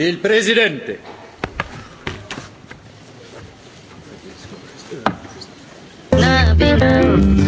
Il Presidente. Love you.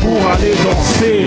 pour aller danser.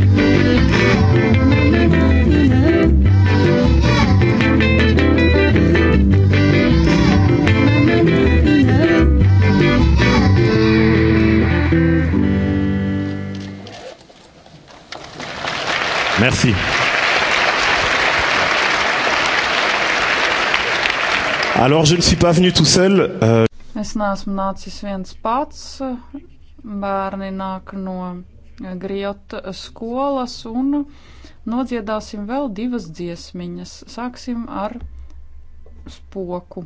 Merci. Alors, je ne suis pas venu tout seul. Euh... Es neesmu nācis viens pats. Bērni nāk no Griota skolas un nodziedāsim vēl divas dziesmiņas. Sāksim ar spoku.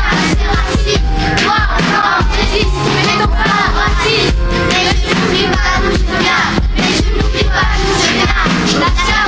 N'oublie pas, nous je viens. N'oublie pas, nous je viens. La terre,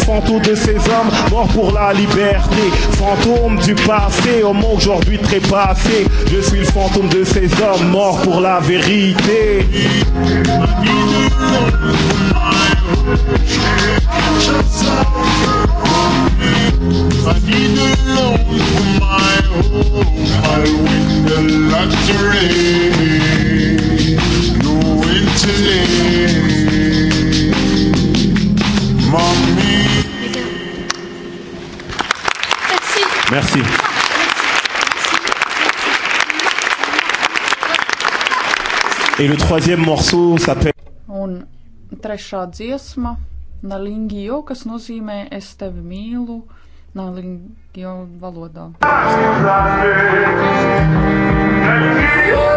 fantôme de ces hommes morts pour la liberté. Fantôme du passé, homme aujourd'hui trépassé. Je suis le fantôme de ces hommes morts pour la vérité. I need a loan for my home. I win the lottery. Knowing today, mommy. Merci. Et le troisième morceau s'appelle. Un trešā dziesma, Nalingio, kas nozīmē es tevi mīlu, Nalingio valodā. Nalingio!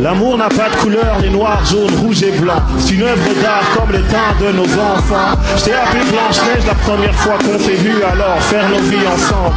L'amour n'a pas de couleur, ni noir, jaune, rouge et blanc. C'est une œuvre d'art comme les teints de nos enfants. J'étais appelé Blanche-Neige la première fois qu'on s'est vu, alors faire nos vies ensemble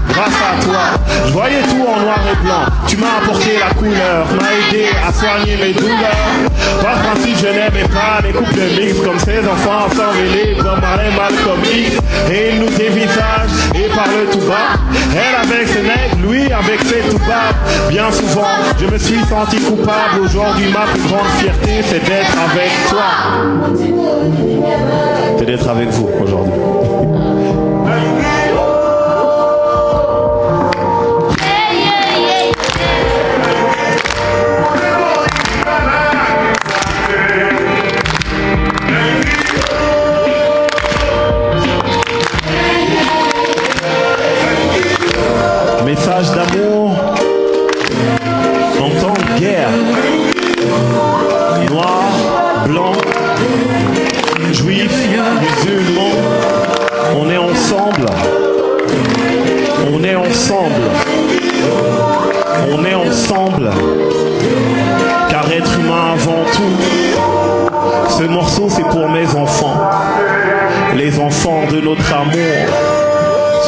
grâce à toi. Je voyais tout en noir et blanc. Tu m'as apporté la couleur, m'as aidé à soigner mes douleurs. Par principe, je n'aimais pas les couples mixtes comme ces enfants sans vélé, comme Alain mal comme X. Et il nous dévisage et parle tout bas. Elle avec ses nègres, lui avec ses tout bas. Bien souvent, je me suis senti coupable. Aujourd'hui, ma plus grande fierté, c'est d'être avec toi. C'est d'être avec vous aujourd'hui.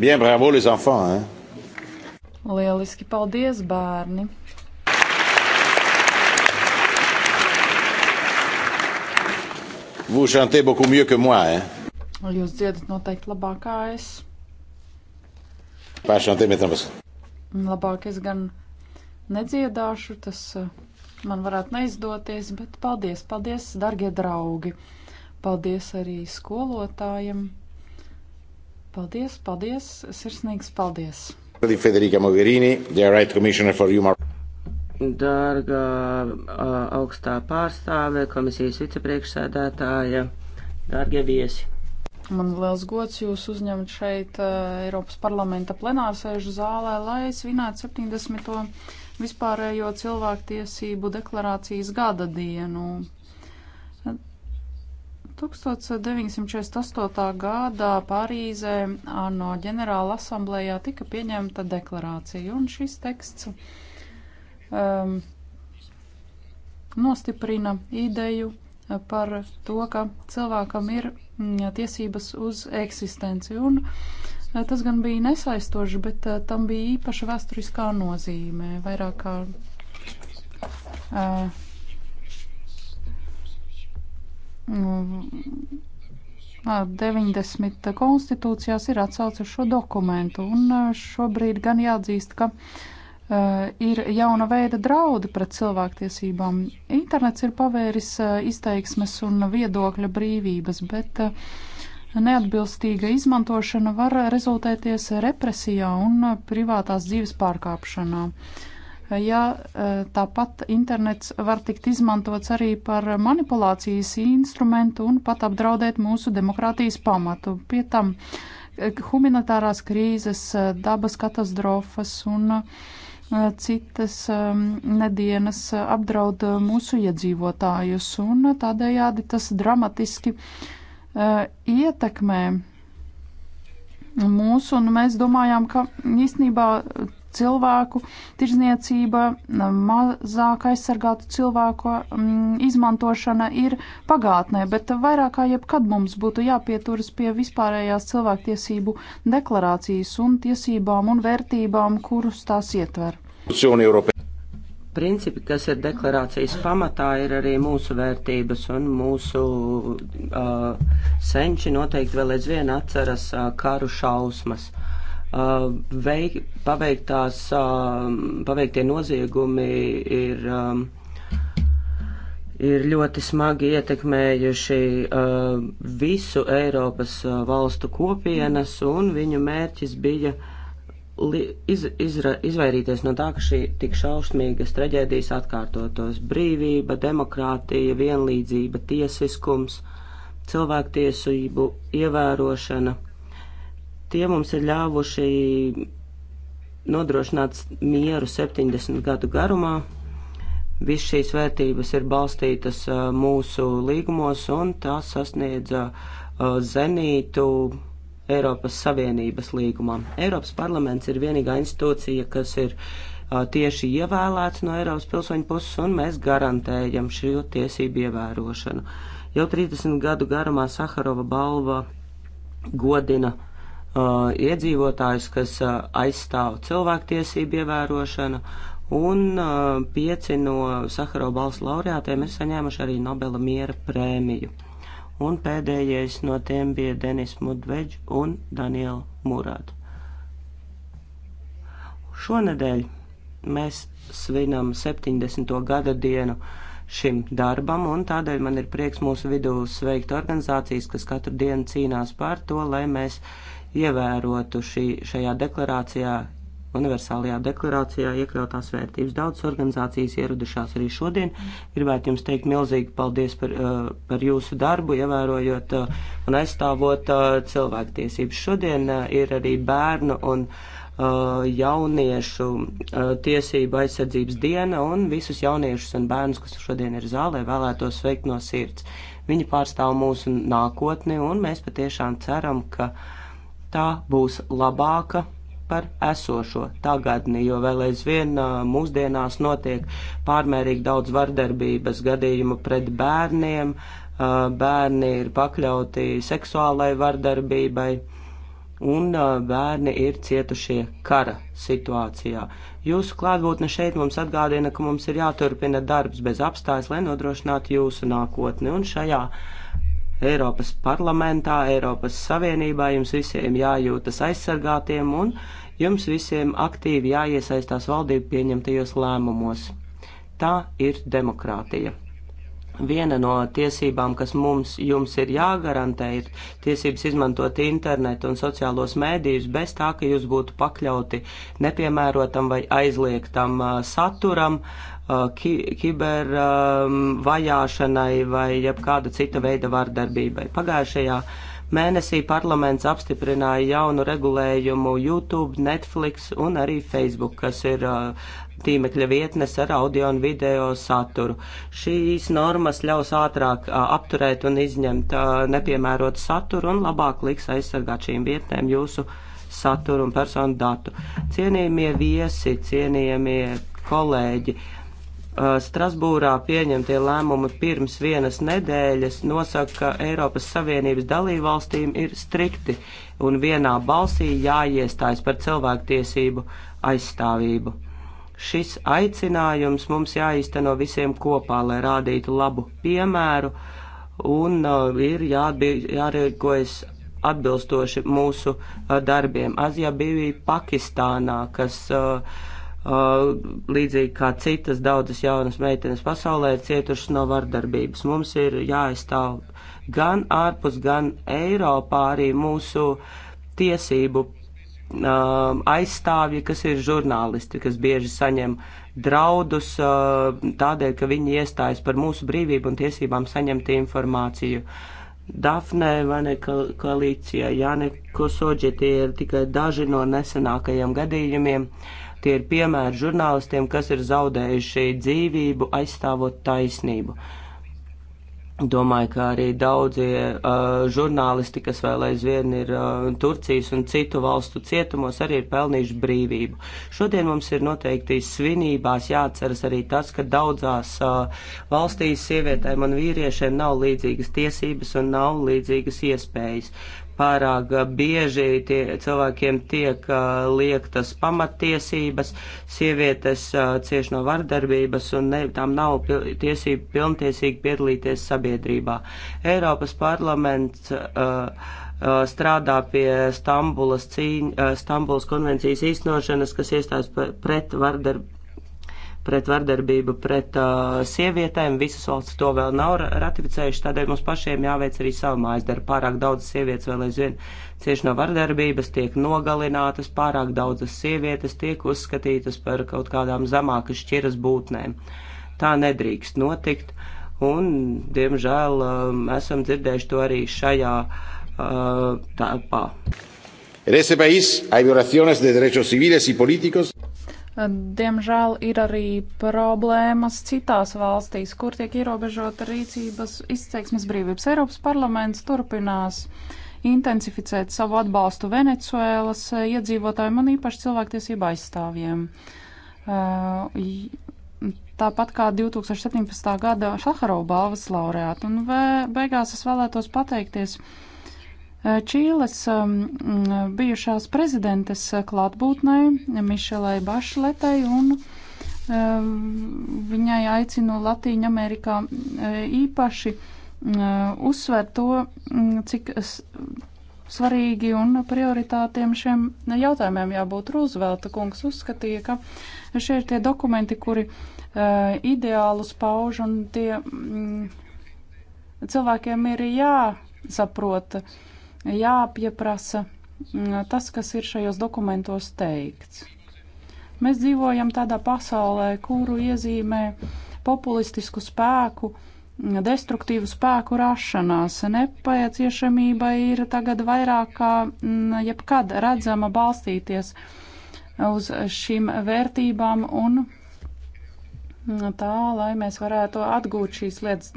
bien, bravo les enfants. Hein? Lieliski, paldies, bērni! Vous chantez beaucoup mieux que moi, hein? Jūs dziedat noteikti labāk kā es. Pas chanter maintenant parce que. Labāk es gan nedziedāšu, tas eh, man varētu neizdoties, bet paldies, paldies, darbie draugi! Paldies arī skolotājiem! Paldies, paldies, sirsnīgs paldies! Federica Mogherini, the Right Commissioner for Human Dārga augstā pārstāve, komisijas vicepriekšsēdētāja, dārgie viesi! Man liels gods jūs uzņemt šeit Eiropas parlamenta plenārsēžu zālē, lai svinētu 70. vispārējo cilvēktiesību deklarācijas gada dienu. 1948. gadā Parīzē no ģenerāla asamblējā tika pieņemta deklarācija, un šis teksts um, nostiprina ideju uh, par to, ka cilvēkam ir mm, tiesības uz eksistenci. Un uh, tas gan bija nesaistoši, bet uh, tam bija īpaša vēsturiskā nozīme. Vairāk kā uh, 90 nu, konstitūcijās ir atsauce uz šo dokumentu, un šobrīd gan jāatzīst, ka ir jauna veida draudi pret cilvēktiesībām. Internets ir pavēris izteiksmes un viedokļa brīvības, bet neatbilstīga izmantošana var rezultēties represijā un privātās dzīves pārkāpšanā. Uh, ja e, tāpat internets var tikt izmantots arī par manipulācijas instrumentu un pat apdraudēt mūsu demokrātijas pamatu. Pie tam e, humanitārās krīzes, e, dabas katastrofas un citas nedienas apdraud mūsu iedzīvotājus, un tādējādi tas dramatiski ietekmē mūsu, un mēs domājām, ka īstenībā cilvēku tirzniecība, mazāk aizsargātu cilvēku mm, izmantošana ir pagātnē, bet vairāk kā jebkad mums būtu jāpieturas pie vispārējās cilvēktiesību deklarācijas un tiesībām un vērtībām, kurus tās ietver. Principi, kas ir deklarācijas pamatā, ir arī mūsu vērtības un mūsu uh, senči noteikti vēl aizvien atceras uh, karu šausmas. Uh, veik, paveiktās, um, paveiktie noziegumi ir, um, ir ļoti smagi ietekmējuši uh, visu Eiropas uh, valstu kopienas, un viņu mērķis bija iz, izra, izvairīties no tā, ka šī tik šausmīgas traģēdijas atkārtotos. Brīvība, demokrātija, vienlīdzība, tiesiskums, cilvēktiesību ievērošana Tie mums ir ļāvuši nodrošināt mieru 70 gadu garumā. Viss šīs vērtības ir balstītas mūsu līgumos, un tās sasniedza zenītu Eiropas Savienības līgumā. Eiropas parlaments ir vienīgā institūcija, kas ir tieši ievēlēts no Eiropas pilsoņu puses, un mēs garantējam šo tiesību ievērošanu. Jau 30 gadu garumā Saharova balva godina uh, iedzīvotājus, kas uh, aizstāv cilvēktiesību ievērošanu, un uh, pieci no Sakaro balss laureātiem ir saņēmuši arī Nobela miera prēmiju. Un pēdējais no tiem bija Denis Mudveģ un Daniela Murāta. Šonadēļ mēs svinam 70. gada dienu uh, šim darbam, un tādēļ man ir prieks mūsu vidū sveikt organizācijas, kas katru dienu cīnās par to, lai mēs ievērotu šī, šajā deklarācijā, universālajā deklarācijā iekļautās vērtības. Daudzas organizācijas ieradušās arī šodien. Gribētu jums teikt milzīgi paldies par, uh, par jūsu darbu, ievērojot uh, un aizstāvot uh, cilvēktiesības. Šodien ir arī bērnu un jauniešu tiesību aizsardzības diena un visus jauniešus un bērnus, kas šodien ir zālē, vēlētos sveikt no sirds. Viņi pārstāv mūsu nākotni un mēs patiešām ceram, ka tā būs labāka par esošo tagadni, jo vēl aizvien mūsdienās notiek pārmērīgi daudz vardarbības gadījumu pret bērniem, bērni ir pakļauti seksuālai vardarbībai un bērni ir cietušie kara situācijā. Jūsu klātbūtne šeit mums atgādina, ka mums ir jāturpina darbs bez apstājas, lai nodrošinātu jūsu nākotni. Un šajā Eiropas parlamentā, Eiropas Savienībā jums visiem jājūtas aizsargātiem un jums visiem aktīvi jāiesaistās valdību pieņemtajos lēmumos. Tā ir demokrātija. Viena no tiesībām, kas mums jums ir jāgarantē, ir tiesības izmantot internetu un sociālos mēdījus bez tā, ka jūs būtu pakļauti nepiemērotam vai aizliegtam uh, saturam, uh, ki kiber um, vajāšanai vai jebkāda cita veida vardarbībai. Pagājušajā uh, Mēnesī parlaments apstiprināja jaunu regulējumu YouTube, Netflix un arī Facebook, kas ir uh, tīmekļa vietnes ar audio un video saturu. Šīs normas ļaus ātrāk a, uh, apturēt un izņemt a, uh, nepiemērot saturu un labāk liks aizsargāt šīm vietnēm jūsu saturu un personu datu. Cienījamie viesi, cienījamie kolēģi, Strasbūrā pieņemtie lēmumi pirms vienas nedēļas nosaka, ka Eiropas Savienības dalībvalstīm ir strikti un vienā balsī jāiestājas par cilvēktiesību aizstāvību. Šis aicinājums mums jāīsteno visiem kopā, lai rādītu labu piemēru un uh, ir jārīkojas atbilstoši mūsu uh, darbiem. Azijā bija Pakistānā, kas uh, līdzīgi kā citas daudzas jaunas meitenes pasaulē, cietušas no vardarbības. Mums ir jāaizstāv gan ārpus, gan Eiropā arī mūsu tiesību aizstāvji, kas ir žurnālisti, kas bieži saņem draudus tādēļ, ka viņi iestājas par mūsu brīvību un tiesībām saņemt informāciju. Dafne vai ne koalīcija, Jāne Kosoģi, tie ir tikai daži no nesenākajiem gadījumiem. Uh, Tie ir piemēri žurnālistiem, kas ir zaudējuši dzīvību, aizstāvot taisnību. Domāju, ka arī daudzie uh, žurnālisti, kas vēl aizvien ir uh, Turcijas un citu valstu cietumos, arī ir pelnījuši brīvību. Šodien mums ir noteikti svinībās jāatceras arī tas, ka daudzās uh, valstīs sievietēm un vīriešiem nav līdzīgas tiesības un nav līdzīgas iespējas. Uh, pārāk bieži tie, cilvēkiem tiek uh, liektas pamatiesības, sievietes uh, cieš no vardarbības un ne, tām nav pil, tiesība pilntiesīgi piedalīties sabiedrībā. Eiropas parlaments uh, strādā pie Stambulas, cīņ, Stambulas konvencijas īstenošanas, kas iestājas pret vardarb, pret vardarbību pret uh, sievietēm. Visas valsts to vēl nav ratificējušas, tādēļ mums pašiem jāveic arī savu mājas darbu. Pārāk daudz sievietes vēl aizvien cieši no vardarbības, tiek nogalinātas, pārāk daudzas sievietes tiek uzskatītas par kaut kādām zemākas šķiras būtnēm. Tā nedrīkst notikt, un, diemžēl, um, esam dzirdējuši to arī šajā uh, tāpā. En ese país hay violaciones de derechos civiles y políticos. Diemžēl ir arī problēmas citās valstīs, kur tiek ierobežota rīcības izteiksmes brīvības. Eiropas parlaments turpinās intensificēt savu atbalstu Venecuēlas iedzīvotājiem un īpaši cilvēktiesību aizstāvjiem. Uh, tāpat kā 2017. gada Šaharova balvas laureāti. Un beigās es vēlētos pateikties uh, Čīles um, mm, bijušās prezidentes klātbūtnē Mišelai Bašletai un um, viņai aicinu Latīņu Amerikā uh, īpaši uh, uzsvērt to, mm, cik svarīgi un prioritātiem šiem jautājumiem jābūt. Rūzvelta kungs uzskatīja, ka šie ir tie dokumenti, kuri uh, ideālus pauž un tie mm, cilvēkiem ir jāsaprota jāpieprasa mm, tas, kas ir šajos dokumentos teikts. Mēs dzīvojam tādā pasaulē, kuru iezīmē populistisku spēku, mm, destruktīvu spēku rašanās. Nepieciešamība ir tagad vairāk kā mm, jebkad redzama balstīties uz šīm vērtībām un tā, lai mēs varētu atgūt šīs lietas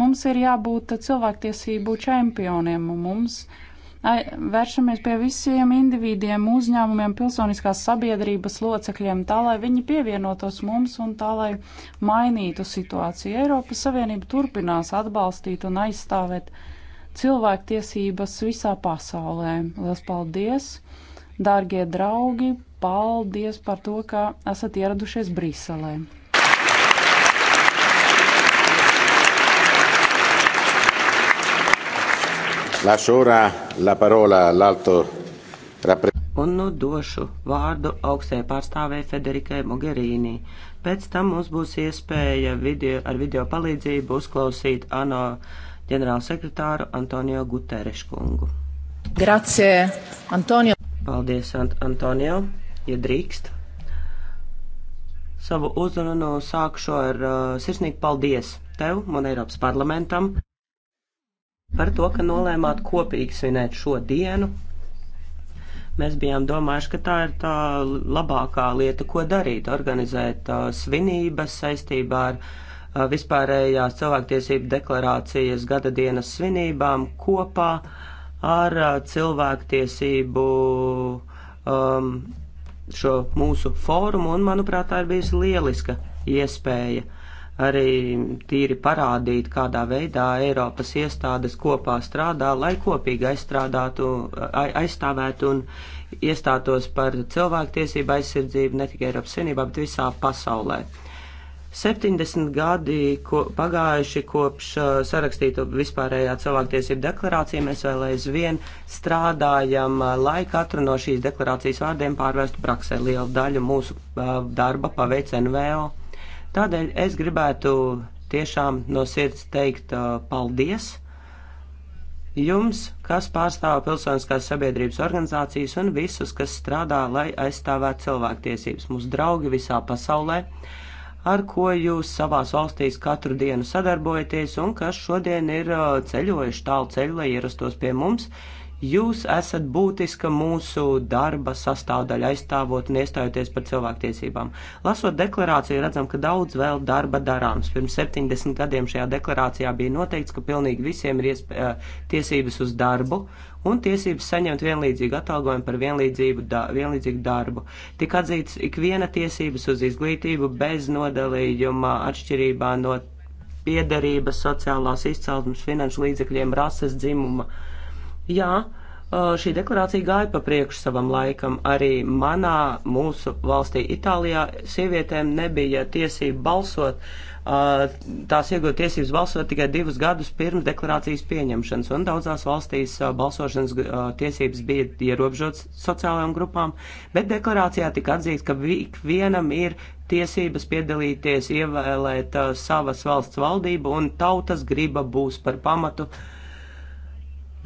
Mums ir jābūt cilvēktiesību čempioniem, un mums vēršamies pie visiem individiem, uzņēmumiem, pilsoniskās sabiedrības locekļiem, tā lai viņi pievienotos mums un tā lai mainītu situāciju. Eiropas Savienība turpinās atbalstīt un aizstāvēt cilvēktiesības visā pasaulē. Lielas paldies, dārgie draugi! Paldies par to, ka esat ieradušies Briselē! Lašu orā la parola all'alto Un nu došu vārdu augstajai pārstāvēji Federikai Mogherīnī. Pēc tam mums būs iespēja video, ar video palīdzību uzklausīt ANO ģenerālsekretāru Antonio Gutereškungu. Grazie, Antonio. Paldies, Ant Antonio, ja drīkst. Savu uzrunu sākšu ar uh, sirsnīgu paldies tev un Eiropas parlamentam par to, ka nolēmāt kopīgi svinēt šo dienu. Mēs bijām domājuši, ka tā ir tā labākā lieta, ko darīt - organizēt uh, svinības saistībā ar uh, vispārējās cilvēktiesību deklarācijas gada dienas svinībām kopā ar uh, cilvēktiesību um, šo mūsu fórumu, un manuprāt, tā ir bijusi lieliska iespēja. Uh, arī tīri parādīt, kādā veidā Eiropas iestādes kopā strādā, lai kopīgi aizstrādātu, aizstāvētu un iestātos par cilvēktiesību aizsardzību ne tikai Eiropas Savienībā, bet visā pasaulē. 70 gadi ko, pagājuši kopš uh, sarakstīto vispārējā cilvēktiesību deklarāciju, mēs vēl aizvien strādājam, uh, lai katru no šīs deklarācijas vārdiem pārvērstu praksē. Lielu daļu mūsu uh, darba paveic NVO. Tādēļ es gribētu tiešām no sirds teikt uh, paldies jums, kas pārstāv pilsoniskās sabiedrības organizācijas un visus, kas strādā, lai aizstāvētu cilvēktiesības, mūsu draugi visā pasaulē, ar ko jūs savās valstīs katru dienu sadarbojaties un kas šodien ir uh, ceļojuši tālu ceļu, lai ierastos pie mums. Uh, Jūs esat būtiska mūsu darba sastāvdaļa aizstāvot un iestājoties par cilvēktiesībām. Lasot deklarāciju, redzam, ka daudz vēl darba darāms. Pirms 70 gadiem šajā deklarācijā bija noteikts, ka pilnīgi visiem ir iespēja, eh, tiesības uz darbu, un tiesības saņemt vienlīdzīgu atalgojumu par vienlīdzību, da, vienlīdzīgu darbu. Tik atzīts ikviena tiesības uz izglītību bez nodalījuma atšķirībā no piedarības, sociālās izcelsmes, finanšu līdzekļiem, rases, dzimuma. Uh, Jā, šī deklarācija gāja pa priekšu savam laikam. Arī manā, mūsu valstī, Itālijā, sievietēm nebija tiesība balsot. Tās iegūta tiesības balsot tikai divus gadus pirms deklarācijas pieņemšanas, un daudzās valstīs balsošanas tiesības bija ierobežotas sociālajām grupām, bet deklarācijā tika atzīts, ka ikvienam ir tiesības piedalīties, ievēlēt savas valsts valdību, un tautas griba būs par pamatu uh,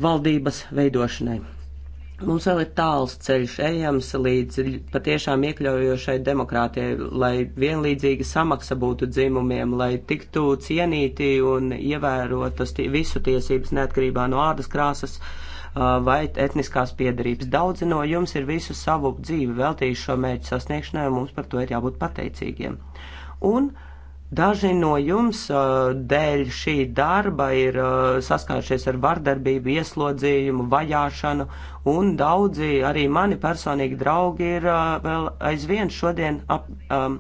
valdības veidošanai. Mums vēl ir tāls ceļš ejams līdz patiešām iekļaujošai demokrātijai, lai vienlīdzīga samaksa būtu dzimumiem, lai tiktu cienīti un ievērotas visu tiesības neatkarībā no ādas krāsas vai etniskās piedarības. Daudzi no jums ir visu savu dzīvi veltījuši šo mērķu sasniegšanai, un mums par to ir jābūt pateicīgiem. Un uh, Daži no jums uh, dēļ šī darba ir uh, saskāršies ar vardarbību, ieslodzījumu, vajāšanu un daudzi arī mani personīgi draugi ir uh, vēl aizvien šodien ap, um,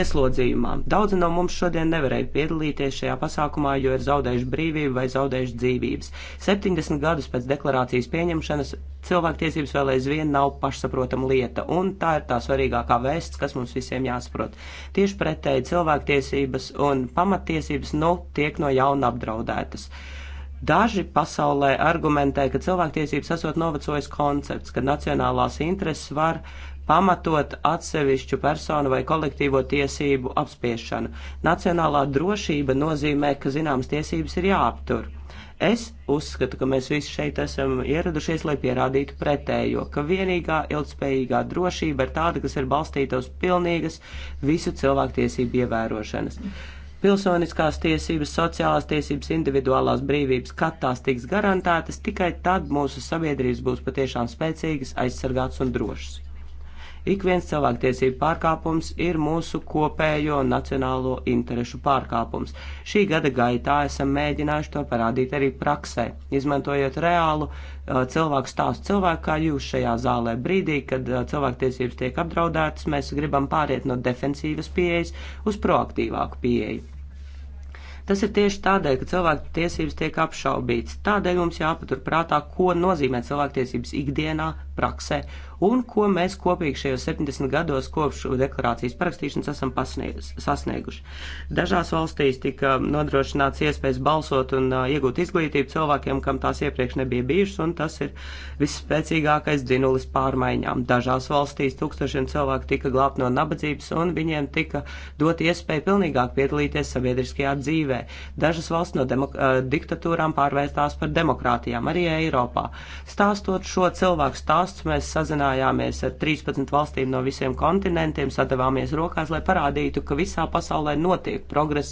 ieslodzījumā. Daudzi no mums šodien nevarēja piedalīties šajā pasākumā, jo ir zaudējuši brīvību vai zaudējuši dzīvības. 70 gadus pēc deklarācijas pieņemšanas cilvēktiesības vēl aizvien nav pašsaprotama lieta, un tā ir tā svarīgākā vēsts, kas mums visiem jāsaprot. Tieši pretēji cilvēktiesības un pamattiesības nu tiek no jauna apdraudētas. Uh, Daži pasaulē argumentē, ka cilvēktiesības esot novecojis koncepts, ka nacionālās intereses var pamatot atsevišķu personu vai kolektīvo tiesību apspiešanu. Nacionālā drošība nozīmē, ka zināmas tiesības ir jāaptur. Es uzskatu, ka mēs visi šeit esam ieradušies, lai pierādītu pretējo, ka vienīgā ilgspējīgā drošība ir tāda, kas ir balstīta uz pilnīgas visu cilvēktiesību ievērošanas. Mm. Pilsoniskās tiesības, sociālās tiesības, individuālās brīvības, kad tās tiks garantētas, tikai tad mūsu sabiedrības būs patiešām spēcīgas, aizsargātas un drošas. Ik viens cilvēktiesību pārkāpums ir mūsu kopējo nacionālo interešu pārkāpums. Šī gada gaitā esam mēģinājuši to parādīt arī praksē, izmantojot reālu uh, cilvēku stāstu cilvēku kā jūs šajā zālē. Brīdī, kad uh, cilvēktiesības tiek apdraudētas, mēs gribam pāriet no defensīvas pieejas uz proaktīvāku pieeju. Tas ir tieši tādēļ, ka cilvēku tiesības tiek apšaubīts. Tādēļ mums jāpatur prātā, ko nozīmē cilvēktiesības ikdienā, praksē, un ko mēs kopīgi šajos 70 gados kopš deklarācijas parakstīšanas esam sasnieguši. Dažās valstīs tika nodrošināts iespējas balsot un uh, iegūt izglītību cilvēkiem, kam tās iepriekš nebija bijušas, un tas ir visspēcīgākais dzinulis pārmaiņām. Dažās valstīs tūkstošiem cilvēku tika glābt no nabadzības, un viņiem tika dot iespēju pilnīgāk piedalīties sabiedriskajā dzīvē. Dažas valsts no demok diktatūrām pārvērstās par demokrātijām, arī Eiropā. Stāstot šo cilvēku stāstu, mēs sazinājāmies Sarunājāmies ar 13 valstīm no visiem kontinentiem, sadavāmies rokās, lai parādītu, ka visā pasaulē notiek progress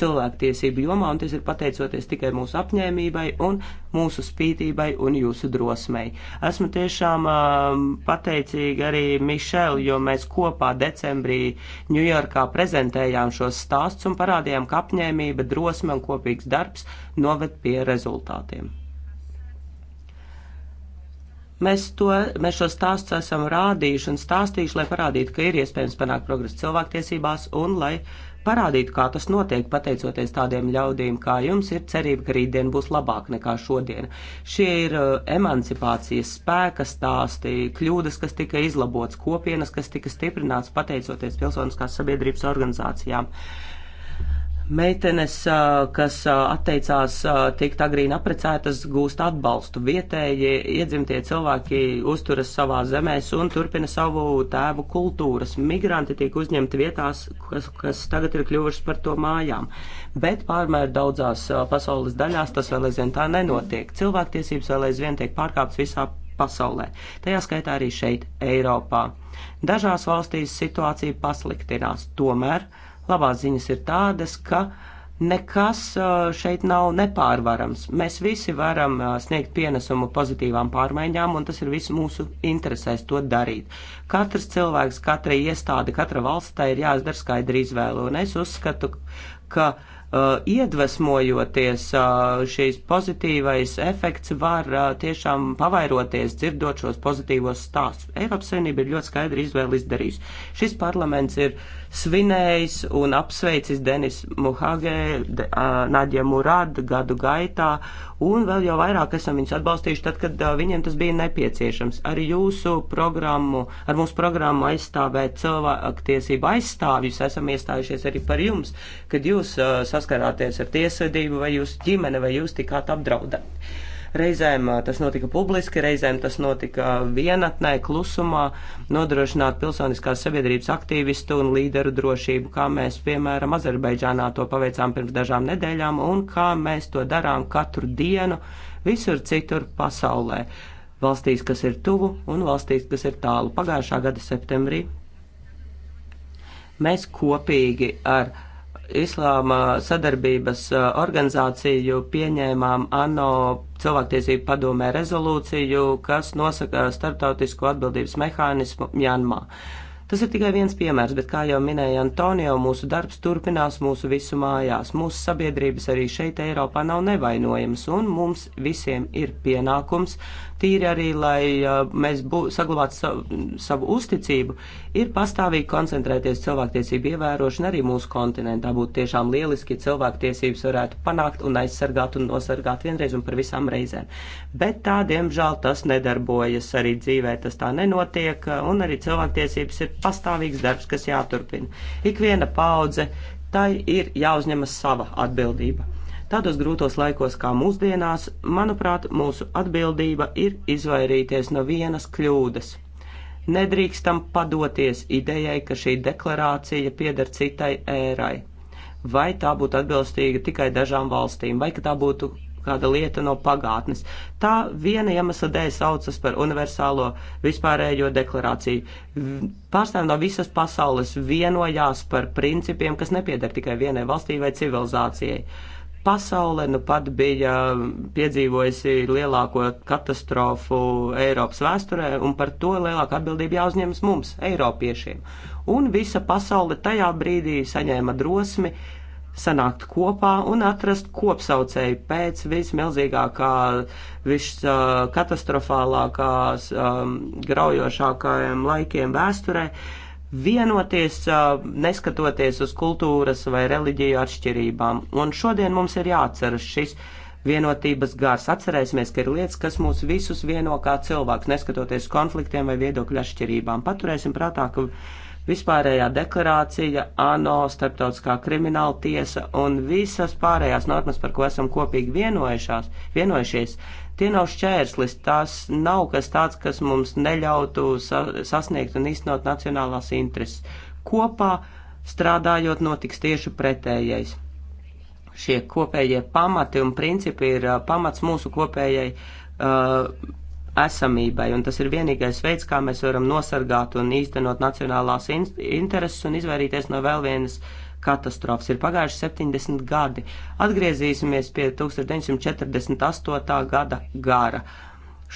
cilvēktiesību jomā, un tas ir pateicoties tikai mūsu apņēmībai un mūsu spītībai un jūsu drosmei. Esmu tiešām um, pateicīga arī Mišeli, jo mēs kopā decembrī Ņujorkā prezentējām šos stāstus un parādījām, ka apņēmība, drosme un kopīgs darbs noved pie rezultātiem. Mēs, to, mēs šo stāstu esam rādījuši un stāstījuši, lai parādītu, ka ir iespējams panākt progresu cilvēktiesībās un lai parādītu, kā tas notiek, pateicoties tādiem ļaudīm kā jums, ir cerība, ka rītdien būs labāk nekā šodien. Šie ir uh, emancipācijas spēka stāsti, kļūdas, kas tika izlabotas, kopienas, kas tika stiprināts pateicoties pilsoniskās sabiedrības organizācijām. Uh, Meitenes, kas atteicās tikt agrīn aprecētas, gūst atbalstu. Vietēji iedzimtie cilvēki uzturas savā zemēs un turpina savu tēvu kultūras. Migranti tiek uzņemti vietās, kas, kas tagad ir kļuvušas par to mājām. Bet pārmēr daudzās pasaules daļās tas vēl aizvien tā nenotiek. Cilvēktiesības vēl aizvien tiek pārkāptas visā pasaulē, tajā skaitā arī šeit, Eiropā. Dažās valstīs situācija pasliktinās, tomēr Labās ziņas ir tādas, ka nekas šeit nav nepārvarams. Mēs visi varam sniegt pienesumu pozitīvām pārmaiņām, un tas ir viss mūsu interesēs to darīt. Katrs cilvēks, katra iestāde, katra valstī ir jāizdara skaidra izvēle, un es uzskatu, ka Uh, iedvesmojoties, uh, šīs pozitīvais efekts var uh, tiešām pavairoties, dzirdot šos pozitīvos stāstus. Eiropas Savienība ir ļoti skaidri izvēli izdarījusi. Šis parlaments ir uh, svinējis un apsveicis Denis Muhagē, de, uh, Nadja Murad gadu gaitā, un vēl jau vairāk esam viņus atbalstījuši tad, kad uh, viņiem tas bija nepieciešams. Ar jūsu programmu, ar mūsu programmu aizstāvēt cilvēktiesību aizstāvjus esam iestājušies arī par jums, kad jūs uh, saskarāties ar tiesvedību vai jūs ģimene vai jūs tikāt apdraudēti. Reizēm tas notika publiski, reizēm tas notika vienatnē, klusumā, nodrošināt pilsoniskās sabiedrības aktīvistu un līderu drošību, kā mēs, piemēram, Azerbaidžānā to paveicām pirms dažām nedēļām un kā mēs to darām katru dienu visur citur pasaulē valstīs, kas ir tuvu un valstīs, kas ir tālu. Pagājušā gada septembrī mēs kopīgi ar Islāma sadarbības uh, organizāciju pieņēmām ANO cilvēktiesību padomē rezolūciju, kas nosaka starptautisko atbildības mehānismu Mjanmā. Tas ir tikai viens piemērs, bet, kā jau minēja Antonio, mūsu darbs turpinās mūsu visu mājās. Mūsu sabiedrības arī šeit Eiropā nav nevainojamas, un mums visiem ir pienākums, tīri arī, lai uh, mēs bū, saglabātu savu, savu uzticību, ir pastāvīgi koncentrēties cilvēktiesību ievērošana arī mūsu kontinentā. Būtu tiešām lieliski, ja cilvēktiesības varētu panākt un aizsargāt un nosargāt vienreiz un par visām reizēm. Bet tā, diemžēl, tas nedarbojas arī dzīvē, tas tā nenotiek, un arī cilvēktiesības ir pastāvīgs darbs, kas jāturpina. Ikviena paudze, tai ir jāuzņemas sava atbildība. Tādos grūtos laikos kā mūsdienās, manuprāt, mūsu atbildība ir izvairīties no vienas kļūdas. Nedrīkstam padoties idejai, ka šī deklarācija pieder citai ērai, vai tā būtu atbilstīga tikai dažām valstīm, vai ka tā būtu kāda lieta no pagātnes. Tā viena iemesla dēļ saucas par universālo vispārējo deklarāciju. Pārstāvji no visas pasaules vienojās par principiem, kas nepiedar tikai vienai valstī vai civilizācijai pasaule nu pat bija um, piedzīvojusi lielāko katastrofu Eiropas vēsturē, un par to lielāka atbildība jāuzņemas mums, Eiropiešiem. Un visa pasaule tajā brīdī saņēma drosmi sanākt kopā un atrast kopsaucēju pēc vismilzīgākā, viskatastrofālākās, um, graujošākajiem laikiem vēsturē, vienoties, uh, neskatoties uz kultūras vai reliģiju atšķirībām. Un šodien mums ir jāatceras šis vienotības gars. Atcerēsimies, ka ir lietas, kas mūs visus vieno kā cilvēks, neskatoties konfliktiem vai viedokļu atšķirībām. Paturēsim prātā, ka Vispārējā deklarācija, ANO, Starptautiskā krimināla tiesa un visas pārējās normas, par ko esam kopīgi vienojušies, tie nav šķērslis, tās nav kas tāds, kas mums neļautu sa sasniegt un īstenot nacionālās intereses. Kopā strādājot notiks tieši pretējais. Šie kopējie pamati un principi ir pamats mūsu kopējai uh, esamībai, un tas ir vienīgais veids, kā mēs varam nosargāt un īstenot nacionālās in intereses un izvairīties no vēl vienas katastrofas. Ir pagājuši 70 gadi. Atgriezīsimies pie 1948. gada gara.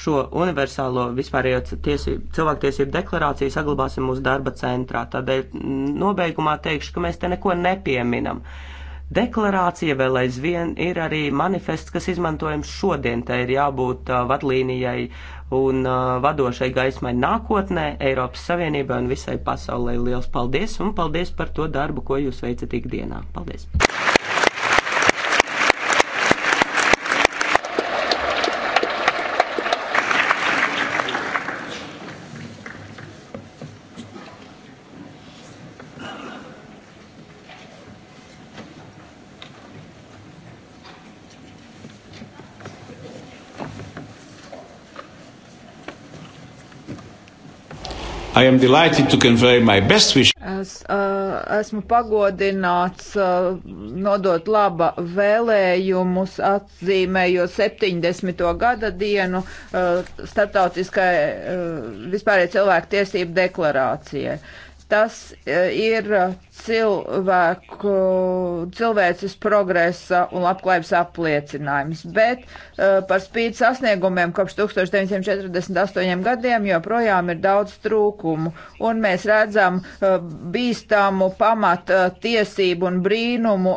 Šo universālo vispārējo tiesību, cilvēktiesību deklarāciju saglabāsim mūsu darba centrā. Tādēļ mm, nobeigumā teikšu, ka mēs te neko nepieminam. Uh, Deklarācija vēl aizvien ir arī manifests, kas izmantojams šodien. Tā ir jābūt uh, vadlīnijai un uh, vadošai gaismai nākotnē, Eiropas Savienībai un visai pasaulē. Liels paldies un paldies par to darbu, ko jūs veicat ikdienā. Paldies! Es, esmu pagodināts nodot laba vēlējumus atzīmējot 70. gada dienu starptautiskai vispārējai cilvēku tiesību deklarācijai. Tas e, ir e, cilvēku, cilvēces progresa un labklājības apliecinājums, bet e, par spīti sasniegumiem kopš 1948 gadiem joprojām ir daudz trūkumu, un mēs redzam bīstamu pamat tiesību un brīnumu,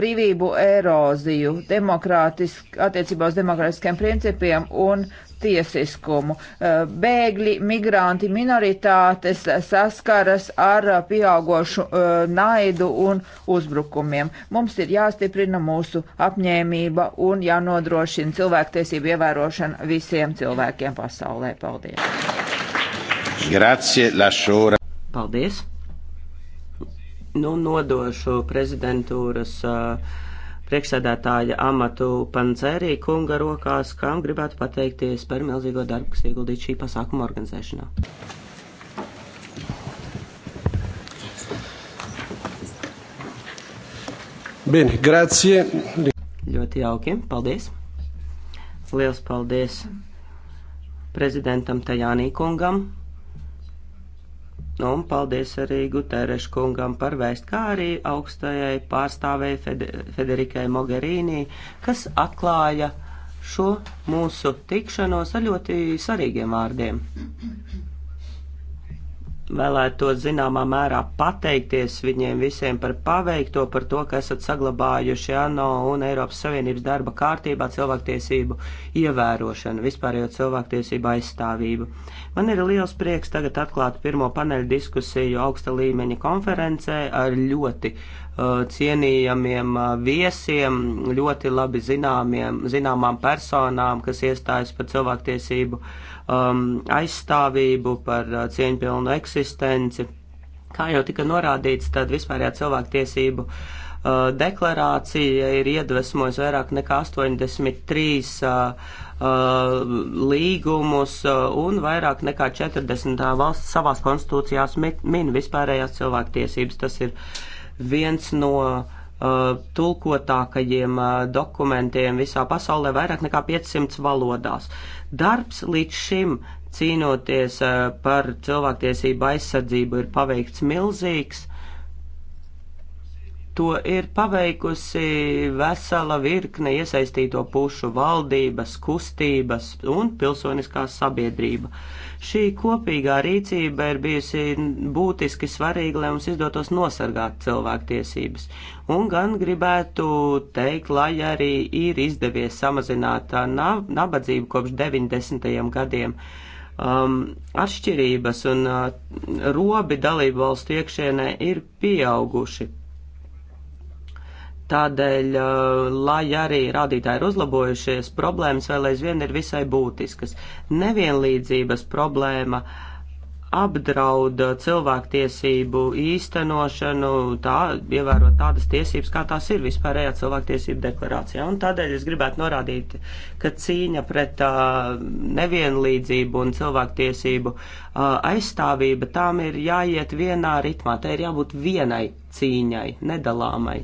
brīvību eroziju demokrātisk, attiecībā uz demokrātiskiem principiem un tiesiskumu. Eh, bēgļi, migranti, minoritātes saskaras ar pieaugošu eh, naidu un uzbrukumiem. Mums ir jāstiprina mūsu apņēmība un jānodrošina cilvēktiesību ievērošana visiem cilvēkiem pasaulē. Paldies! Grazie, Lašūra! Paldies! Nu, nodošu prezidentūras uh, priekšsēdētāja amatu Pancerī kunga rokās, kam gribētu pateikties par milzīgo darbu, kas ieguldīts šī pasākuma organizēšanā. Bene, grazie. Ļoti jauki, paldies. Liels paldies prezidentam Tajānī kungam Nu, un paldies arī Guterešu kungam par vēst, kā arī augstajai pārstāvēji Fede, Federikai Mogherīnī, kas atklāja šo mūsu tikšanos ar ļoti svarīgiem vārdiem vēlētos zināmā mērā pateikties viņiem visiem par paveikto, par to, ka esat saglabājuši ANO un Eiropas Savienības darba kārtībā cilvēktiesību ievērošanu, vispārējo cilvēktiesību aizstāvību. Man ir liels prieks tagad atklāt pirmo paneļu diskusiju augsta līmeņa konferencē ar ļoti uh, cienījamiem uh, viesiem, ļoti labi zināmiem, zināmām personām, kas iestājas par cilvēktiesību uh, um, aizstāvību, par uh, cieņpilnu eksistenci. Kā jau tika norādīts, tad vispārējā cilvēktiesību uh, deklarācija ir iedvesmojusi vairāk nekā 83 uh, uh, līgumus uh, un vairāk nekā 40 valsts savās konstitūcijās min, min vispārējās cilvēktiesības. Tas ir viens no uh, Uh, tulkotākajiem uh, dokumentiem visā pasaulē vairāk nekā 500 valodās. Darbs līdz šim cīnoties uh, par cilvēktiesību aizsardzību ir paveikts milzīgs. To ir paveikusi vesela virkne iesaistīto pušu valdības, kustības un pilsoniskā sabiedrība. Šī kopīgā rīcība ir bijusi būtiski svarīga, lai mums izdotos nosargāt cilvēktiesības. Un gan gribētu teikt, lai arī ir izdevies samazināt nabadzību kopš 90. gadiem um, atšķirības un uh, robi dalību valstu iekšienē ir pieauguši. Tādēļ, eh, lai arī rādītāji ir uzlabojušies, problēmas vēl aizvien ir visai būtiskas. Nevienlīdzības problēma apdraud cilvēktiesību īstenošanu, tā, ievērot tādas tiesības, kā tās ir vispārējā cilvēktiesību deklarācijā. Un tādēļ es gribētu norādīt, ka cīņa pret uh, nevienlīdzību un cilvēktiesību aizstāvība tām ir jāiet vienā ritmā, tai ir jābūt vienai cīņai, nedalāmai.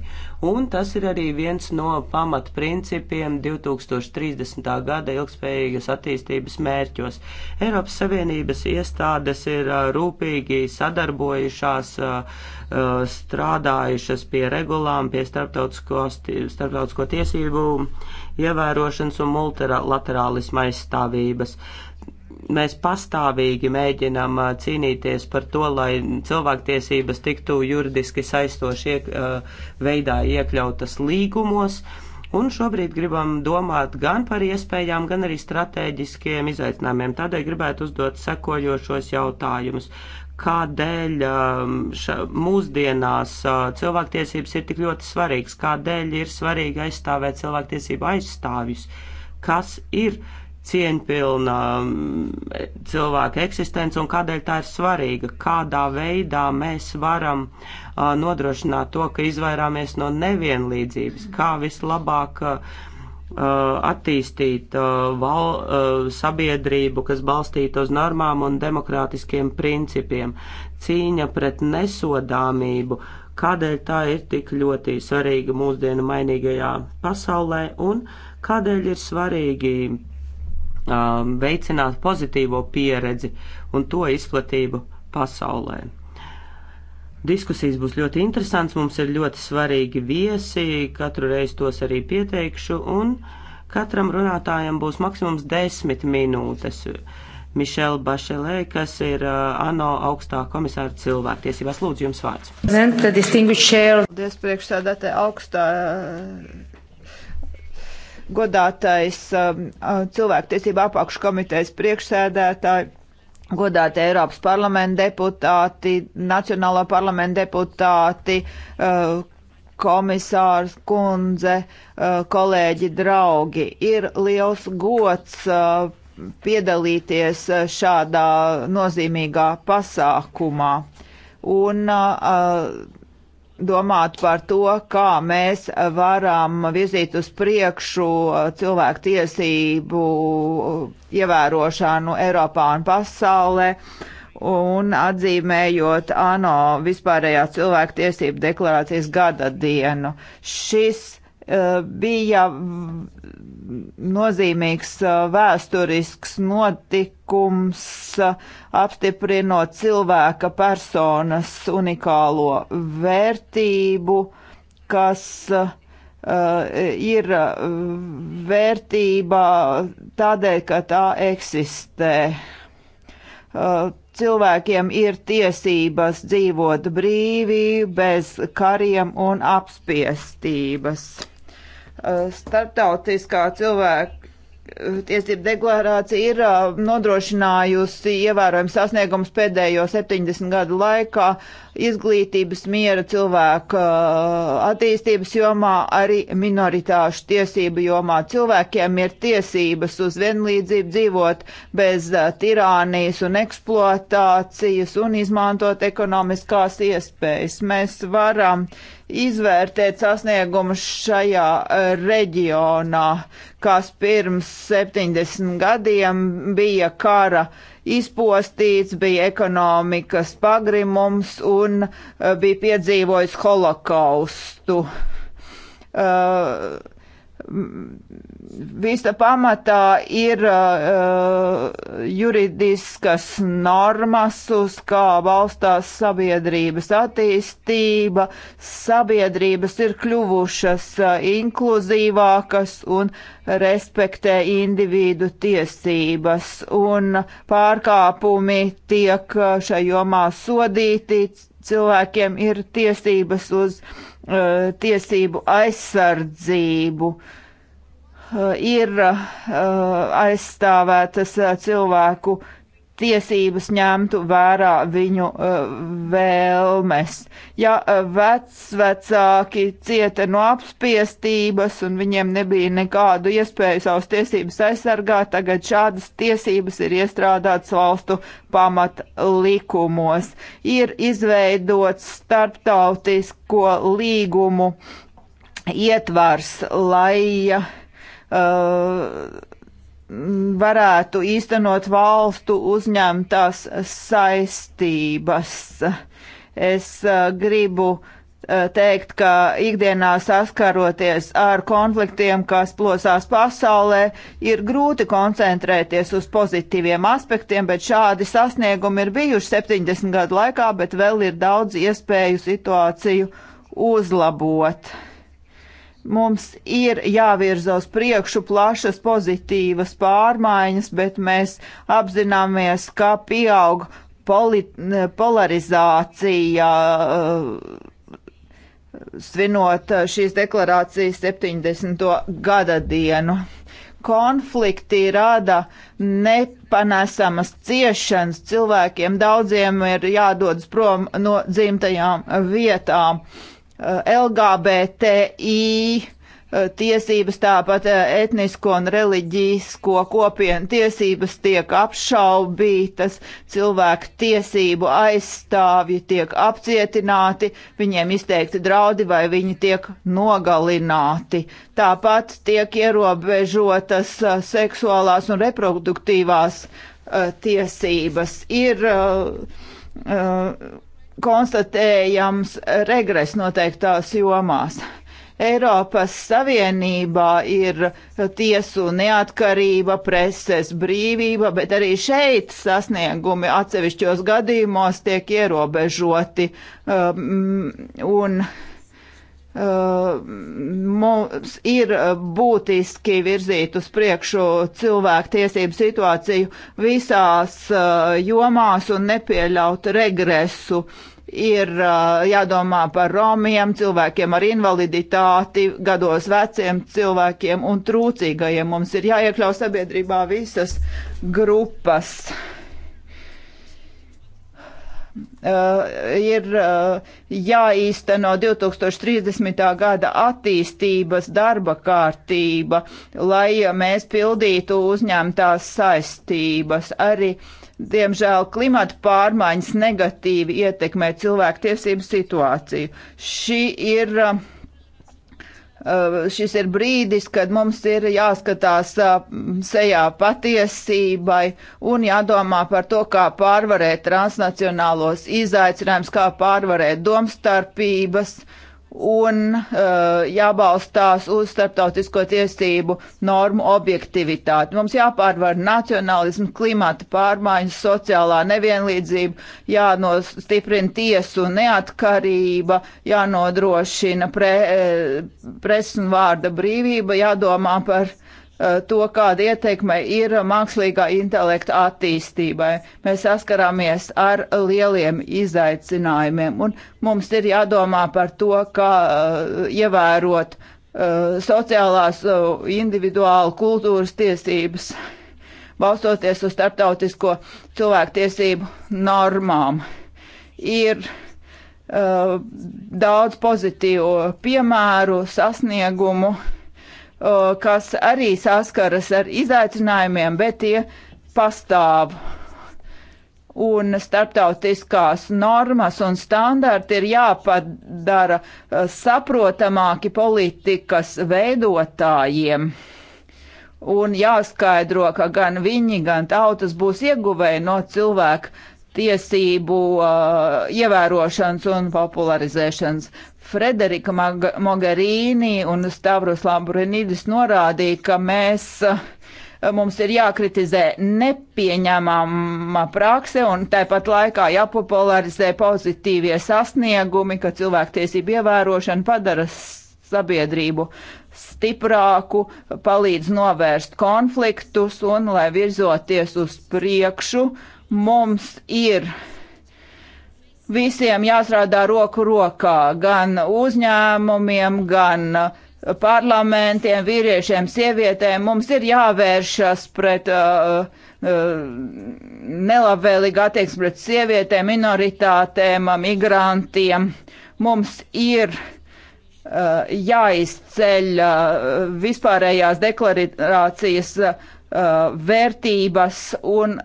Un tas ir arī viens no pamatprincipiem 2030. gada ilgspējīgas attīstības mērķos. Eiropas Savienības iestādes ir rūpīgi sadarbojušās, strādājušas pie regulām, pie starptautisko, starptautisko tiesību ievērošanas un multilaterālisma aizstāvības. Uh, mēs pastāvīgi mēģinām cīnīties par to, lai cilvēktiesības tiktu juridiski saistoši iek, veidā iekļautas līgumos. Un šobrīd gribam domāt gan par iespējām, gan arī strateģiskiem izaicinājumiem. Tādēļ gribētu uzdot sekojošos jautājumus. Kādēļ ša, mūsdienās cilvēktiesības ir tik ļoti svarīgas? Kādēļ ir svarīgi aizstāvēt cilvēktiesību aizstāvjus? Kas ir uh, cieņpilna mm, cilvēka eksistence un kādēļ tā ir svarīga, kādā veidā mēs varam uh, nodrošināt to, ka izvairāmies no nevienlīdzības, kā vislabāk uh, attīstīt uh, val, uh, sabiedrību, kas balstīta uz normām un demokrātiskiem principiem, cīņa pret nesodāmību, kādēļ tā ir tik ļoti svarīga mūsdienu mainīgajā pasaulē un kādēļ ir svarīgi um, veicināt pozitīvo pieredzi un to izplatību pasaulē. Diskusijas būs ļoti interesants, mums ir ļoti svarīgi viesi, katru reizi tos arī pieteikšu, un katram runātājam būs maksimums desmit minūtes. Mišela Bašelē, kas ir uh, ANO augstā komisāra cilvēktiesībās. Lūdzu, jums vārds. Paldies priekšsēdētē augstā godātais um, uh, cilvēktiesība apakškomitejas priekšsēdētāji, godāti Eiropas parlamenta deputāti, Nacionālā parlamenta deputāti, uh, komisārs, kundze, uh, kolēģi, draugi. Ir liels gods piedalīties šādā nozīmīgā pasākumā. Un uh, domāt par to, kā mēs varam virzīt uz priekšu cilvēku tiesību ievērošanu Eiropā un pasaulē un atzīmējot ANO vispārējā cilvēku tiesību deklarācijas gada dienu. Šis Eh, bija nozīmīgs eh, vēsturisks notikums, eh, apstiprinot cilvēka personas unikālo vērtību, kas ir vērtība tādēļ, ka tā eksistē cilvēkiem ir tiesības dzīvot brīvi, bez kariem un apspiestības. Eh, Startautiskā cilvēka eh, tiesību deklarācija ir eh, nodrošinājusi ievērojams sasniegums pēdējo 70 gadu laikā izglītības, miera, cilvēka attīstības jomā, arī minoritāšu tiesību jomā. Cilvēkiem ir tiesības uz vienlīdzību dzīvot bez tirānijas un eksploatācijas un izmantot ekonomiskās iespējas. Mēs varam uh, izvērtēt sasniegumus šajā e, reģionā, kas pirms 70 gadiem bija kara izpostīts, bija ekonomikas pagrimums un e, bija piedzīvojis holokaustu. Uh, visa pamatā ir uh, juridiskas normas, uz kā balstās sabiedrības attīstība. Sabiedrības ir kļuvušas uh, inkluzīvākas un respektē individu tiesības, un pārkāpumi tiek uh, šajā jomā sodīti, cilvēkiem ir tiesības uz uh, tiesību aizsardzību, uh, ir uh, aizstāvētas cilvēku tiesības ņemtu vērā viņu uh, vēlmes. Ja uh, vecvecāki cieta no apspiestības un viņiem nebija nekādu iespēju savas tiesības aizsargāt, tagad šādas tiesības ir iestrādātas valstu pamat likumos. Ir izveidots starptautisko līgumu ietvars, lai uh, varētu īstenot valstu uzņemtās saistības. Es uh, gribu uh, teikt, ka ikdienā saskaroties ar konfliktiem, kas plosās pasaulē, ir grūti koncentrēties uz pozitīviem aspektiem, bet šādi sasniegumi ir bijuši 70 gadu laikā, bet vēl ir daudz iespēju situāciju uzlabot Mums ir jāvirza uz priekšu plašas pozitīvas pārmaiņas, bet mēs apzināmies, ka pieaug poli polarizācija. Uh, svinot uh, šīs deklarācijas 70. gada dienu. Konflikti rada nepanesamas ciešanas cilvēkiem, daudziem ir jādodas prom no dzimtajām vietām. Uh, LGBTI eh, tiesības, tāpat eh, etnisko un reliģisko kopienu tiesības tiek apšaubītas, cilvēku tiesību aizstāvji tiek apcietināti, viņiem izteikti draudi vai viņi tiek nogalināti. Tāpat tiek ierobežotas eh, seksuālās un reproduktīvās tiesības. Ir uh, konstatējams regres noteiktās jomās. Eiropas Savienībā ir tiesu neatkarība, preses brīvība, bet arī šeit sasniegumi atsevišķos gadījumos tiek ierobežoti. Um, un, uh, mums ir būtiski virzīt uz priekšu cilvēku tiesību situāciju visās eh, jomās un nepieļaut regresu. Ir eh, jādomā par romiem, cilvēkiem ar invaliditāti, gados veciem cilvēkiem un trūcīgajiem. Mums ir jāiekļaus sabiedrībā visas grupas. Uh, Eh, ir eh, jāīsteno 2030. gada attīstības darba kārtība, lai mēs pildītu uzņemtās saistības. Arī, diemžēl, klimata pārmaiņas negatīvi ietekmē cilvēku tiesību situāciju. Šī ir uh, Uh, šis ir brīdis, kad mums ir jāskatās uh, sejā patiesībai un jādomā par to, kā pārvarēt transnacionālos izaicinājumus, kā pārvarēt domstarpības. Uh, un uh, jābalstās uz starptautisko tiesību normu objektivitāti. Mums jāpārvar nacionālismu, klimata pārmaiņas, sociālā nevienlīdzība, jānostiprina tiesu neatkarība, jānodrošina pre, eh, presas un vārda brīvība, jādomā par uh, Eh, to, kāda ieteikme ir mākslīgā intelekta attīstībai. Mēs saskarāmies ar lieliem izaicinājumiem, un mums ir jādomā par to, kā eh, ievērot eh, sociālās, individuālu kultūras tiesības, balstoties uz starptautisko cilvēktiesību normām. Ir uh, daudz pozitīvu piemēru, sasniegumu, uh, kas arī saskaras ar izaicinājumiem, bet tie pastāv. Un starptautiskās normas un standarti ir jāpadara saprotamāki politikas veidotājiem un jāskaidro, ka gan viņi, gan tautas būs ieguvēji no cilvēku tiesību uh, ievērošanas un popularizēšanas. Frederika Mogherini un Stavros Lambrinidis norādīja, ka mēs eh, mums ir jākritizē nepieņemama prakse un tāpat laikā jāpopularizē pozitīvie sasniegumi, ka cilvēktiesība ievērošana padara sabiedrību stiprāku, palīdz novērst konfliktus un, lai virzoties uz priekšu, mums ir uh, visiem jāstrādā roku rokā, gan uzņēmumiem, gan parlamentiem, vīriešiem, sievietēm. Mums ir jāvēršas pret uh, uh, nelabvēlīgu attieksmi pret sievietēm, minoritātēm, migrantiem. Mums ir uh, jāizceļ uh, vispārējās deklarācijas uh, vērtības un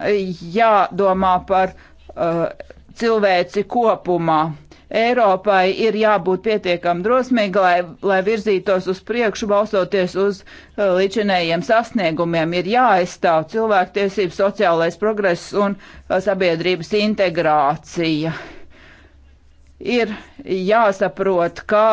jādomā par uh, cilvēci kopumā. Eiropai ir jābūt pietiekami drosmīgi, lai, lai virzītos uz priekšu, balstoties uz uh, līdzinējiem sasniegumiem. Ir jāaizstāv cilvēktiesības, sociālais progress un uh, sabiedrības integrācija. Ir jāsaprot, ka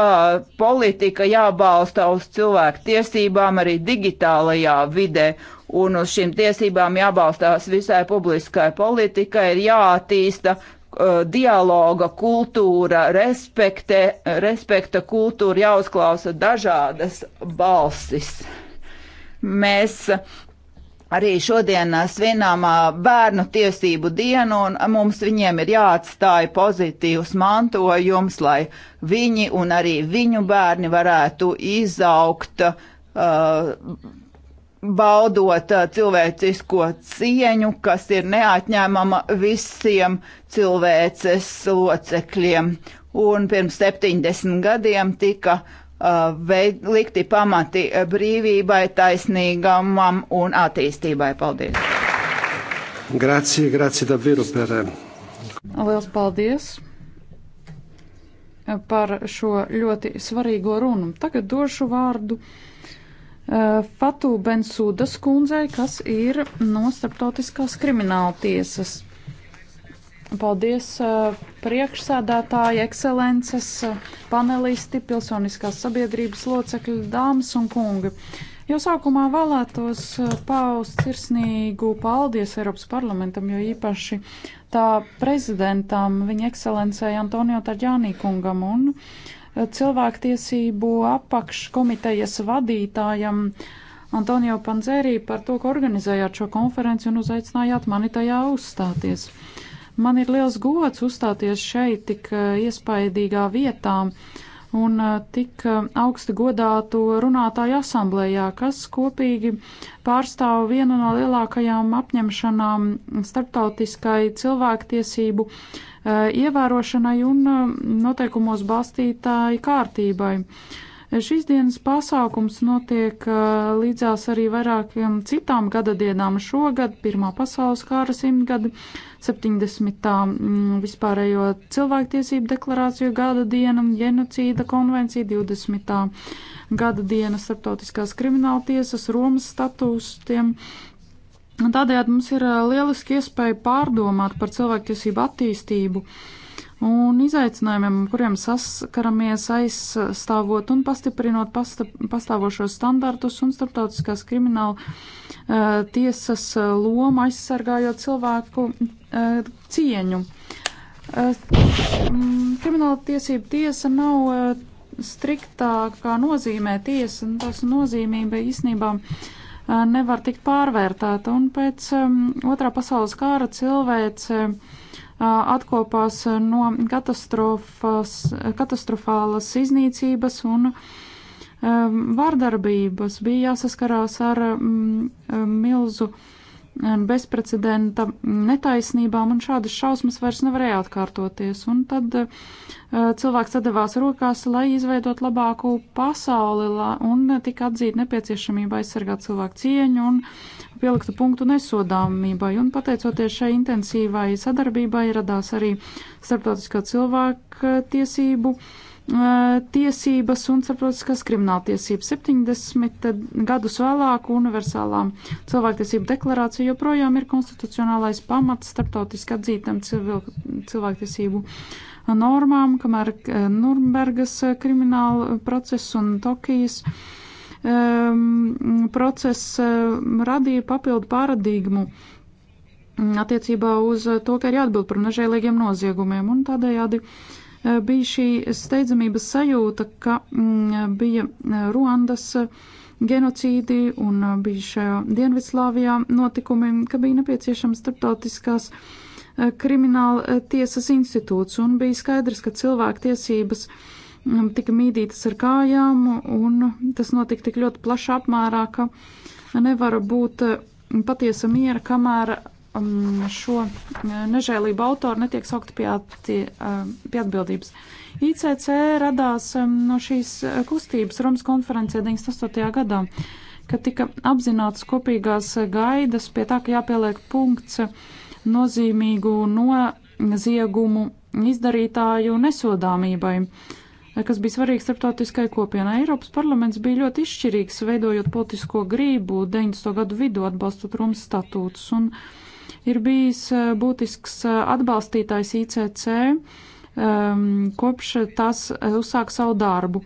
politika jābalsta uz cilvēku tiesībām arī digitālajā vidē, un uz šīm tiesībām jābalstās visai publiskai politikai, ir jātīsta Uh, dialoga kultūra, respekte, respekta kultūra, jāuzklausa dažādas balsis. Mēs arī šodien svinām uh, bērnu tiesību dienu, un mums viņiem ir jāatstāj pozitīvs mantojums, lai viņi un arī viņu bērni varētu izaugt. Uh, baudot uh, cilvēcisko cieņu, kas ir neatņēmama visiem cilvēces locekļiem. Un pirms 70 gadiem tika uh, veid, likti pamati brīvībai, taisnīgamam un attīstībai. Paldies! Grazie, grazie davvero per. Eh, Liels paldies par šo ļoti svarīgo runu. Tagad došu vārdu uh, Eh, Fatū Bensūdas kundzei, kas ir no starptautiskās krimināla tiesas. Paldies eh, priekšsēdētāji, ekscelences, eh, panelisti, pilsoniskās sabiedrības locekļi, dāmas un kungi. Jau sākumā vēlētos paust sirsnīgu paldies Eiropas parlamentam, jo īpaši tā prezidentam, viņa ekscelencei Antonio Tarģānī kungam un uh, cilvēktiesību apakškomitejas vadītājam Antonio Panzerī par to, ka organizējāt šo konferenci un uzaicinājāt mani tajā uzstāties. Man ir liels gods uzstāties šeit tik eh, iespaidīgā vietā un eh, tik eh, augsti godātu runātāju asamblējā, kas kopīgi pārstāv vienu no lielākajām apņemšanām starptautiskai cilvēktiesību Eh, ievērošanai un eh, noteikumos balstītāji kārtībai. Eh, šīs dienas pasākums notiek līdzās arī vairākiem citām gada dienām šogad - Pirmā pasaules kāra simtgada, 70. vispārējo cilvēktiesību deklarāciju gada diena, genocīda konvencija 20. gada diena, starptautiskās krimināltiesas, Romas statūstiem Tādējādi mums ir lieliski iespēja pārdomāt par cilvēktiesību attīstību un izaicinājumiem, kuriem saskaramies aizstāvot un pastiprinot pasta, pastāvošos standartus un starptautiskās krimināla uh, tiesas loma aizsargājot cilvēku uh, cieņu. Uh, krimināla tiesība tiesa nav uh, striktākā nozīmē tiesa, un tās nozīmība īstenībā uh, nevar tikt pārvērtēta. Un pēc otrā pasaules kāra cilvēce atkopās no katastrofālas iznīcības un vārdarbības. Bija jāsaskarās ar milzu bezprecedenta netaisnībām, un šādas šausmas vairs nevarēja atkārtoties. Un tad Eh, cilvēks sadavās rokās, lai izveidot labāku pasauli un tika atzīt nepieciešamība aizsargāt cilvēku cieņu un pieliktu punktu nesodāmībai. Un pateicoties šai intensīvai sadarbībai radās arī starptautiskā cilvēka tiesību eh, tiesības un starptautiskās krimināltiesības. 70 gadus vēlāk universālā cilvēktiesību deklarācija joprojām ir konstitucionālais pamats starptautiski atzītam cilvēktiesību normām, kamēr eh, Nurnbergas eh, krimināla process un Tokijas um, process eh, radīja papildu pāradīgumu mm, attiecībā uz to, ka ir jāatbild par nežēlīgiem noziegumiem. Un tādējādi bija šī steidzamības sajūta, ka mm, bija Ruandas genocīdi un bija šajā Dienvidslāvijā notikumi, ka bija nepieciešams starptautiskās uh, Eh, krimināla eh, tiesas institūts, un bija skaidrs, ka cilvēktiesības mm, tika mīdītas ar kājām, un tas notika tik ļoti plašā apmērā, ka nevar būt eh, patiesa miera, kamēr mm, šo nežēlību autori netiek saukti pie, tie, pie atbildības. ICC radās mm, no šīs kustības Romas konferencē 98. gadā, kad tika apzināts kopīgās gaidas pie tā, ka jāpieliek punkts nozīmīgu noziegumu izdarītāju nesodāmībai, kas bija svarīgs starptautiskai kopienai. Eiropas parlaments bija ļoti izšķirīgs, veidojot politisko grību 90. gadu vidu atbalstot Romas statūtus un ir bijis eh, būtisks eh, atbalstītājs ICC um, ehm, kopš tas eh, uzsāk savu darbu.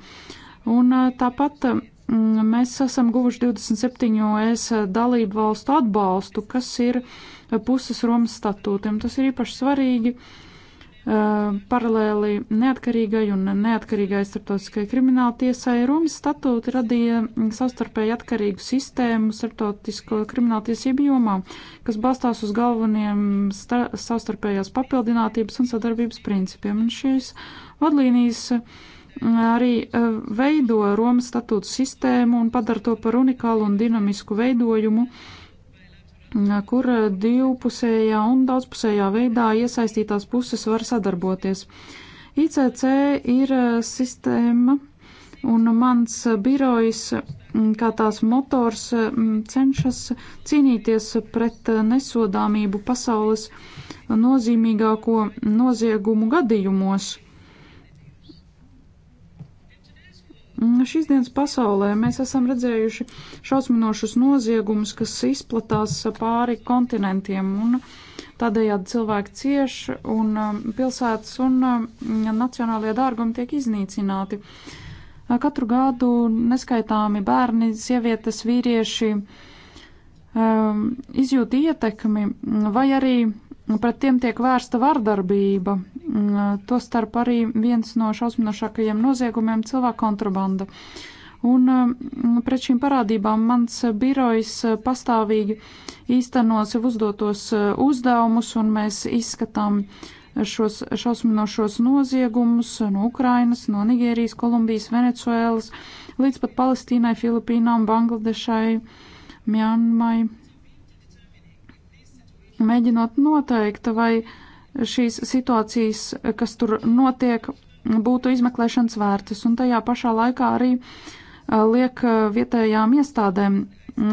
Un tāpat mm, mēs esam guvuši 27 ES dalību valstu atbalstu, kas ir puses Romas statūtiem. Tas ir īpaši svarīgi paralēli neatkarīgai un neatkarīgai starptautiskai krimināla tiesai. Romas statūti radīja savstarpēji atkarīgu sistēmu starptautisko krimināla tiesību jomā, kas balstās uz galveniem savstarpējās papildinātības un sadarbības principiem. Un šīs vadlīnijas arī veido Romas statūtu sistēmu un padara to par unikālu un dinamisku veidojumu kur divpusējā un daudzpusējā veidā iesaistītās puses var sadarboties. ICC ir e, sistēma, un mans birojs, kā tās motors, cenšas cīnīties pret nesodāmību pasaules nozīmīgāko noziegumu gadījumos. Mm, šīs dienas pasaulē mēs esam redzējuši šausminošus noziegumus, kas izplatās pāri kontinentiem, un tādējādi cilvēki cieš, un um, pilsētas un um, nacionālajie dārgumi tiek iznīcināti. Uh, katru gadu neskaitāmi bērni, sievietes, vīrieši um, izjūt ietekmi vai arī Nu, pret tiem tiek vērsta vardarbība, mm, tostarp arī viens no šausminošākajiem noziegumiem - cilvēku kontrabanda. Un mm, pret šīm parādībām mans birojs pastāvīgi īsteno sev uzdotos eh, uzdevumus, un mēs izskatām šos šausminošos noziegumus no Ukrainas, no Nigērijas, Kolumbijas, Venecuēlas, līdz pat Palestīnai, Filipīnām, Bangladešai, Mjanmai mēģinot noteikt, vai šīs situācijas, kas tur notiek, būtu izmeklēšanas vērtas, un tajā pašā laikā arī liek vietējām iestādēm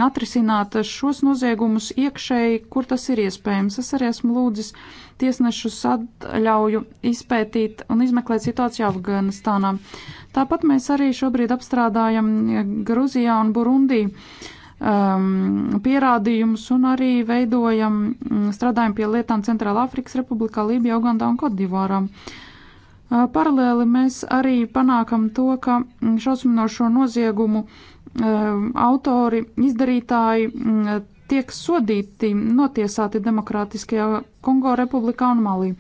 atrisināt šos noziegumus iekšēji, kur tas ir iespējams. Es arī esmu lūdzis tiesnešus atļauju izpētīt un izmeklēt situāciju Afganistānā. Tāpat mēs arī šobrīd apstrādājam Gruzijā un Burundī uh, um, pierādījumus un arī veidojam, mm, strādājam pie lietām Centrāla Afrikas Republikā, Lībijā, Ugandā un Kodivārā. Uh, paralēli mēs arī panākam to, ka mm, šausminošo noziegumu uh, autori, izdarītāji uh, tiek sodīti, notiesāti Demokrātiskajā Kongo Republikā un Malī.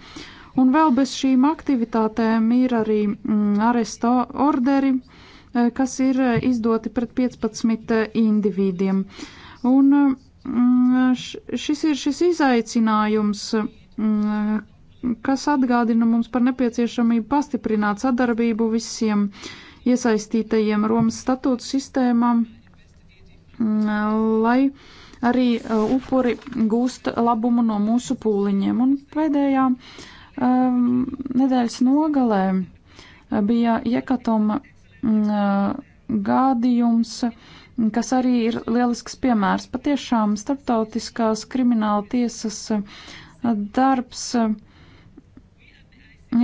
Un vēl bez šīm aktivitātēm ir arī mm, aresto orderi, uh, Eh, kas ir eh, izdoti pret 15 eh, individiem. Un mm, šis ir šis izaicinājums, mm, kas atgādina mums par nepieciešamību pastiprināt sadarbību visiem iesaistītajiem Romas statūtu sistēmām, mm, lai arī upuri gūst labumu no mūsu pūliņiem. Un pēdējā um, nedēļas nogalē bija Jekatoma Mm, eh, gadījums, kas arī ir lielisks piemērs. Patiešām starptautiskās krimināla tiesas eh, darbs eh,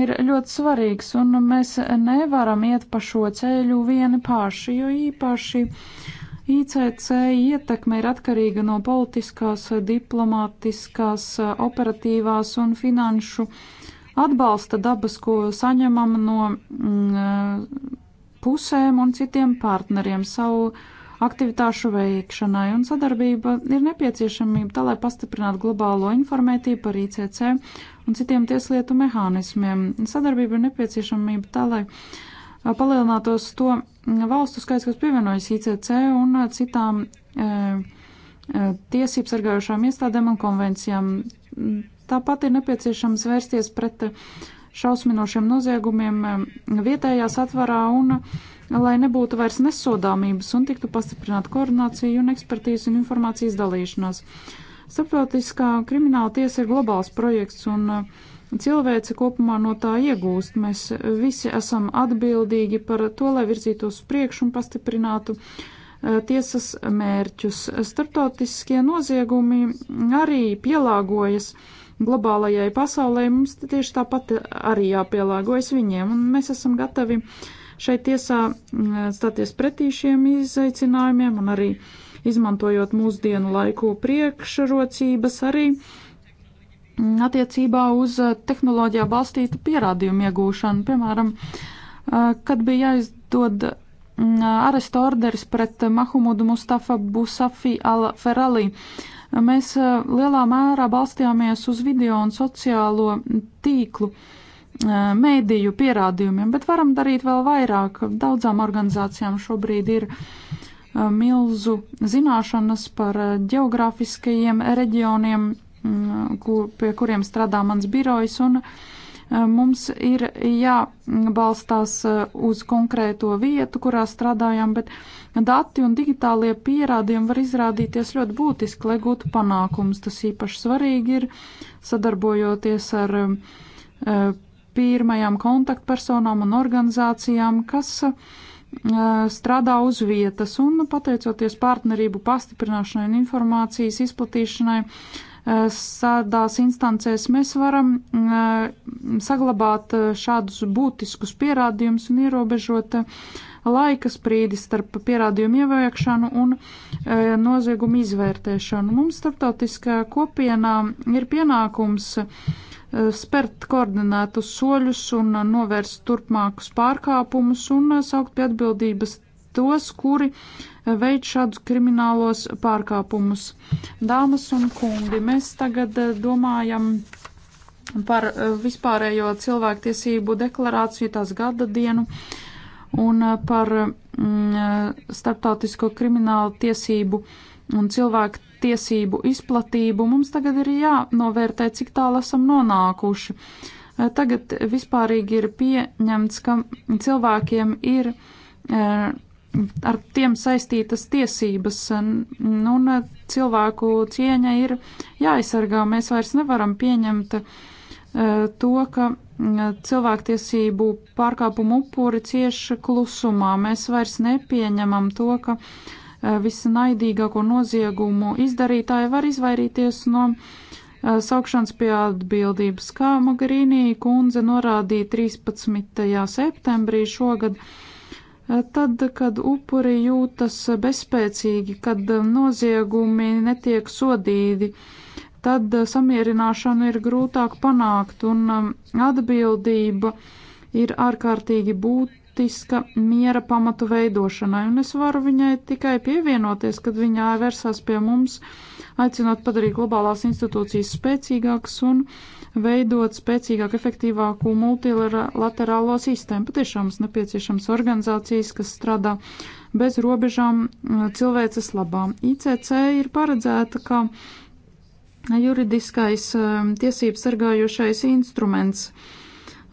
ir ļoti svarīgs, un mēs nevaram iet pa šo ceļu vieni paši, jo īpaši ICC ietekme ir atkarīga no politiskās, diplomātiskās, operatīvās un finanšu atbalsta dabas, ko saņemam no mm, pusēm un citiem partneriem savu aktivitāšu veikšanai, un sadarbība ir nepieciešamība tā, lai pastiprinātu globālo informētību par ICC un citiem tieslietu mehānismiem. Sadarbība ir nepieciešamība tā, lai palielinātos to valstu skaits, kas pievienojas ICC un citām e, e, tiesību sargājušām iestādēm un konvencijām. Tāpat ir nepieciešams vērsties pret uh, šausminošiem noziegumiem vietējā satvarā un lai nebūtu vairs nesodāmības un tiktu pastiprināta koordinācija un ekspertīzes un informācijas dalīšanās. Starptautiskā krimināla tiesa ir globāls projekts un cilvēce kopumā no tā iegūst. Mēs visi esam atbildīgi par to, lai virzītos uz priekšu un pastiprinātu e, tiesas mērķus. Starptautiskie noziegumi arī pielāgojas globālajai pasaulē, mums tieši tāpat arī jāpielāgojas viņiem, un mēs esam gatavi šeit tiesā mm, stāties pretī šiem izaicinājumiem un arī izmantojot mūsdienu laiku priekšrocības arī mm, attiecībā uz eh, tehnoloģijā balstītu pierādījumu iegūšanu. Piemēram, eh, kad bija jāizdod mm, aresta orders pret Mahumudu Mustafa Busafi al-Ferali, uh, Mēs eh, lielā mērā balstījāmies uz video un sociālo tīklu eh, mēdīju pierādījumiem, bet varam darīt vēl vairāk. Daudzām organizācijām šobrīd ir eh, milzu zināšanas par geogrāfiskajiem reģioniem, mm, kur, pie kuriem strādā mans birojs, un mums ir jābalstās uz konkrēto vietu, kurā strādājam, bet Dati un digitālie pierādījumi var izrādīties ļoti būtiski, lai gūtu panākumus. Tas īpaši svarīgi ir sadarbojoties ar eh, pirmajām kontaktpersonām un organizācijām, kas eh, strādā uz vietas un pateicoties partnerību pastiprināšanai un informācijas izplatīšanai, sādās eh, instancēs mēs varam saglabāt šādus būtiskus pierādījumus un ierobežot laika sprīdis starp pierādījumu ievēršanu un e, noziegumu izvērtēšanu. Mums starptautiskā kopienā ir pienākums e, spērt koordinētus soļus un novērst turpmākus pārkāpumus un e, saukt pie atbildības tos, kuri e, veic šādus kriminālos pārkāpumus. Dāmas un kungi, mēs tagad e, domājam par vispārējo cilvēktiesību deklarāciju tās gada dienu. Uh, un eh, par mm, eh, starptautisko kriminālu tiesību un cilvēku tiesību izplatību mums tagad ir jānovērtē, cik tālu esam nonākuši. Eh, tagad vispārīgi ir pieņemts, ka cilvēkiem ir ar tiem saistītas tiesības, un, un cilvēku cieņa ir jāaizsargā. Mēs vairs nevaram pieņemt to, ka cilvēktiesību pārkāpumu upuri cieši klusumā. Mēs vairs nepieņemam to, ka e, visnaidīgāko noziegumu izdarītāji var izvairīties no e, saukšanas pie atbildības, kā Magarīnī kundze norādīja 13. septembrī šogad. E, tad, kad upuri jūtas bezspēcīgi, kad noziegumi netiek sodīti, tad eh, samierināšanu ir grūtāk panākt, un um, atbildība ir ārkārtīgi būtiska miera pamatu veidošanai, un es varu viņai tikai pievienoties, kad viņā versās pie mums, aicinot padarīt globālās institūcijas spēcīgākas un veidot spēcīgāku, efektīvāku multilaterālo sistēmu. Patiešām mums nepieciešams organizācijas, kas strādā bez robežām eh, cilvēces labā. ICC ir paredzēta, ka juridiskais um, tiesības sargājošais instruments.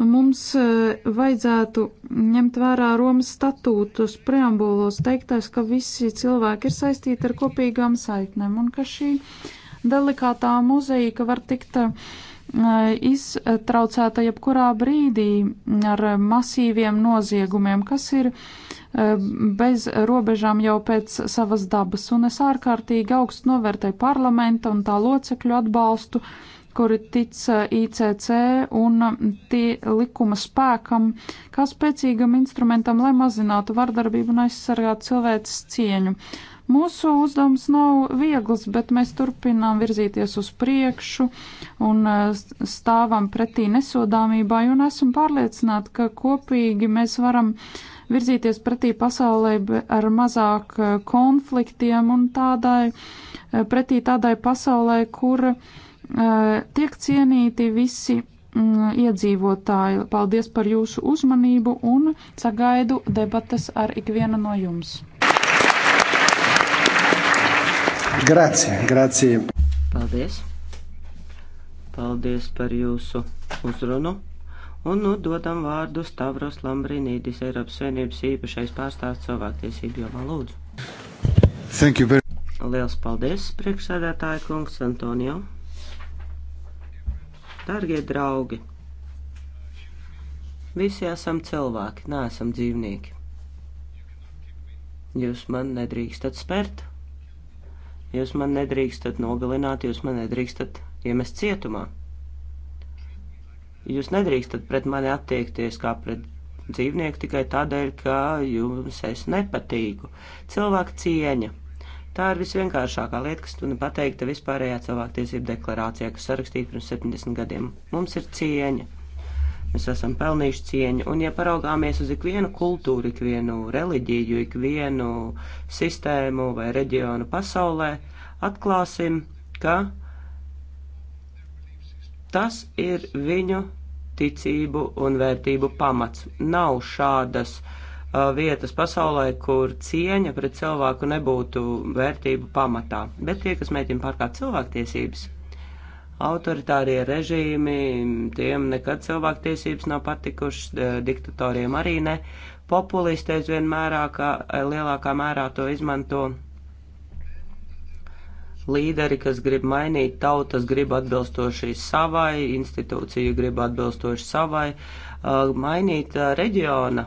Mums uh, vajadzētu ņemt vērā Romas statūtus, preambulos teiktais, ka visi cilvēki ir saistīti ar kopīgām saiknēm un ka šī delikātā mozaīka var tikt uh, iztraucēta jebkurā brīdī ar masīviem noziegumiem, kas ir uh, Eh, bez robežām jau pēc savas dabas, un es ārkārtīgi augstu novērtēju parlamenta un tā locekļu atbalstu, kuri tic eh, ICC un tie likuma spēkam, kā spēcīgam instrumentam, lai mazinātu vardarbību un aizsargātu cilvēces cieņu. Mūsu uzdevums nav viegls, bet mēs turpinām virzīties uz priekšu un eh, stāvam pretī nesodāmībai, un esam pārliecināti, ka kopīgi mēs varam uh, virzīties pretī pasaulē ar mazāk eh, konfliktiem un tādai, eh, pretī tādai pasaulē, kur uh, tiek cienīti visi mm, iedzīvotāji. Paldies par jūsu uzmanību un sagaidu debatas ar ikvienu no jums. Grazie, grazie. Paldies. Paldies par jūsu uzrunu. Un nu dodam vārdu Stavros Lambrinīdis, Eiropas Savienības īpašais pārstāsts cilvēktiesību jomā lūdzu. Thank you very much. Liels paldies, priekšsēdētāja kungs Antonio. Dargie draugi, visi esam cilvēki, neesam dzīvnieki. Jūs man nedrīkstat spērt, jūs man nedrīkstat nogalināt, jūs man nedrīkstat iemest cietumā. Jūs nedrīkstat pret mani attiekties kā pret dzīvnieku tikai tādēļ, ka jums es nepatīku. Cilvēka cieņa. Tā ir visvienkāršākā lieta, kas man pateikta vispārējā cilvēktiesību deklarācijā, kas sarakstīta pirms 70 gadiem. Mums ir cieņa. Mēs esam pelnījuši cieņu, un ja paraugāmies uz ikvienu kultūru, ikvienu reliģiju, ikvienu sistēmu vai reģionu pasaulē, atklāsim, ka Tas ir viņu ticību un vērtību pamats. Nav šādas uh, vietas pasaulē, kur cieņa pret cilvēku nebūtu vērtību pamatā. Bet tie, kas mēģina pārkāpt cilvēktiesības, autoritārie režīmi, tiem nekad cilvēktiesības nav patikušas, diktatoriem arī ne. Populisti aizvien lielākā mērā to izmanto līderi, kas grib mainīt, tautas grib atbilstoši savai, institūcija grib atbilstoši savai, uh, mainīt uh, reģiona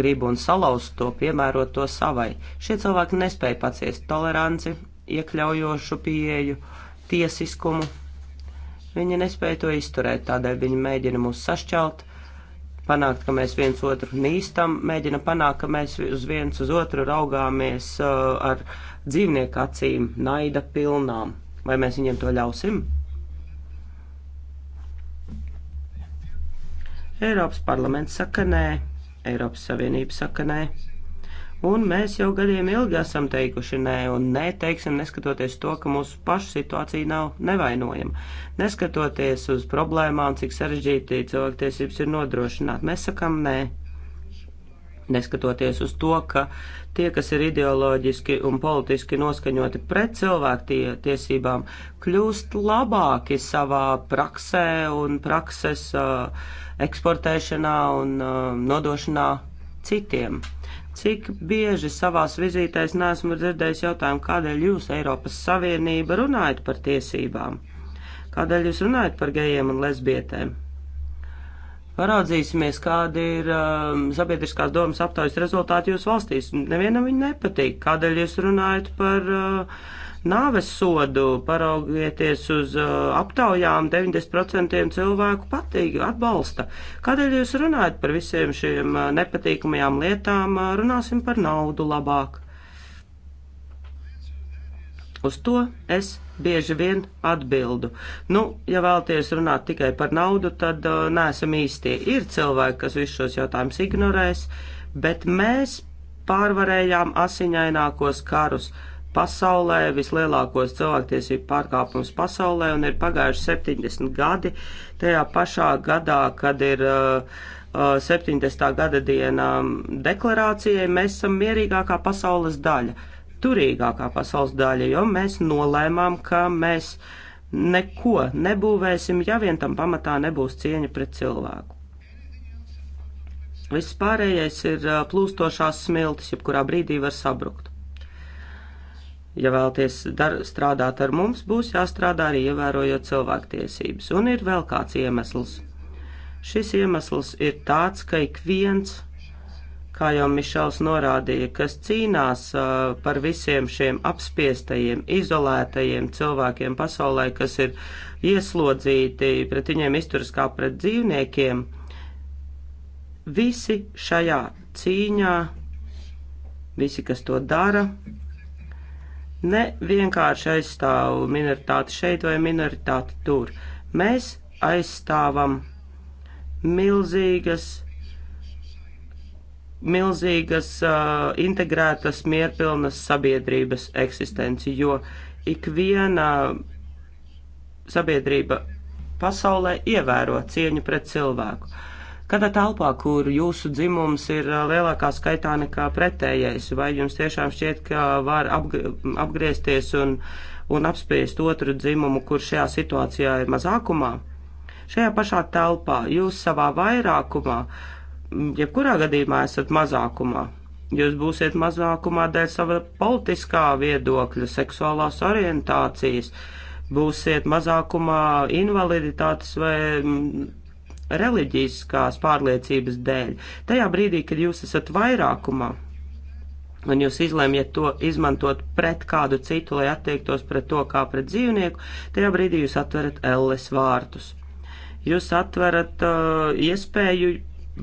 gribu un salauzt to, piemērot to savai. Šie cilvēki nespēja paciest toleranci, iekļaujošu pieeju, tiesiskumu. Viņi nespēja to izturēt, tādēļ viņi mēģina mūs sašķelt, panākt, ka mēs viens otru nīstam, mēģina panākt, ka mēs uz viens uz otru raugāmies uh, ar dzīvnieku acīm, naida pilnām. Vai mēs viņiem to ļausim? Eiropas parlaments saka nē, Eiropas Savienība saka nē. Un mēs jau gadiem ilgi esam teikuši nē, un nē, teiksim, neskatoties to, ka mūsu pašu situācija nav nevainojama. Neskatoties uz problēmām, cik sarežģīti cilvēktiesības ir nodrošināt, mēs sakam nē neskatoties uz to, ka tie, kas ir ideoloģiski un politiski noskaņoti pret cilvēktiesībām, kļūst labāki savā praksē un prakses uh, eksportēšanā un uh, nodošanā citiem. Cik bieži savās vizītēs neesmu dzirdējis jautājumu, kādēļ jūs Eiropas Savienība runājat par tiesībām? Kādēļ jūs runājat par gejiem un lesbietēm? Paraudzīsimies, kādi ir um, sabiedriskās domas aptaujas rezultāti jūsu valstīs. Nevienam viņi nepatīk. Kādēļ jūs runājat par uh, nāves sodu? Paraugieties uz uh, aptaujām, 90% cilvēku patīk, atbalsta. Kādēļ jūs runājat par visiem šiem uh, nepatīkamajām lietām? Uh, runāsim par naudu labāk. Uz to es bieži vien atbildu. Nu, ja vēlaties runāt tikai par naudu, tad uh, neesam īstie. Ir cilvēki, kas visus šos jautājumus ignorēs, bet mēs pārvarējām asiņainākos karus pasaulē, vislielākos cilvēktiesību pārkāpumus pasaulē, un ir pagājuši 70 gadi tajā pašā gadā, kad ir uh, 70. Uh, gada diena um, deklarācijai, mēs esam mierīgākā pasaules daļa. Uh, turīgākā pasaules daļa, jo mēs nolēmām, ka mēs neko nebūvēsim, ja vien tam pamatā nebūs cieņa pret cilvēku. Viss pārējais ir plūstošās smiltis, jebkurā brīdī var sabrukt. Ja vēlaties dar, strādāt ar mums, būs jāstrādā arī ievērojot cilvēktiesības. Un ir vēl kāds iemesls. Šis iemesls ir tāds, ka ik viens kā jau Mišels norādīja, kas cīnās uh, par visiem šiem apspiestajiem, izolētajiem cilvēkiem pasaulē, kas ir ieslodzīti, pret viņiem izturas kā pret dzīvniekiem, visi šajā cīņā, visi, kas to dara, ne vienkārši aizstāv minoritāti šeit vai minoritāti tur. Mēs aizstāvam milzīgas milzīgas uh, integrētas mierpilnas sabiedrības eksistenci, jo ikviena sabiedrība pasaulē ievēro cieņu pret cilvēku. Kādā telpā, kur jūsu dzimums ir lielākā skaitā nekā pretējais, vai jums tiešām šķiet, ka var apgr apgriezties un, un apspriest otru dzimumu, kur šajā situācijā ir mazākumā? Šajā pašā telpā jūs savā vairākumā uh, jebkurā gadījumā esat mazākumā. Jūs būsiet mazākumā dēļ sava politiskā viedokļa, seksuālās orientācijas, būsiet mazākumā invaliditātes vai mm, reliģiskās pārliecības dēļ. Tajā brīdī, kad jūs esat vairākumā, un jūs izlemjat to izmantot pret kādu citu, lai attiektos pret to kā pret dzīvnieku, tajā brīdī jūs atverat elles vārtus. Jūs atverat uh, iespēju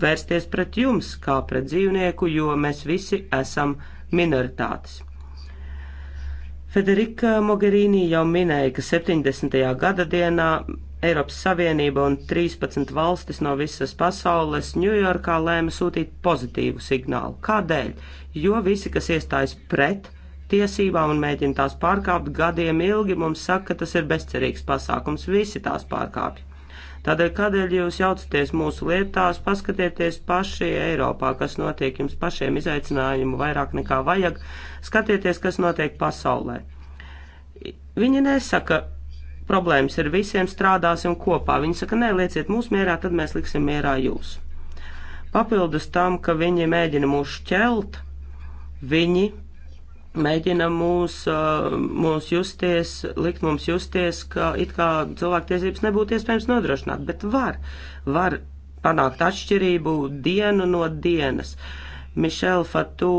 vērsties pret jums, kā pret dzīvnieku, jo mēs visi esam minoritātes. Federika Mogherini jau minēja, ka 70. gada dienā Eiropas Savienība un 13 valstis no visas pasaules Ņujorkā lēma sūtīt pozitīvu signālu. Kādēļ? Jo visi, kas iestājas pret tiesībām un mēģina tās pārkāpt gadiem ilgi, mums saka, ka tas ir bezcerīgs pasākums. Visi tās pārkāpj. Tādēļ, kādēļ jūs jaucaties mūsu lietās, paskatieties paši Eiropā, kas notiek jums pašiem izaicinājumu vairāk nekā vajag, skatieties, kas notiek pasaulē. Viņi nesaka, problēmas ir visiem, strādāsim kopā. Viņi saka, nē, lieciet mūs mierā, tad mēs liksim mierā jūs. Papildus tam, ka viņi mēģina mūs šķelt, viņi mēģina mūs, uh, mūs justies, likt mums justies, ka it kā cilvēktiesības nebūtu iespējams nodrošināt, bet var, var panākt atšķirību dienu no dienas. Mišel Fatū,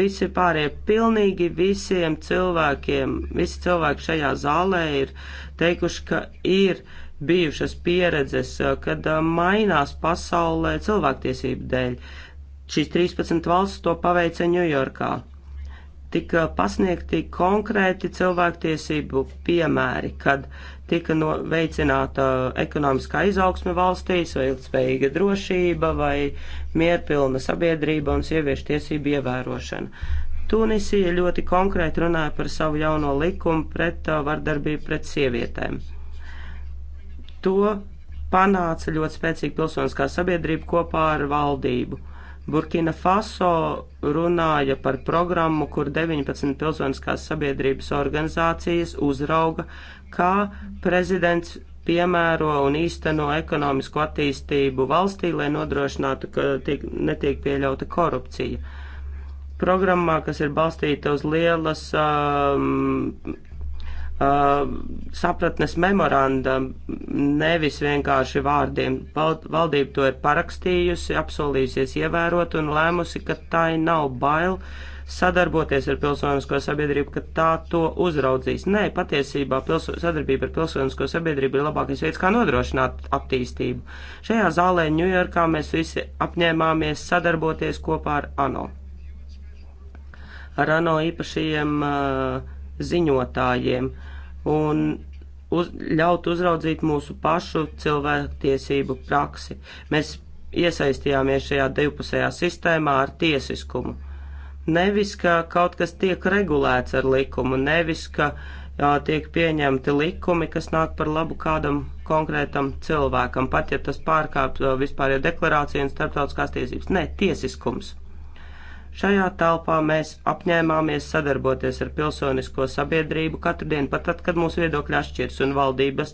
visi pārējie, pilnīgi visiem cilvēkiem, visi cilvēki šajā zālē ir teikuši, ka ir bijušas pieredzes, uh, kad uh, mainās pasaulē cilvēktiesību dēļ. Uh, Šīs 13 valsts to paveica Ņujorkā. Tika pasniegti konkrēti cilvēktiesību piemēri, kad tika no, veicināta ekonomiskā izaugsme valstīs, vai ilgspējīga drošība, vai mierpilna sabiedrība un sieviešu tiesību ievērošana. Tunisija ļoti konkrēti runāja par savu jauno likumu pret vardarbību pret sievietēm. To panāca ļoti spēcīga pilsoniskā sabiedrība kopā ar valdību. Burkina Faso runāja par programmu, kur 19 pilsoniskās sabiedrības organizācijas uzrauga, kā prezidents piemēro un īsteno ekonomisko attīstību valstī, lai nodrošinātu, ka tiek, netiek pieļauta korupcija. Programmā, kas ir balstīta uz lielas um, uh, sapratnes memoranda nevis vienkārši vārdiem. Valdība to ir parakstījusi, apsolījusies ievērot un lēmusi, ka tai nav bail sadarboties ar pilsonisko sabiedrību, ka tā to uzraudzīs. Nē, patiesībā pilso, sadarbība ar pilsonisko sabiedrību ir labākais veids, kā nodrošināt attīstību. Šajā zālē Ņujorkā mēs visi apņēmāmies sadarboties kopā ar ANO. Ar ANO īpašajiem uh, ziņotājiem. Uh, un uz, ļaut uzraudzīt mūsu pašu cilvēktiesību praksi. Mēs iesaistījāmies šajā divpusējā sistēmā ar tiesiskumu. Nevis, ka kaut kas tiek regulēts ar likumu, nevis, ka jā, tiek pieņemti likumi, kas nāk par labu kādam konkrētam cilvēkam, pat ja tas pārkāpj vispārējo ja deklarāciju un starptautiskās tiesības. Nē, tiesiskums. Šajā telpā mēs apņēmāmies sadarboties ar pilsonisko sabiedrību katru dienu, pat tad, kad mūsu viedokļi atšķirs un valdības,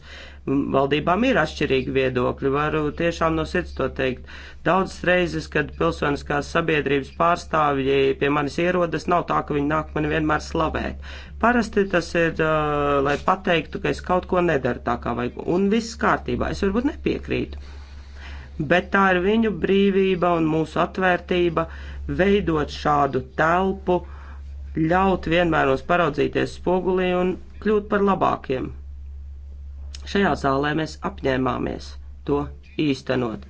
valdībām ir atšķirīgi viedokļi. Varu tiešām no sirds to teikt. Daudzas reizes, kad pilsoniskās sabiedrības pārstāvji pie manis ierodas, nav tā, ka viņi nāk mani vienmēr slavēt. Parasti tas ir, uh, lai pateiktu, ka es kaut ko nedaru tā kā vajag, un viss kārtībā. Es varbūt nepiekrītu. Bet tā ir viņu brīvība un mūsu atvērtība. Uh, veidot šādu telpu, ļaut vienmēr mums paraudzīties spogulī un kļūt par labākiem. Šajā zālē mēs apņēmāmies to īstenot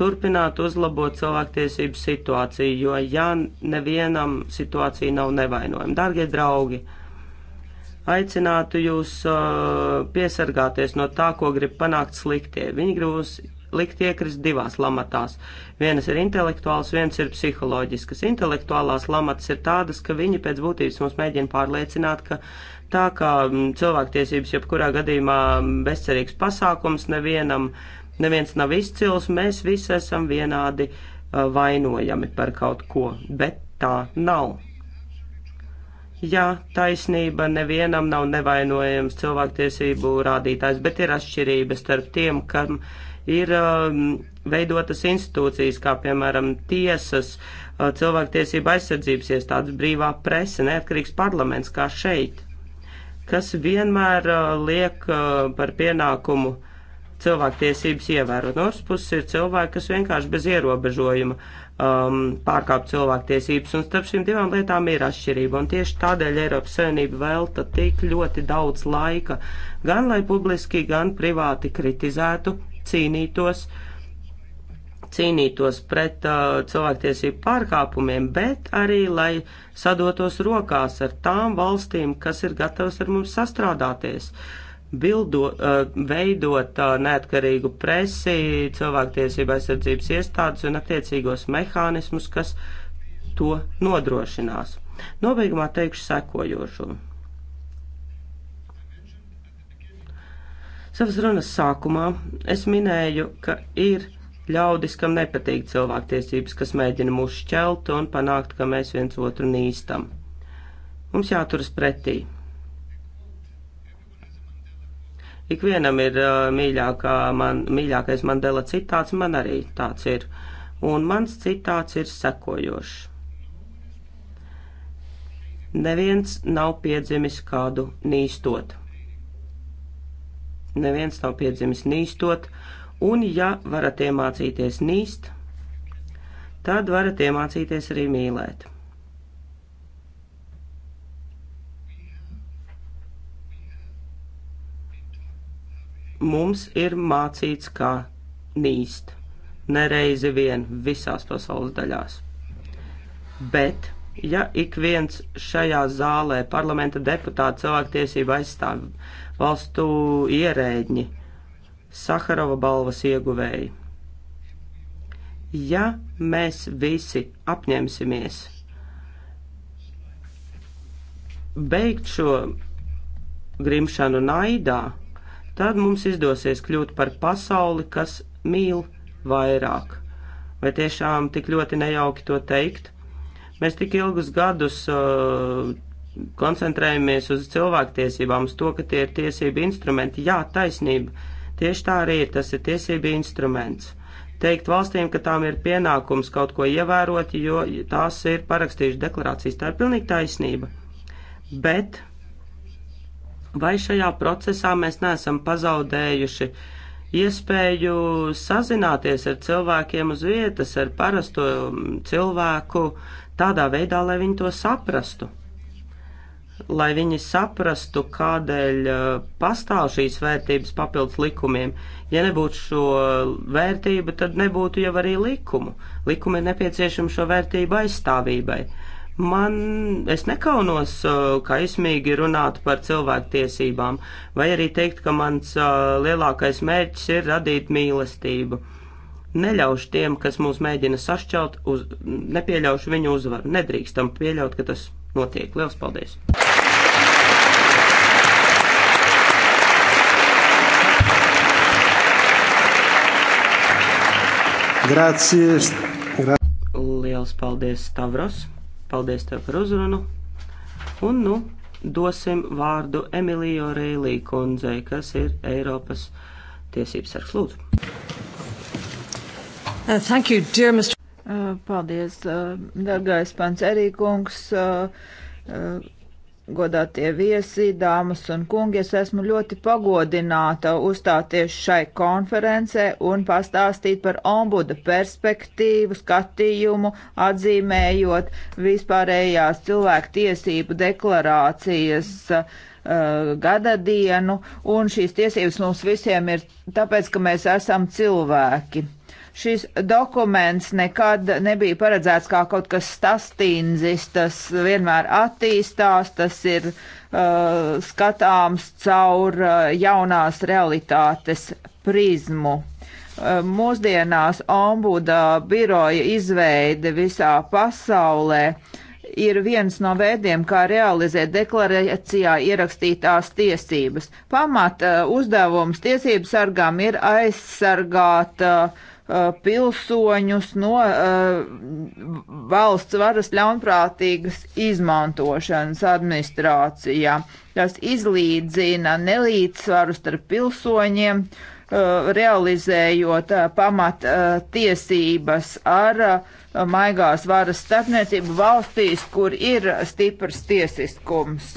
turpināt uzlabot cilvēktiesību situāciju, jo ja nevienam situācija nav nevainojama. Dargie draugi, aicinātu jūs uh, piesargāties no tā, ko grib panākt sliktie. Viņi grūs likt iekrist divās lamatās. Vienas ir intelektuālas, viens ir psiholoģiskas. Intelektuālās lamatas ir tādas, ka viņi pēc būtības mums mēģina pārliecināt, ka tā kā mm, cilvēktiesības jebkurā gadījumā bezcerīgs pasākums, nevienam, neviens nav izcils, mēs visi esam vienādi vainojami par kaut ko, bet tā nav. Jā, taisnība nevienam nav nevainojams cilvēktiesību rādītājs, bet ir atšķirības starp tiem, kam uh, ir um, veidotas institūcijas, kā piemēram tiesas, uh, cilvēktiesība aizsardzības iestādes, brīvā presa, neatkarīgs parlaments, kā šeit, kas vienmēr uh, liek uh, par pienākumu cilvēktiesības ievērot. No otras puses ir cilvēki, kas vienkārši bez ierobežojuma um, pārkāp cilvēktiesības, un starp šīm divām lietām ir atšķirība. Un tieši tādēļ Eiropas Savienība velta tik ļoti daudz laika, gan lai publiski, gan privāti kritizētu cīnītos, cīnītos pret uh, cilvēktiesību pārkāpumiem, bet arī, lai sadotos rokās ar tām valstīm, kas ir gatavas ar mums sastrādāties. Bildo, uh, veidot uh, neatkarīgu presi, cilvēktiesība aizsardzības iestādes un attiecīgos mehānismus, kas to nodrošinās. Nobeigumā teikšu sekojošo. Savas runas sākumā es minēju, ka ir ļaudis, kam nepatīk cilvēktiesības, kas mēģina mūs šķelt un panākt, ka mēs viens otru nīstam. Mums jāturas pretī. Ikvienam ir uh, mīļākā man, mīļākais Mandela citāts, man arī tāds ir. Un mans citāts ir sekojošs. Neviens nav piedzimis kādu nīstot neviens nav piedzimis nīstot, un ja varat iemācīties nīst, tad varat iemācīties arī mīlēt. Mums ir mācīts, kā nīst, nereizi vien visās pasaules daļās. Bet Ja ik viens šajā zālē, parlamenta deputāti, cilvēktiesība aizstāvi, valstu ierēģi, Saharova balvas ieguvēji, ja mēs visi apņemsimies beigt šo grimšanu naidā, tad mums izdosies kļūt par pasauli, kas mīl vairāk. Vai tiešām tik ļoti nejauki to teikt? Mēs tik ilgus gadus uh, koncentrējamies uz cilvēktiesībām, uz to, ka tie ir tiesība instrumenti. Jā, taisnība. Tieši tā arī ir. Tas ir tiesība instruments. Teikt valstīm, ka tām ir pienākums kaut ko ievērot, jo tās ir parakstījušas deklarācijas. Tā ir pilnīgi taisnība. Bet vai šajā procesā mēs neesam pazaudējuši iespēju sazināties ar cilvēkiem uz vietas, ar parasto cilvēku, uh, tādā veidā, lai viņi to saprastu. Lai viņi saprastu, kādēļ eh, pastāv šīs vērtības papildus likumiem. Ja nebūtu šo vērtību, tad nebūtu jau arī likumu. Likumi ir nepieciešami šo vērtību aizstāvībai. Man, es nekaunos eh, kaismīgi runāt par cilvēktiesībām, vai arī teikt, ka mans eh, lielākais mērķis ir radīt mīlestību neļaušu tiem, kas mūs mēģina sašķelt, uz, nepieļaušu viņu uzvaru. Nedrīkstam pieļaut, ka tas notiek. Lielas paldies! Grācies! Grā... Lielas paldies, Stavros! Paldies tev par uzrunu! Un nu dosim vārdu Emilijo Reilī kundzei, kas ir Eiropas tiesības sargs lūdzu. Uh, thank you, dear Mr. Uh, paldies, uh, dargais pants Erīkungs. Uh, uh, Godātie viesi, dāmas un kungi, es esmu ļoti pagodināta uzstāties šai konferencē un pastāstīt par ombuda perspektīvu, skatījumu, atzīmējot vispārējās cilvēku tiesību deklarācijas uh, gada dienu, un šīs tiesības mums visiem ir tāpēc, ka mēs esam cilvēki. Uh, Šis dokuments nekad nebija paredzēts kā kaut kas stastīnzis, tas vienmēr attīstās, tas ir uh, skatāms caur uh, jaunās realitātes prizmu. Uh, mūsdienās ombuda biroja izveide visā pasaulē uh, ir viens no veidiem, kā realizēt deklarācijā ierakstītās tiesības. Pamata uh, uzdevums tiesību sargām ir aizsargāt uh, pilsoņus no valsts varas ļaunprātīgas izmantošanas administrācijā. Tas izlīdzina nelīdzsvaru starp pilsoņiem, realizējot pamat tiesības ar maigās varas starpniecību valstīs, kur ir stiprs tiesiskums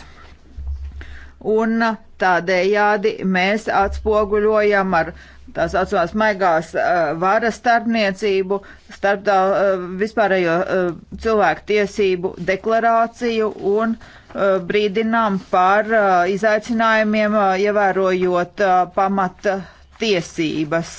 un tādējādi mēs atspoguļojam ar tā saucamās maigās uh, vara starpniecību, starp tā uh, vispārējo uh, cilvēku tiesību deklarāciju un brīdinām par izaicinājumiem, ievērojot pamata tiesības.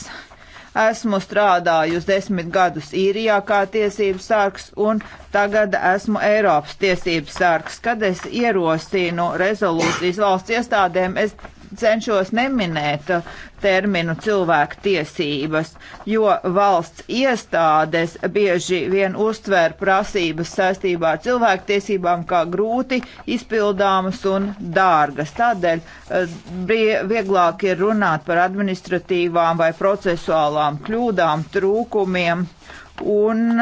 Esmu strādājusi desmit gadus īrijā kā tiesības sārgs un tagad esmu Eiropas tiesības sārgs. Kad es ierosinu rezolūcijas valsts iestādēm, es cenšos neminēt uh, terminu cilvēku tiesības, jo valsts iestādes bieži vien uztver prasības saistībā ar cilvēktiesībām kā grūti izpildāmas un dārgas. Tādēļ uh, bija vieglāk ir runāt par administratīvām vai procesuālām kļūdām, trūkumiem un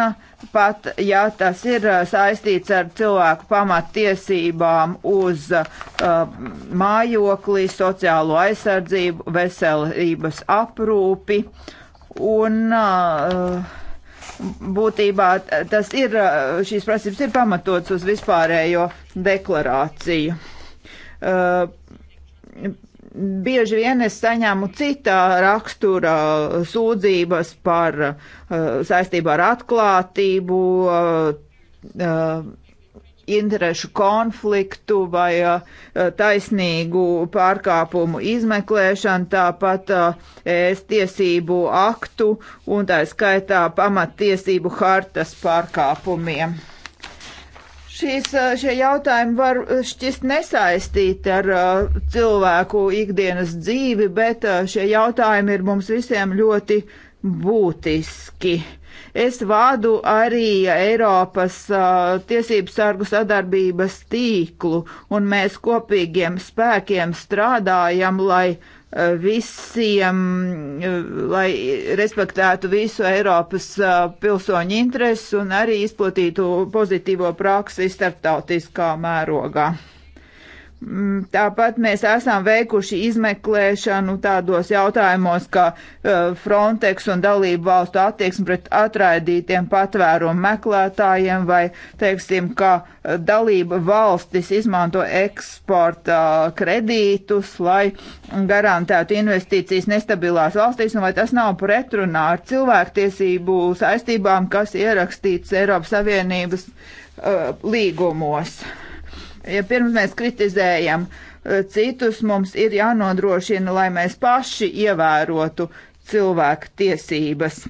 pat ja tas ir uh, saistīts ar cilvēku pamattiesībām uz uh, mājokli, sociālo aizsardzību, veselības aprūpi un uh, būtībā tas ir, uh, šīs prasības ir pamatots uz vispārējo deklarāciju. Uh, bieži vien es saņēmu citā rakstura sūdzības par eh, saistībā ar atklātību, eh, eh, interešu konfliktu vai taisnīgu pārkāpumu izmeklēšanu, tāpat es tiesību aktu un tā skaitā pamattiesību hartas pārkāpumiem. Šīs, šie jautājumi var šķist nesaistīti ar uh, cilvēku ikdienas dzīvi, bet uh, šie jautājumi ir mums visiem ļoti būtiski. Es vādu arī Eiropas uh, tiesību sargu sadarbības tīklu, un mēs kopīgiem spēkiem strādājam, lai uh, visiem, eh, lai respektētu visu Eiropas eh, pilsoņu interesu un arī izplatītu pozitīvo praksi starptautiskā mērogā. Mm, tāpat mēs esam veikuši izmeklēšanu tādos jautājumos, kā e, Frontex un dalību valstu attieksme pret atraidītiem patvērumu meklētājiem vai, teiksim, kā e, dalība valstis izmanto eksporta e, kredītus, lai garantētu investīcijas nestabilās valstīs, un vai tas nav pretrunā ar cilvēktiesību saistībām, kas ierakstīts Eiropas Savienības uh, līgumos ja pirms mēs kritizējam e, citus, mums ir jānodrošina, lai mēs paši ievērotu cilvēku tiesības.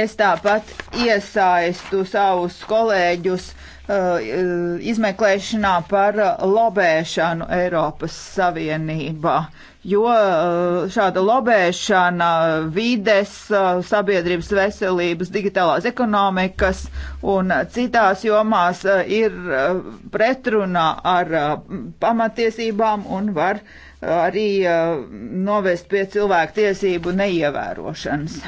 Es tāpat iesaistu savus kolēģus Uh, izmeklēšanā par uh, lobēšanu Eiropas Savienībā, jo uh, šāda lobēšana vides, sabiedrības veselības, digitālās ekonomikas un citās jomās ir pretrunā ar pamatiesībām un var arī novest pie cilvēku tiesību neievērošanas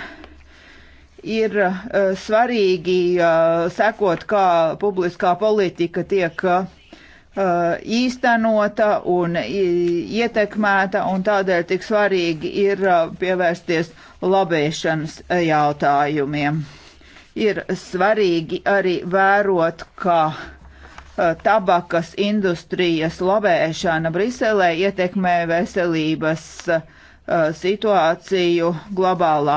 ir eh, svarīgi eh, sekot, kā publiskā politika tiek eh, īstenota un ietekmēta, un tādēļ tik svarīgi ir pievērsties labēšanas jautājumiem. Ir svarīgi arī vērot, ka tabakas industrijas lobēšana Briselē ietekmē veselības uh, Uh, situāciju globālā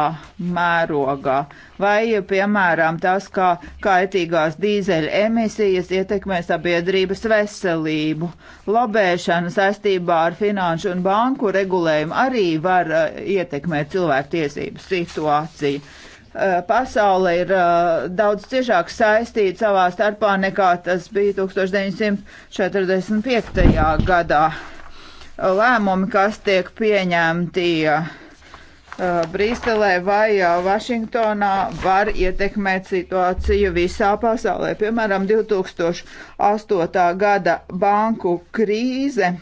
mērogā. Vai, piemēram, tas, kā kaitīgās dīzeļa emisijas ietekmē sabiedrības veselību. Lobēšana saistībā ar finanšu un banku regulējumu arī var uh, ietekmēt cilvēktiesību situāciju. Uh, pasaule ir uh, daudz ciešāk saistīta savā starpā nekā tas bija 1945. gadā lēmumi, kas tiek pieņemti Brīselē vai Vašingtonā var ietekmēt situāciju visā pasaulē. Piemēram, 2008. gada banku krīze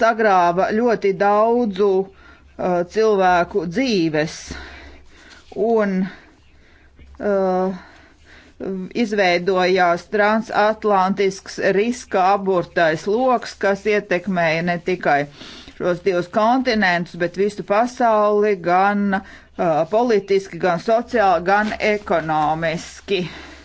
sagrāva ļoti daudzu cilvēku dzīves un uh, izveidojās transatlantisks riska aburtais loks, kas ietekmēja ne tikai šos divus kontinentus, bet visu pasauli gan uh, politiski, gan sociāli, gan ekonomiski. Uh,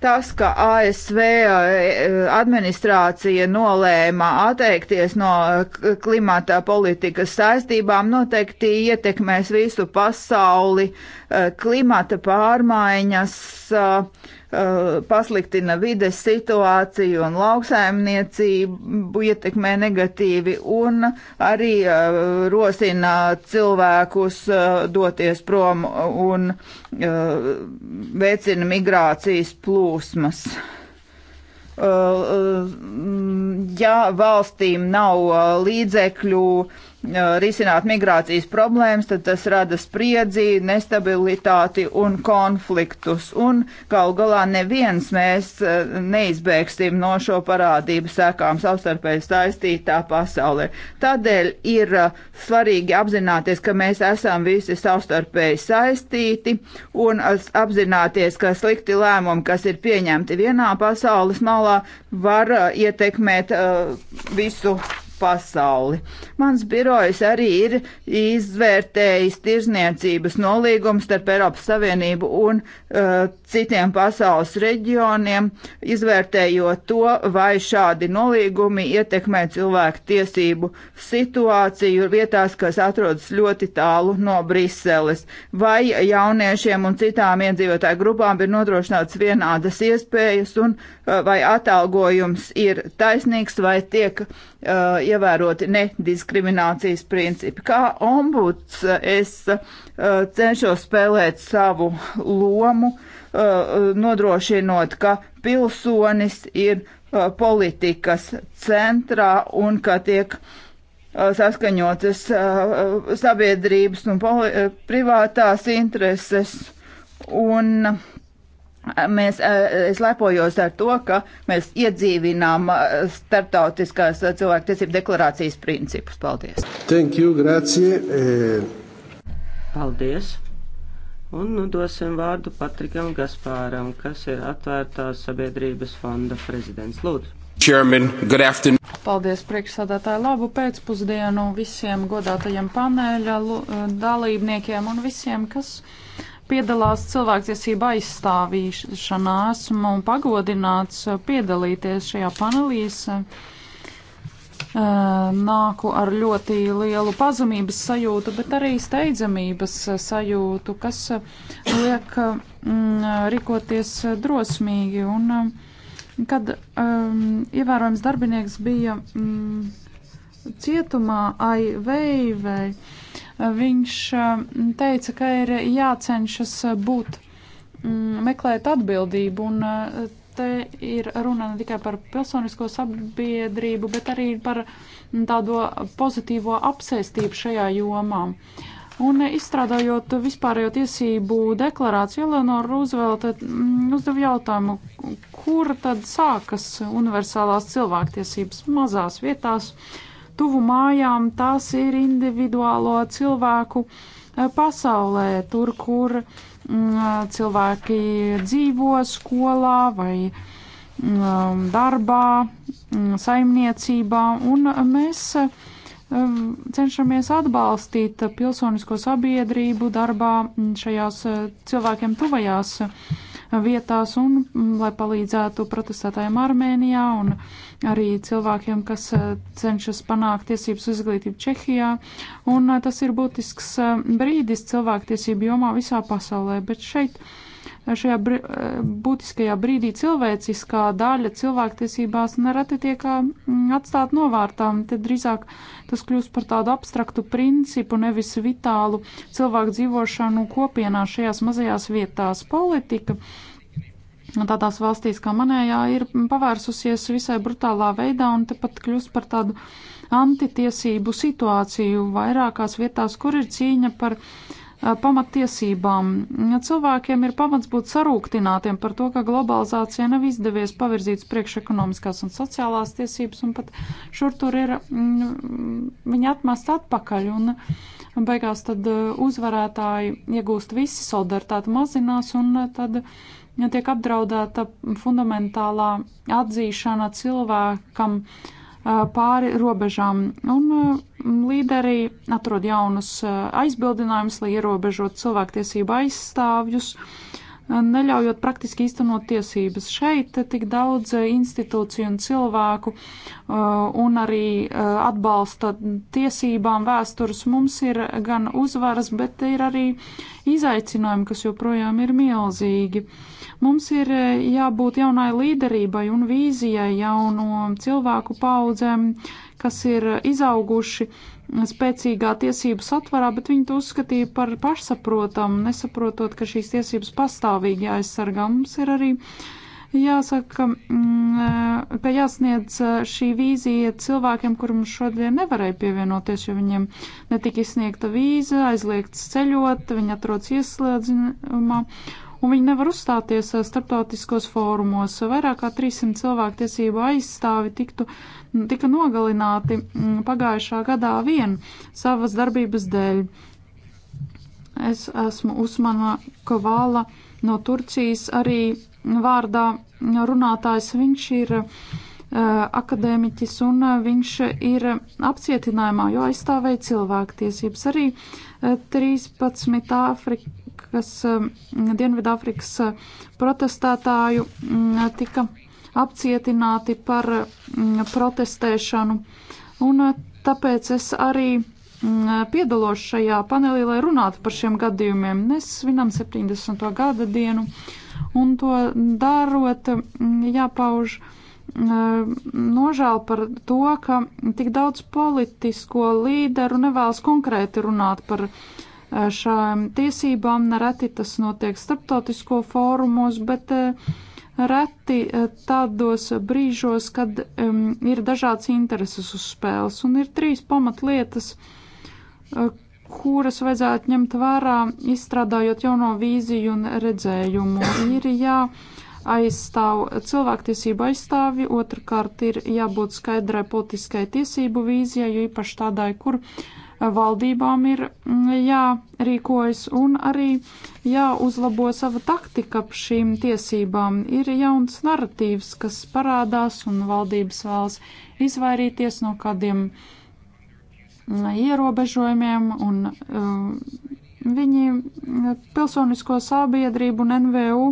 Tas, ka ASV eh, administrācija nolēma atteikties no eh, klimata politikas saistībām, noteikti ietekmēs visu pasauli. Eh, klimata pārmaiņas uh, Uh, pasliktina vides situāciju un lauksaimniecību ietekmē negatīvi un arī uh, rosina cilvēkus uh, doties prom un veicina migrācijas plūsmas ja valstīm nav līdzekļu risināt migrācijas problēmas, tad tas rada spriedzi, nestabilitāti un konfliktus. Un gal galā neviens mēs neizbēgsim no šo parādību sēkām savstarpēji saistītā pasaulē. Tādēļ ir svarīgi apzināties, ka mēs esam visi savstarpēji saistīti un apzināties, ka slikti lēmumi, kas ir pieņemti vienā pasaules malā, var ietekmēt uh, visu pasauli. Mans birojs arī ir izvērtējis tirzniecības nolīgumu starp Eiropas Savienību un uh, citiem pasaules reģioniem, izvērtējot to, vai šādi nolīgumi ietekmē cilvēku tiesību situāciju vietās, kas atrodas ļoti tālu no Briseles, vai jauniešiem un citām iedzīvotāju grupām ir nodrošināts vienādas iespējas un uh, vai atalgojums ir taisnīgs vai tiek uh, uh, ievēroti nediskriminācijas principi. Kā ombuds uh, es uh, cenšos spēlēt savu lomu, uh, nodrošinot, ka pilsonis ir uh, politikas centrā un ka tiek uh, saskaņotas uh, uh sabiedrības un uh, privātās intereses. Un, uh, Mēs, eh, es lepojos ar to, ka mēs iedzīvinām eh, starptautiskās eh, cilvēktiesību deklarācijas principus. Paldies! Thank you, grazie! Paldies! Un nu dosim vārdu Patrikam Gaspāram, kas ir atvērtās sabiedrības fonda prezidents. Lūdzu! Chairman, good afternoon. Paldies priekšsādātāju labu pēcpusdienu visiem godātajiem paneļa dalībniekiem un visiem, kas piedalās cilvēktiesība aizstāvīšanā. Esmu pagodināts piedalīties šajā panelīs. Nāku ar ļoti lielu pazemības sajūtu, bet arī steidzamības sajūtu, kas liek mm, rīkoties drosmīgi. Un, kad um, ievērojams darbinieks bija um, cietumā, ai veivei. Vei, Viņš teica, ka ir jācenšas būt, mm, meklēt atbildību un te ir runa ne tikai par pilsonisko sabiedrību, bet arī par tādo pozitīvo apsēstību šajā jomā. Un izstrādājot vispārējo tiesību deklarāciju, Eleonora Roosevelta mm, uzdeva jautājumu, kur tad sākas universālās cilvēktiesības mazās vietās, uh, tuvu mājām, tās ir individuālo cilvēku eh, pasaulē, tur, kur mm, eh, cilvēki dzīvo skolā vai mm, eh, darbā, mm, saimniecībā, un mēs cenšamies atbalstīt pilsonisko sabiedrību darbā šajās cilvēkiem tuvajās uh, vietās un mm, lai palīdzētu protestētājiem Armēnijā un arī cilvēkiem, kas eh, cenšas panākt tiesības izglītību Čehijā. Un eh, tas ir būtisks eh, brīdis cilvēktiesību jomā visā pasaulē, bet šeit šajā br būtiskajā brīdī cilvēciskā daļa cilvēktiesībās nereti tiek mm, atstāt novārtām. Te drīzāk tas kļūst par tādu abstraktu principu, nevis vitālu cilvēku dzīvošanu kopienā šajās mazajās vietās. Politika tādās valstīs kā manējā ir pavērsusies visai brutālā veidā un te pat kļūst par tādu antitiesību situāciju vairākās vietās, kur ir cīņa par uh, pamatiesībām. Cilvēkiem ir pamats būt sarūktinātiem par to, ka globalizācija nav izdevies pavirzīt priekš ekonomiskās un sociālās tiesības, un pat šur tur ir mm, viņi atmest atpakaļ, un beigās tad uzvarētāji iegūst visi, solidaritāte mazinās, un tad tiek apdraudēta fundamentālā atzīšana cilvēkam. Uh, pāri robežām, un līderi atrod jaunus aizbildinājumus, lai ierobežotu cilvēktiesību aizstāvjus. Uh, neļaujot praktiski īstenot tiesības. Šeit tik daudz institūciju un cilvēku uh, un arī uh, atbalsta tiesībām vēstures mums ir gan uzvaras, bet ir arī izaicinājumi, kas joprojām ir milzīgi. Mums ir uh, jābūt jaunai līderībai un vīzijai jauno cilvēku paudzēm, kas ir izauguši spēcīgā tiesību satvarā, bet viņi to uzskatīja par pašsaprotamu, nesaprotot, ka šīs tiesības pastāvīgi jāaizsargā. Mums ir arī jāsaka, mm, ka jāsniedz eh, šī vīzija cilvēkiem, kuriem šodien nevarēja pievienoties, jo viņiem netika izsniegta vīza, aizliegts ceļot, viņi atrodas ieslēdzumā un viņi nevar uzstāties eh, starptautiskos fórumos. Vairāk kā 300 cilvēktiesību aizstāvi tiktu, tika nogalināti pagājušā gadā vien savas darbības dēļ. Es esmu Usmana Kovala no Turcijas arī vārdā runātājs. Viņš ir uh, akadēmiķis un uh, viņš ir apcietinājumā, jo aizstāvēja cilvēktiesības. Arī uh, 13 Āfrika kas um, Dienvidāfrikas uh, protestētāju mm, tika apcietināti par mm, protestēšanu. Un uh, tāpēc es arī mm, piedalos šajā panelī, lai runātu par šiem gadījumiem. Mēs svinam 70. gada dienu, un to darot jāpauž nožēla par to, ka tik daudz politisko līderu nevēlas konkrēti runāt par uh, Eh, šām tiesībām. Nereti tas notiek starptautisko fórumos, bet eh, reti eh, tādos brīžos, kad um, ir dažādas intereses uz spēles. Un ir trīs pamatlietas, kuras vajadzētu ņemt vērā, izstrādājot jauno vīziju un redzējumu. Ir jā, aizstāv cilvēktiesību aizstāvi, otrkārt ir jābūt skaidrai politiskai tiesību vīzijai, jo īpaši tādai, kur uh, valdībām ir mm, jārīkojas un arī jāuzlabo sava taktika ap šīm tiesībām. Ir jauns narratīvs, kas parādās un valdības vēlas izvairīties no kādiem mm, ierobežojumiem un mm, viņi pilsonisko sabiedrību un NVU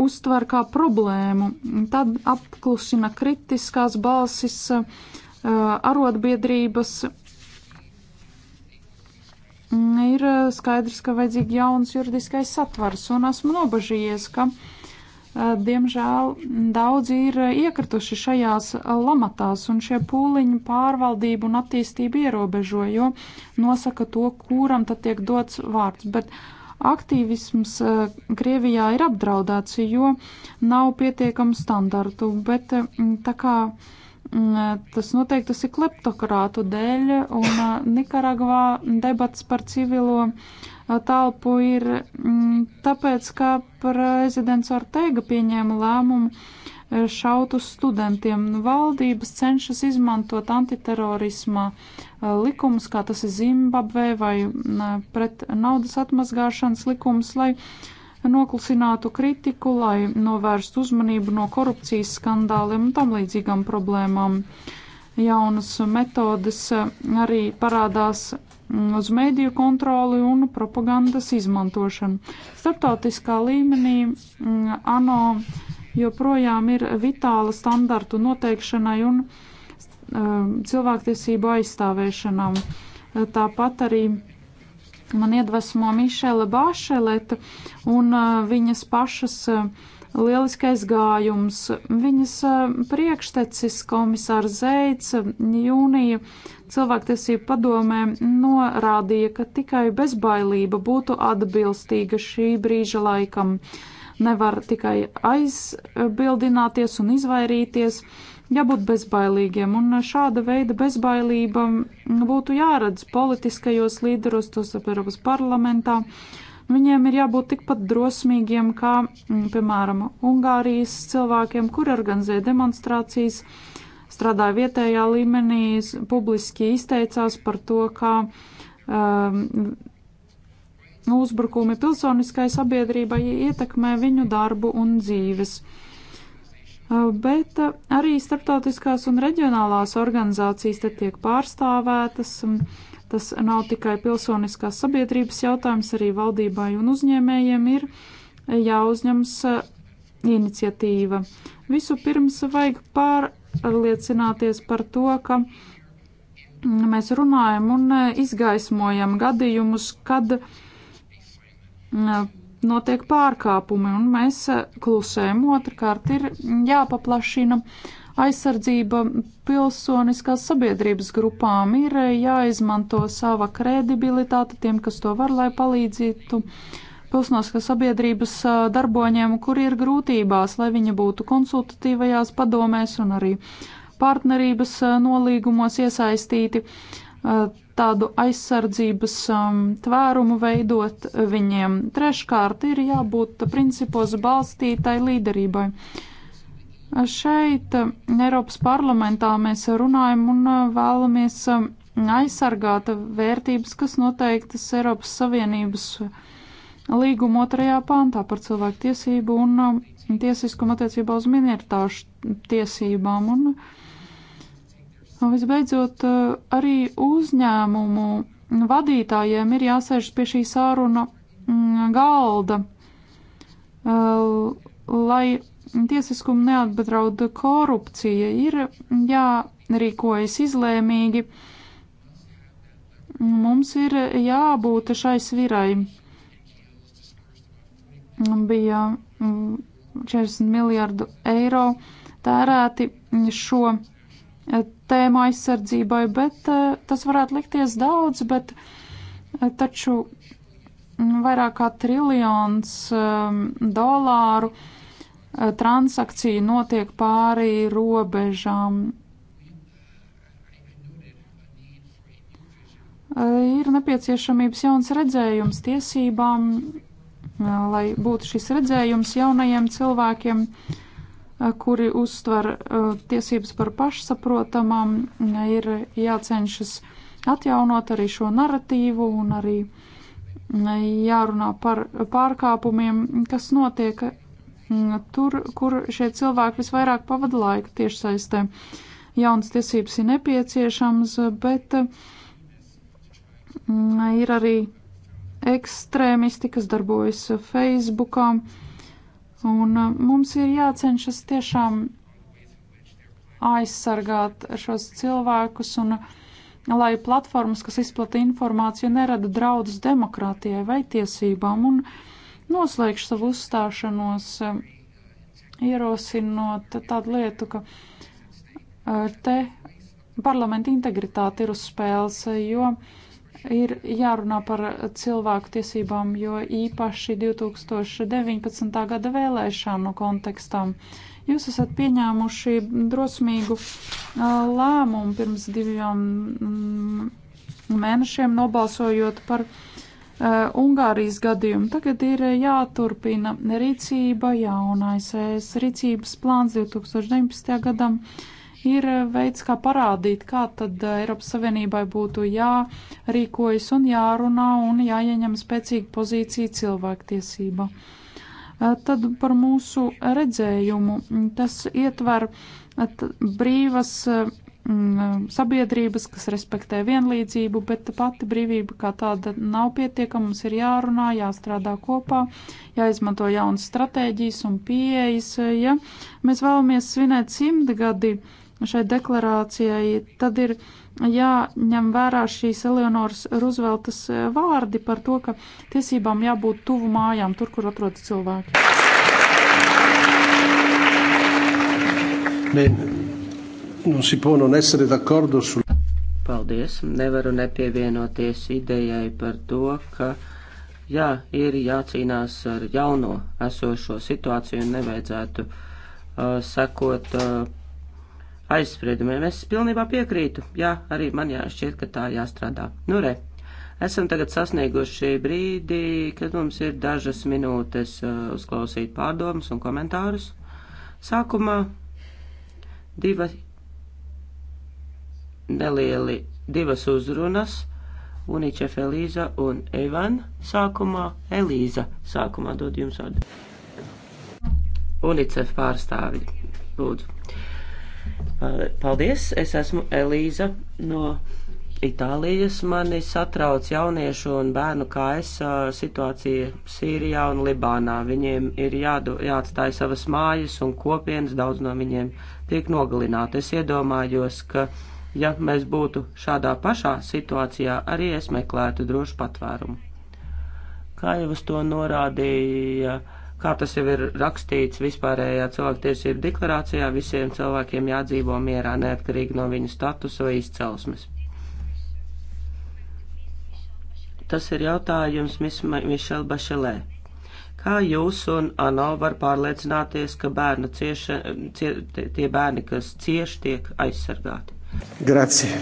uztver kā problēmu. Tad apklusina kritiskās balsis, arotbiedrības Mm, ir eh, skaidrs, ka vajadzīgi jauns juridiskais satvars, un esmu nobažījies, ka, eh, diemžēl, daudzi ir iekrituši šajās lamatās, un šie pūliņi pārvaldību un attīstību ierobežo, jo nosaka to, kuram tad tiek dots vārds. Bet aktīvisms eh, Krievijā ir apdraudēts, jo nav pietiekam standartu, bet mm, tā kā Mm, tas noteikti tas ir kleptokrātu dēļ, un Nikaragvā debats par civilo talpu ir mm, tāpēc, ka prezidents Ortega pieņēma lēmumu šaut uz studentiem. Valdības cenšas izmantot antiterorisma likumus, kā tas ir Zimbabvē vai pret naudas atmazgāšanas likums, lai uh, noklusinātu kritiku, lai novērstu uzmanību no korupcijas skandāliem un tam līdzīgām problēmām. Jaunas metodes arī parādās uz mediju kontroli un propagandas izmantošanu. Startautiskā līmenī mm, ANO joprojām ir vitāla standartu noteikšanai un mm, cilvēktiesību aizstāvēšanām. Tāpat arī man iedvesmo Mišela Bašeleta un uh, viņas pašas uh, lieliskais gājums. Viņas uh, priekštecis komisārs Zeids jūnija cilvēktiesību padomē norādīja, ka tikai bezbailība būtu atbilstīga šī brīža laikam. Nevar tikai aizbildināties un izvairīties jābūt bezbailīgiem, un šāda veida bezbailība mm, būtu jāredz politiskajos līderos, tos ap Eiropas parlamentā. Viņiem ir jābūt tikpat drosmīgiem kā, mm, piemēram, Ungārijas cilvēkiem, kuri organizē demonstrācijas, strādāja vietējā līmenī, publiski izteicās par to, kā um, ehm, uzbrukumi pilsoniskai sabiedrībai ietekmē viņu darbu un dzīves. Uh, Uh, bet uh, arī starptautiskās un reģionālās organizācijas te tiek pārstāvētas. Um, tas nav tikai pilsoniskās sabiedrības jautājums, arī valdībai un uzņēmējiem ir jāuzņems uh, iniciatīva. Vispirms vajag pārliecināties par to, ka mm, mēs runājam un izgaismojam gadījumus, kad mm, notiek pārkāpumi, un mēs eh, klusējam. Otrakārt ir jāpaplašina aizsardzība pilsoniskās sabiedrības grupām, ir eh, jāizmanto sava kredibilitāte tiem, kas to var, lai palīdzītu pilsoniskās sabiedrības eh, darboņiem, kur ir grūtībās, lai viņi būtu konsultatīvajās padomēs un arī partnerības nolīgumos iesaistīti. Uh, tādu aizsardzības um, tvērumu veidot viņiem. Treškārt ir jābūt principos balstītai līderībai. Šeit um, Eiropas parlamentā mēs runājam un uh, vēlamies um, aizsargāt vērtības, kas noteiktas Eiropas Savienības līguma otrajā pāntā par cilvēku tiesību un um, tiesiskumu attiecībā uz minoritāšu tiesībām. Un, uh, Un visbeidzot, eh, arī uzņēmumu vadītājiem ir jāsēž pie šī sāruna mm, galda, eh, lai tiesiskumu neatbedraud korupcija, ir jārīkojas izlēmīgi. Mums ir jābūt šai svirai. Bija 40 mm, miljardu eiro tērēti šo Eh, tēma aizsardzībai, bet eh, tas varētu likties daudz, bet eh, taču mm, vairāk kā triljons dolāru transakciju notiek pāri robežām. Ir nepieciešamības jauns redzējums tiesībām, lai būtu šis redzējums jaunajiem cilvēkiem. Uh, kuri uztver tiesības par pašsaprotamām, ir jācenšas atjaunot arī šo narratīvu un arī jārunā par pārkāpumiem, kas notiek tur, kur šie cilvēki visvairāk pavada laika tiešsaistē. Jaunas tiesības ir nepieciešams, bet ir arī ekstrēmisti, kas darbojas Facebookā. Un uh, mums ir jācenšas tiešām aizsargāt šos cilvēkus un uh, lai platformas, kas izplata informāciju, nerada draudus demokrātijai vai tiesībām. Un noslēgšu savu uzstāšanos uh, ierosinot tādu lietu, ka te parlamenta integritāte ir uz spēles, jo ir jārunā par cilvēku tiesībām, jo īpaši 2019. gada vēlēšanu kontekstam. Jūs esat pieņēmuši drosmīgu lēmumu pirms diviem mm, mēnešiem nobalsojot par Ungārijas gadījumu. Tagad ir jāturpina rīcība, jaunais ES rīcības plāns 2019. gadam ir eh, veids, kā parādīt, kā tad eh, Eiropas Savienībai būtu jārīkojas un jārunā un jāieņem spēcīga pozīcija cilvēktiesība. Eh, tad par mūsu redzējumu. Tas ietver brīvas sabiedrības, kas respektē vienlīdzību, bet pati brīvība kā tāda nav pietiekama. Mums ir jārunā, jāstrādā kopā, jāizmanto jaunas stratēģijas un pieejas. Ja mēs vēlamies svinēt simtgadi, gadi, šai deklarācijai, tad ir jāņem vērā šīs Eleonoras Ruzveltas eh, vārdi par to, ka tiesībām jābūt tuvu mājām, tur, kur atrodas cilvēki. Paldies. Nevaru nepievienoties idejai par to, ka jā, ir jācīnās ar jauno esošo situāciju un nevajadzētu uh, sekot uh, aizspriedumiem. Es pilnībā piekrītu, jā, arī man jāšķiet, ka tā jāstrādā. Nu re, esam tagad sasnieguši brīdi, kad mums ir dažas minūtes uh, uzklausīt pārdomas un komentārus. Sākumā divi nelieli, divas uzrunas. Uničef Elīza un Evan sākumā Elīza sākumā dod jums vārdu. Unicef pārstāvi, lūdzu. Paldies, es esmu Elīza no Itālijas. Mani satrauc jauniešu un bērnu kājas situācija Sīrijā un Libānā. Viņiem ir jādu, jāatstāj savas mājas un kopienas, daudz no viņiem tiek nogalināti. Es iedomājos, ka, ja mēs būtu šādā pašā situācijā, arī es meklētu drošu patvērumu. Kā jau uz to norādīja. Uh, Kā tas jau ir rakstīts vispārējā cilvēktiesību deklarācijā, visiem cilvēkiem jādzīvo mierā neatkarīgi no viņu statusa vai izcelsmes. Tas ir jautājums Mišela Bašelē. Kā jūs un ANO var pārliecināties, ka bērnu cieša, cie, tie bērni, kas cieši, tiek aizsargāti? Grazie.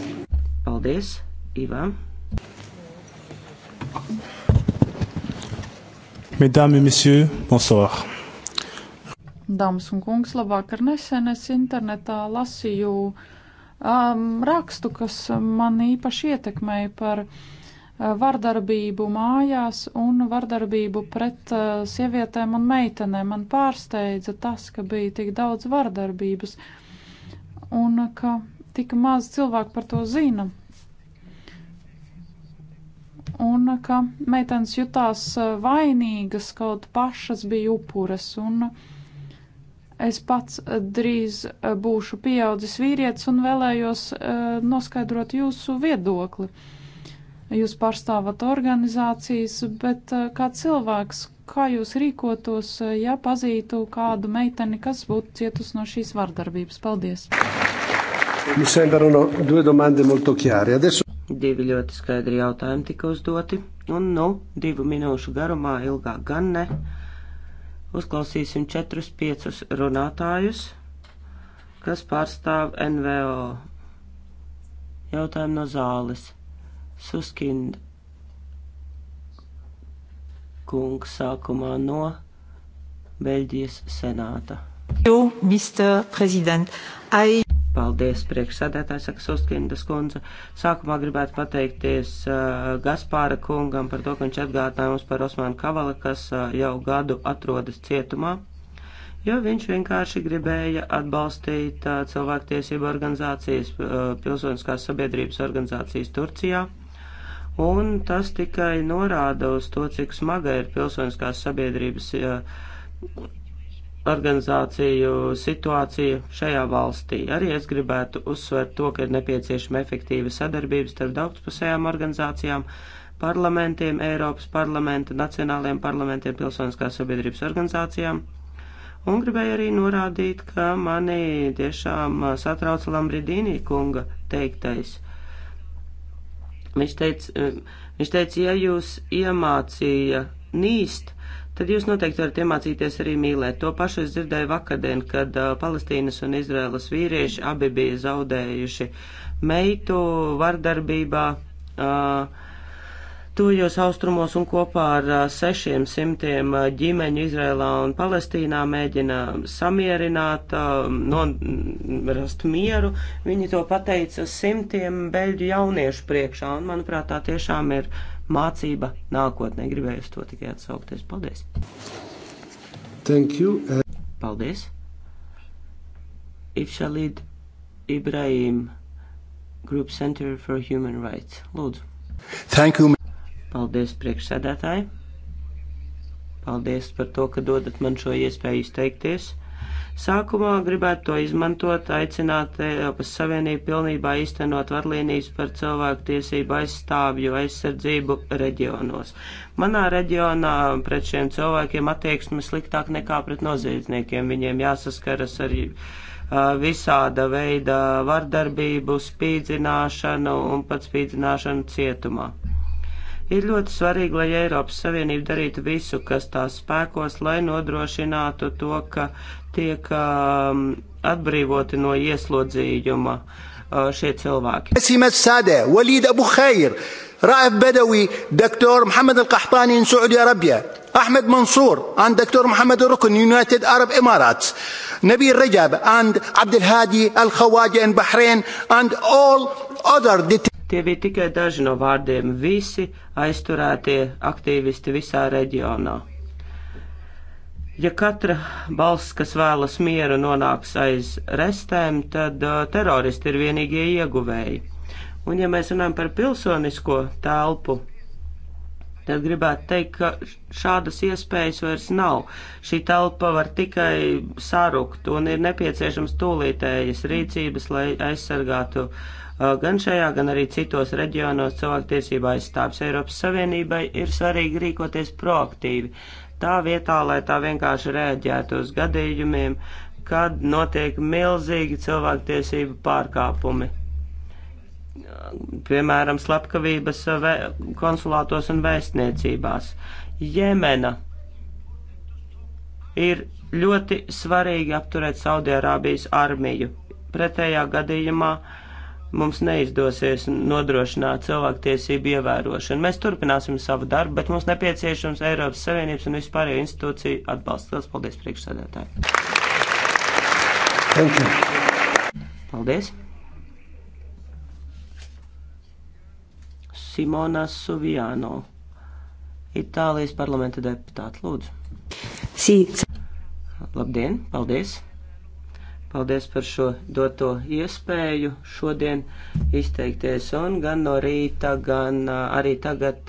Paldies, Ivam. Mesdames et messieurs, bonsoir. Dāmas un kungs, labvakar nesen es internetā lasīju um, rakstu, kas man īpaši ietekmēja par uh, vardarbību mājās un vardarbību pret uh, sievietēm un meitenēm. Man pārsteidza tas, ka bija tik daudz vardarbības un ka tik maz cilvēku par to zina un ka meitenes jutās eh, vainīgas, kaut pašas bija upuras, un es pats eh, drīz eh, būšu pieaudzis vīrietis un vēlējos noskaidrot jūsu viedokli. Jūs pārstāvat organizācijas, bet kā cilvēks, kā jūs rīkotos, ja pazītu kādu meiteni, kas būtu cietusi no šīs vardarbības? Paldies! Mi sembrano due domande molto chiare. Adesso... Divi ļoti skaidri jautājumi tika uzdoti, un nu, divu minūšu garumā ilgāk gan ne. Uzklausīsim četrus, piecus runātājus, kas pārstāv NVO. Jautājumi no zāles. Suskind kungs sākumā no Beļģijas senāta. You, Mr. President, I Paldies, priekšsēdētājs Aksoskindas kundze. Sākumā gribētu pateikties uh, Gaspāra kungam par to, ka viņš atgādināja mums par Osmanu Kavala, kas uh, jau gadu atrodas cietumā, jo viņš vienkārši gribēja atbalstīt uh, cilvēktiesību organizācijas, uh, pilsoniskās sabiedrības organizācijas Turcijā. Un tas tikai norāda uz to, cik smaga ir pilsoniskās sabiedrības. Uh, organizāciju situācija šajā valstī. Arī es gribētu uzsvērt to, ka ir nepieciešama efektīva sadarbība starp daudzpusējām organizācijām, parlamentiem, Eiropas parlamenta, nacionālajiem parlamentiem, pilsoniskās sabiedrības organizācijām. Un gribēju arī norādīt, ka mani tiešām satrauca Lambridīnī kunga teiktais. Viņš teica, eh, viņš teica, ja jūs iemācīja nīst, tad jūs noteikti varat iemācīties arī mīlēt. To pašu es dzirdēju vakardien, kad uh, Palestīnas un Izraēlas vīrieši abi bija zaudējuši meitu vardarbībā. Uh, Tujos austrumos un kopā ar 600 uh, uh, ģimeņu Izrēlā un Palestīnā mēģina samierināt, um, no, rast mieru. Viņi to pateica simtiem beļģu jauniešu priekšā, un manuprāt tā tiešām ir uh, mācība nākotnē. Gribēju uz to tikai atsaukties. Paldies! Thank you. Paldies! Ifšalid Ibrahim, Group Center for Human Rights. Lūdzu. Thank you. Paldies priekšsēdētāji. Paldies par to, ka dodat man šo iespēju izteikties. Sākumā gribētu to izmantot, aicināt Eiropas Savienību pilnībā īstenot vadlīnijas par cilvēku tiesību aizstāvju aizsardzību reģionos. Manā reģionā pret šiem cilvēkiem attieksme sliktāk nekā pret noziedzniekiem. Viņiem jāsaskaras ar visāda veida vardarbību, spīdzināšanu un pat spīdzināšanu cietumā. Ir ļoti svarīgi, lai Eiropas Savienība darītu visu, kas tās spēkos, lai nodrošinātu to, ka tiek um, atbrīvoti no ieslodzījuma uh, šie cilvēki. رائف بدوي دكتور محمد القحطاني من سعودي أرابيا أحمد منصور عن دكتور محمد الركن يونايتد أرب إمارات نبيل رجب عند عبد الهادي الخواجة in Bahrain and all other Tie bija tikai daži no vārdiem. Visi aizturētie aktīvisti visā reģionā. Ja katra balss, kas vēlas mieru, nonāks aiz restēm, tad uh, teroristi ir vienīgie ieguvēji. Un ja mēs runājam par pilsonisko telpu, tad gribētu teikt, ka šādas iespējas vairs nav. Šī telpa var tikai sarukt un ir nepieciešams tūlītējas rīcības, lai aizsargātu uh, gan šajā, gan arī citos reģionos cilvēktiesībā aizstāvs Eiropas Savienībai ir svarīgi rīkoties proaktīvi Tā vietā, lai tā vienkārši rēģētu uz gadījumiem, kad notiek milzīgi cilvēktiesību pārkāpumi. Piemēram, slepkavības konsulātos un vēstniecībās. Jemena ir ļoti svarīgi apturēt Saudijārābijas armiju. Pretējā gadījumā uh, mums neizdosies nodrošināt cilvēktiesību ievērošanu. Mēs turpināsim savu darbu, bet mums nepieciešams Eiropas Savienības un vispārējo institūciju atbalsts. Lielas paldies priekšsēdētāji! Paldies! Simona Suviano, Itālijas parlamenta deputāta, lūdzu. Sīts. Labdien, paldies! Paldies par šo doto iespēju šodien izteikties un gan no rīta, gan arī tagad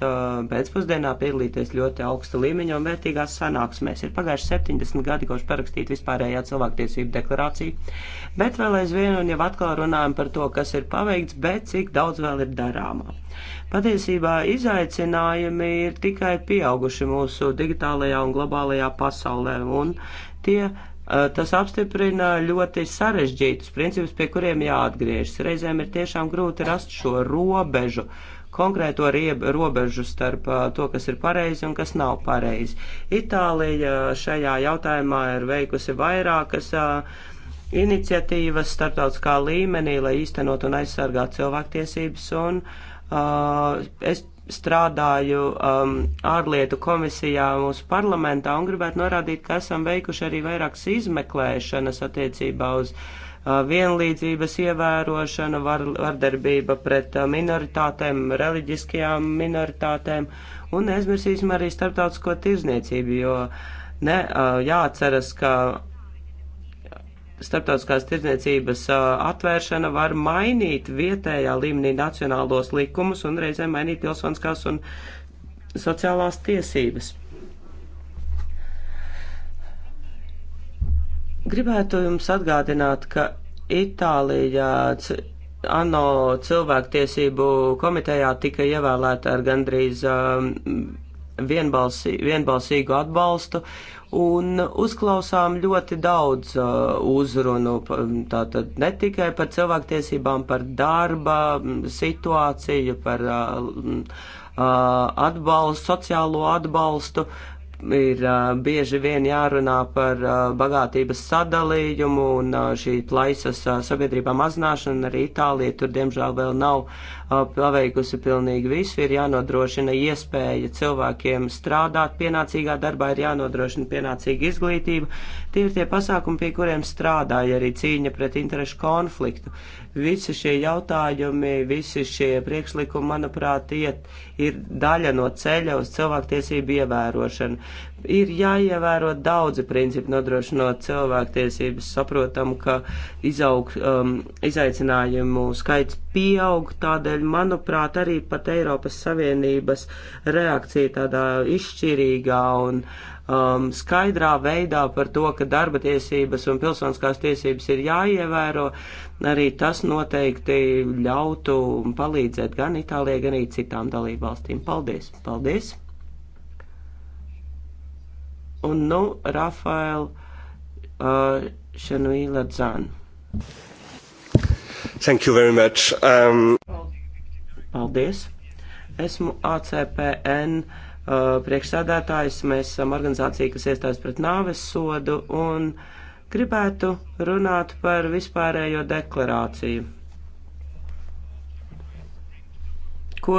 pēcpusdienā piedalīties ļoti augsta līmeņa un vērtīgās sanāksmēs. Ir pagājuši 70 gadi, kopš parakstīt vispārējā cilvēktiesību deklarāciju, bet vēl aizvien un jau atkal runājam par to, kas ir paveikts, bet cik daudz vēl ir darāmā. Patiesībā izaicinājumi ir tikai pieauguši mūsu digitālajā un globālajā pasaulē, un tie Eh, tas apstiprina ļoti sarežģītus principus, pie kuriem jāatgriežas. Reizēm ir tiešām grūti rast šo robežu, konkrēto rieb, robežu starp eh, to, kas ir pareizi un kas nav pareizi. Itālija eh, šajā jautājumā ir veikusi vairākas iniciatīvas starptautiskā līmenī, lai īstenot un aizsargātu cilvēktiesības un uh, es strādāju um, ārlietu komisijā mūsu parlamentā un gribētu norādīt, ka esam veikuši arī vairākas izmeklēšanas attiecībā uz uh, vienlīdzības ievērošanu, var, vardarbība pret uh, minoritātēm, reliģiskajām minoritātēm un neaizmirsīsim arī starptautisko tirzniecību, jo ne, uh, jāatceras, ka starptautiskās tirdzniecības atvēršana var mainīt vietējā līmenī nacionālos likumus un reizēm mainīt pilsoniskās un sociālās tiesības. Gribētu jums atgādināt, ka Itālijā ANO cilvēktiesību komitejā tika ievēlēta ar gandrīz um, vienbalsī, vienbalsīgu atbalstu, un uzklausām ļoti daudz uh, uzrunu, tātad ne tikai par cilvēktiesībām, par darba situāciju, par uh, uh, atbalstu, sociālo atbalstu, ir uh, bieži vien jārunā par uh, bagātības sadalījumu un uh, šī plaisas uh, sabiedrībā mazināšana. Arī Itālija tur, diemžēl, vēl nav uh, paveikusi pilnīgi visu. Ir jānodrošina iespēja cilvēkiem strādāt pienācīgā darbā, ir jānodrošina pienācīga izglītība. Tie ir tie pasākumi, pie kuriem strādāja arī cīņa pret interešu konfliktu. Visi šie jautājumi, visi šie priekšlikumi, manuprāt, iet, ir daļa no ceļa uz cilvēktiesību ievērošanu. Ir jāievēro daudzi principi nodrošinot cilvēktiesības. Saprotam, ka izaug, um, izaicinājumu skaits pieaug, tādēļ, manuprāt, arī pat Eiropas Savienības reakcija tādā izšķirīgā un uh, um, skaidrā veidā par to, ka darba tiesības un pilsoniskās tiesības ir jāievēro, arī tas noteikti ļautu palīdzēt gan Itālijai, gan arī citām dalībvalstīm. Paldies! Paldies! Un nu, Rafael uh, Šanuīla Dzan. Thank you very much. Um... Paldies! Esmu ACPN. Uh, Uh, priekšsēdētājs. Mēs esam organizācija, kas iestājas pret nāves sodu un gribētu runāt par vispārējo deklarāciju. Ko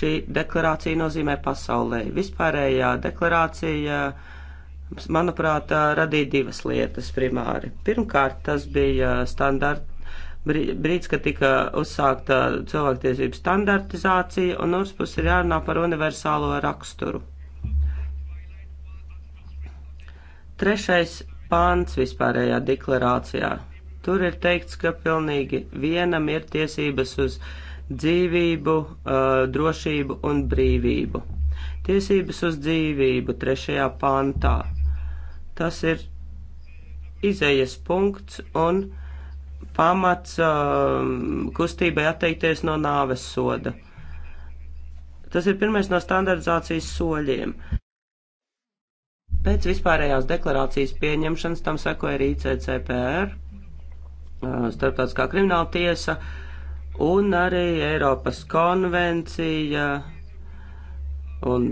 šī deklarācija nozīmē pasaulē? Vispārējā deklarācija, manuprāt, radīja divas lietas primāri. Pirmkārt, tas bija standarta brīdis, kad tika uzsākta cilvēktiesību standartizācija, un otrs puses ir jārunā par universālo raksturu. Trešais pāns vispārējā deklarācijā. Tur ir teikts, ka pilnīgi vienam ir tiesības uz dzīvību, uh, drošību un brīvību. Tiesības uz dzīvību trešajā pantā. Tas ir izējas punkts un uh, pamats uh, kustībai atteikties no nāves soda. Tas ir pirmais no standardizācijas soļiem. Pēc vispārējās deklarācijas pieņemšanas tam sekoja arī ICCPR, uh, Starptautiskā krimināla tiesa un arī Eiropas konvencija un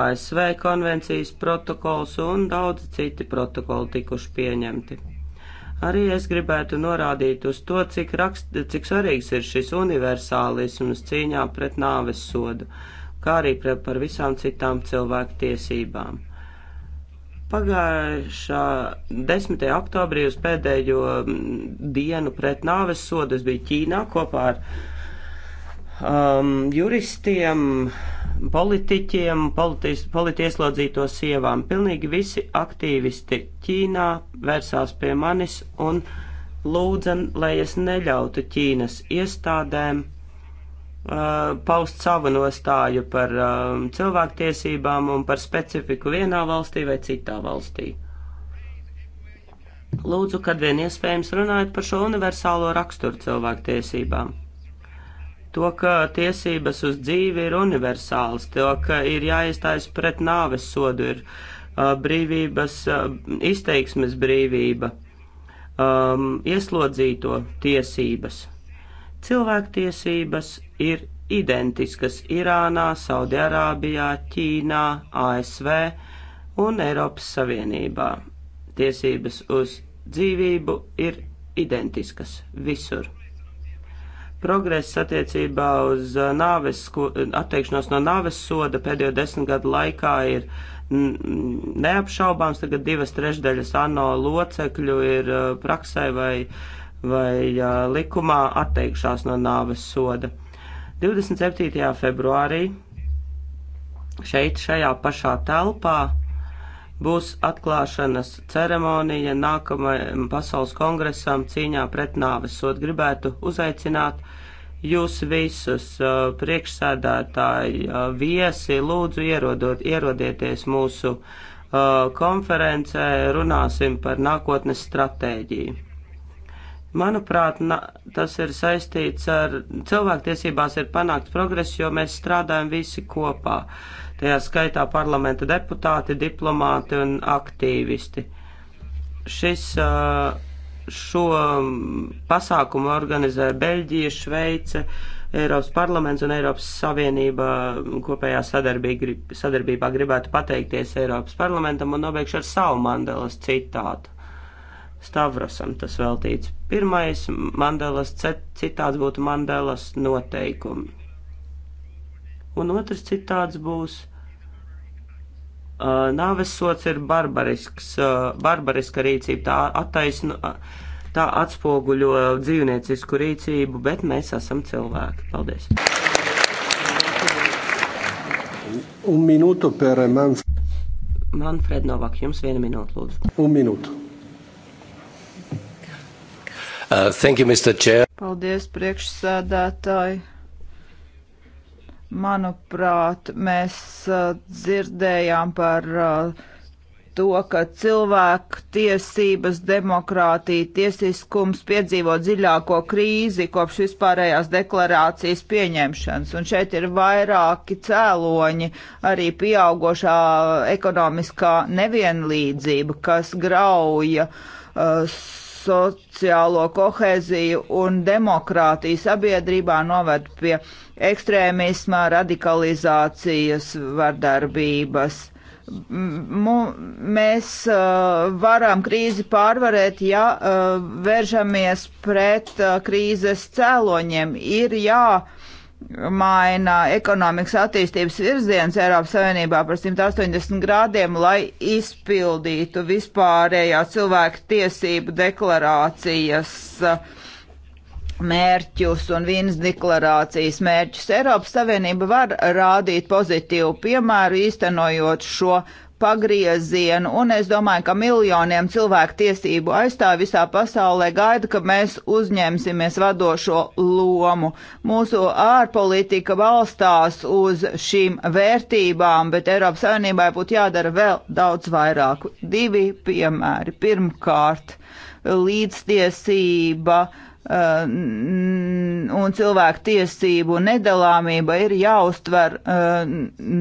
ASV konvencijas protokols un daudz citi protokoli tikuši pieņemti. Arī es gribētu norādīt uz to, cik, rakst, cik svarīgs ir šis universālisms cīņā pret nāves sodu, kā arī par visām citām cilvēku tiesībām. Pagājušā 10. oktobrī uz pēdējo mm, dienu pret nāves sodu es biju Ķīnā kopā ar um, juristiem, uh, politiķiem, politieslodzīto sievām. Pilnīgi visi aktīvisti Ķīnā vērsās pie manis un lūdza, lai es neļautu Ķīnas iestādēm uh, paust savu nostāju par um, cilvēktiesībām un par specifiku vienā valstī vai citā valstī. Lūdzu, kad vien iespējams runājot par šo universālo raksturu cilvēktiesībām to, ka tiesības uz dzīvi ir universāls, to, ka ir jāiestājas pret nāves sodu, ir uh, brīvības, uh, izteiksmes brīvība, um, ieslodzīto tiesības. Cilvēktiesības ir identiskas Irānā, Saudi-Arābijā, Ķīnā, ASV un Eiropas Savienībā. Tiesības uz dzīvību ir identiskas visur. Progress attiecībā uz uh, nāves, uh, atteikšanos no nāves soda pēdējo desmit gadu laikā ir mm, mm, neapšaubāms. Tagad divas trešdaļas ANO locekļu ir uh, praksē vai, vai likumā atteikšās no nāves soda. 27. februārī šeit, šajā pašā telpā, būs atklāšanas ceremonija nākamajam pasaules kongresam cīņā pret nāvesot. Gribētu uzaicināt jūs visus uh, priekšsēdētāji, uh, viesi, lūdzu ierodot, ierodieties mūsu uh, konferencē, runāsim par nākotnes stratēģiju. Manuprāt, na, tas ir saistīts ar cilvēktiesībās ir panākts progress, jo mēs strādājam visi kopā. Uh, tajā skaitā parlamenta deputāti, diplomāti un aktīvisti. Šis, šo pasākumu organizē Beļģija, Šveice, Eiropas parlaments un Eiropas Savienība kopējā sadarbībā gribētu pateikties Eiropas parlamentam un nobeigšu ar savu Mandelas citātu. Stavrosam tas veltīts. Pirmais Mandelas citāts būtu Mandelas noteikumi un otrs citāts būs uh, nāves sots ir barbarisks, uh, barbariska rīcība, tā attaisnu, uh, tā atspoguļo dzīvniecisku rīcību, bet mēs esam cilvēki. Paldies! Un minūtu per Manfred. Manfred Novak, jums viena minūte, lūdzu. Un minūtu. Uh, thank you, Mr. Chair. Paldies, priekšsēdētāji. Manuprāt, mēs uh, dzirdējām par uh, to, ka cilvēku tiesības, demokrātija, tiesiskums piedzīvo dziļāko krīzi kopš vispārējās deklarācijas pieņemšanas. Un šeit ir vairāki cēloņi, arī pieaugošā ekonomiskā nevienlīdzība, kas grauja uh, sociālo kohēziju un demokrātiju sabiedrībā noved pie ekstrēmisma, radikalizācijas, vardarbības. M mēs uh, varam krīzi pārvarēt, ja uh, vēršamies pret uh, krīzes cēloņiem. Ir jā. Ja, maina ekonomikas attīstības virziens Eiropas Savienībā par 180 grādiem, lai izpildītu vispārējā cilvēku tiesību deklarācijas uh, mērķus un vienas deklarācijas mērķus. Eiropas Savienība var rādīt pozitīvu piemēru, īstenojot šo pagriezienu, un es domāju, ka miljoniem cilvēku tiesību aizstāv visā pasaulē gaida, ka mēs uzņemsimies vadošo lomu. Mūsu ārpolitika balstās uz šīm vērtībām, bet Eiropas Savienībai būtu jādara vēl daudz vairāk. Divi piemēri. Pirmkārt, līdztiesība. Uh, un cilvēku tiesību nedalāmība ir jāuztver uh,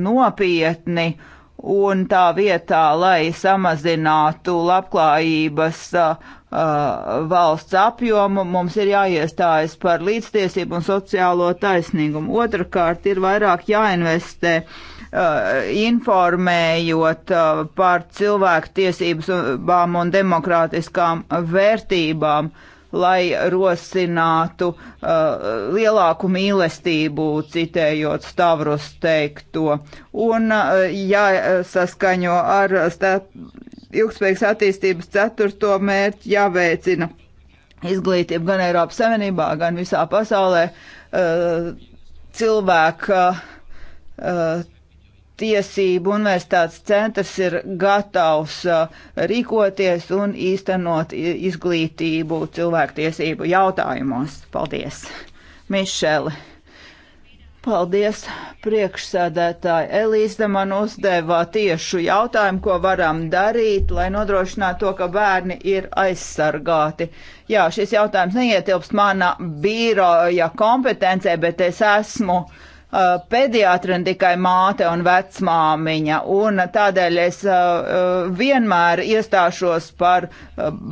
nopietni, uh, un tā vietā, lai samazinātu labklājības uh, valsts apjomu, mums ir jāiestājas par līdztiesību un sociālo taisnīgumu. Otrakārt, ir vairāk jāinvestē uh, informējot uh, par cilvēku tiesībām un demokrātiskām vērtībām. Uh, lai rosinātu uh, lielāku mīlestību, citējot Stavrus teikto. Un uh, jāsaskaņo uh, ar stat, ilgspējīgas attīstības ceturto mērķi jāveicina izglītību gan Eiropas Savienībā, gan visā pasaulē uh, cilvēka. Uh, tiesību universitātes centrs ir gatavs uh, rīkoties un īstenot izglītību cilvēktiesību jautājumos. Paldies, Mišeli! Paldies, priekšsēdētāji. Elīze man uzdevā tiešu jautājumu, ko varam darīt, lai nodrošinātu to, ka bērni ir aizsargāti. Jā, šis jautājums neietilpst manā bīroja kompetencē, bet es esmu uh, Uh, pediatra un tikai māte un vecmāmiņa. Un tādēļ es uh, uh, vienmēr iestāšos par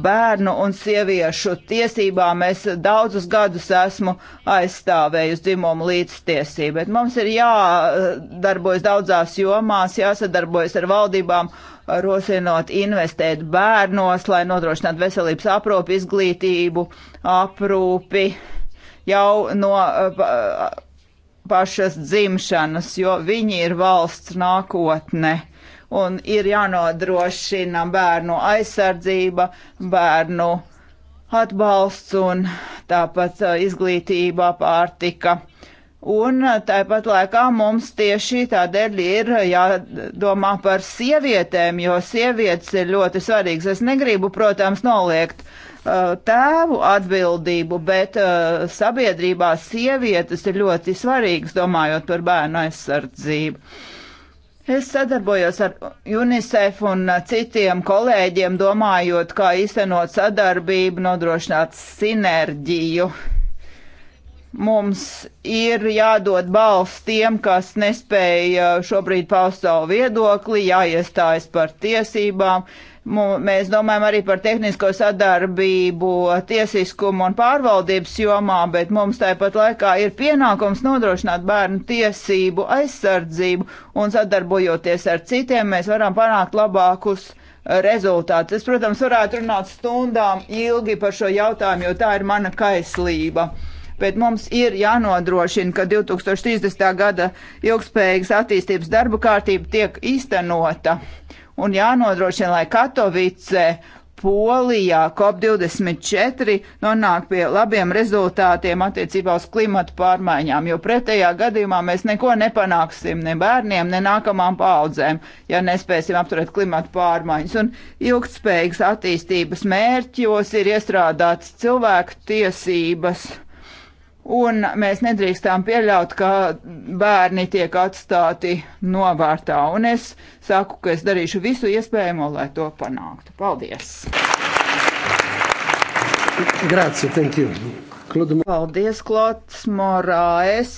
bērnu un sieviešu tiesībām. Es daudzus gadus esmu aizstāvējusi dzimumu līdztiesību, bet mums ir jādarbojas daudzās jomās, jāsadarbojas ar valdībām rosinot investēt bērnos, lai nodrošinātu veselības aprūpi, izglītību, aprūpi jau no uh, pašas dzimšanas, jo viņi ir valsts nākotne. Un ir jānodrošina bērnu aizsardzība, bērnu atbalsts un tāpat uh, izglītība, pārtika. Un uh, tāpat laikā mums tieši tādēļ ir jādomā par sievietēm, jo sievietes ir ļoti svarīgas. Es negribu, protams, noliegt uh, Uh, tēvu atbildību, bet uh, sabiedrībā sievietes ir ļoti svarīgas, domājot par bērnu aizsardzību. Es sadarbojos ar UNICEF un uh, citiem kolēģiem, domājot, kā īstenot sadarbību, nodrošināt sinerģiju. Mums ir jādod balss tiem, kas nespēja šobrīd paust savu viedokli, jāiestājas par tiesībām, Mēs domājam arī par tehnisko sadarbību, tiesiskumu un pārvaldības jomā, bet mums tāpat laikā ir pienākums nodrošināt bērnu tiesību aizsardzību un sadarbojoties ar citiem, mēs varam panākt labākus rezultātus. Es, protams, varētu runāt stundām ilgi par šo jautājumu, jo tā ir mana kaislība bet mums ir jānodrošina, ka 2030. gada ilgspējīgas attīstības darba kārtība tiek īstenota un jānodrošina, lai Katovice Polijā COP24 nonāk pie labiem rezultātiem attiecībā uz klimatu pārmaiņām, jo pretējā gadījumā mēs neko nepanāksim ne bērniem, ne nākamām paudzēm, ja nespēsim apturēt klimatu pārmaiņas. Un ilgtspējīgas attīstības mērķos ir iestrādāts cilvēku tiesības un mēs nedrīkstām pieļaut, ka bērni tiek atstāti novārtā. Un es saku, ka es darīšu visu iespējamo, lai to panāktu. Paldies! Grazie, thank you. Klodum... Paldies, Klots Morāes,